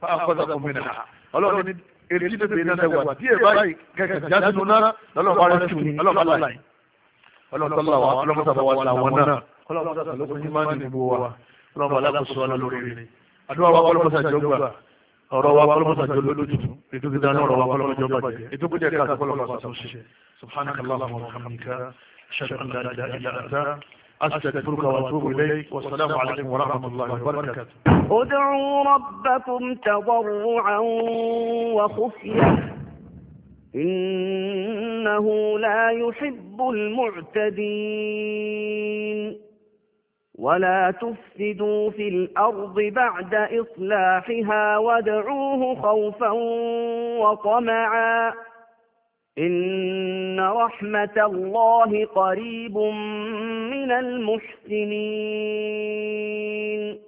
bá a kọ́ta kò mìíràn ọlọ́run ní èrè tí tẹ̀sẹ̀ náà tẹ̀wà tí ẹ̀ báyìí kẹ̀kẹ́ jáde nù náà lọ́lọ́run سبحانك اللهم وبحمدك اشهد لا اله الا انت استغفرك واتوب اليك والسلام عليكم ورحمه الله وبركاته ادعوا ربكم تضرعا وخفيه انه لا يحب المعتدين ولا تفسدوا في الأرض بعد إصلاحها وادعوه خوفا وطمعا إن رحمة الله قريب من المحسنين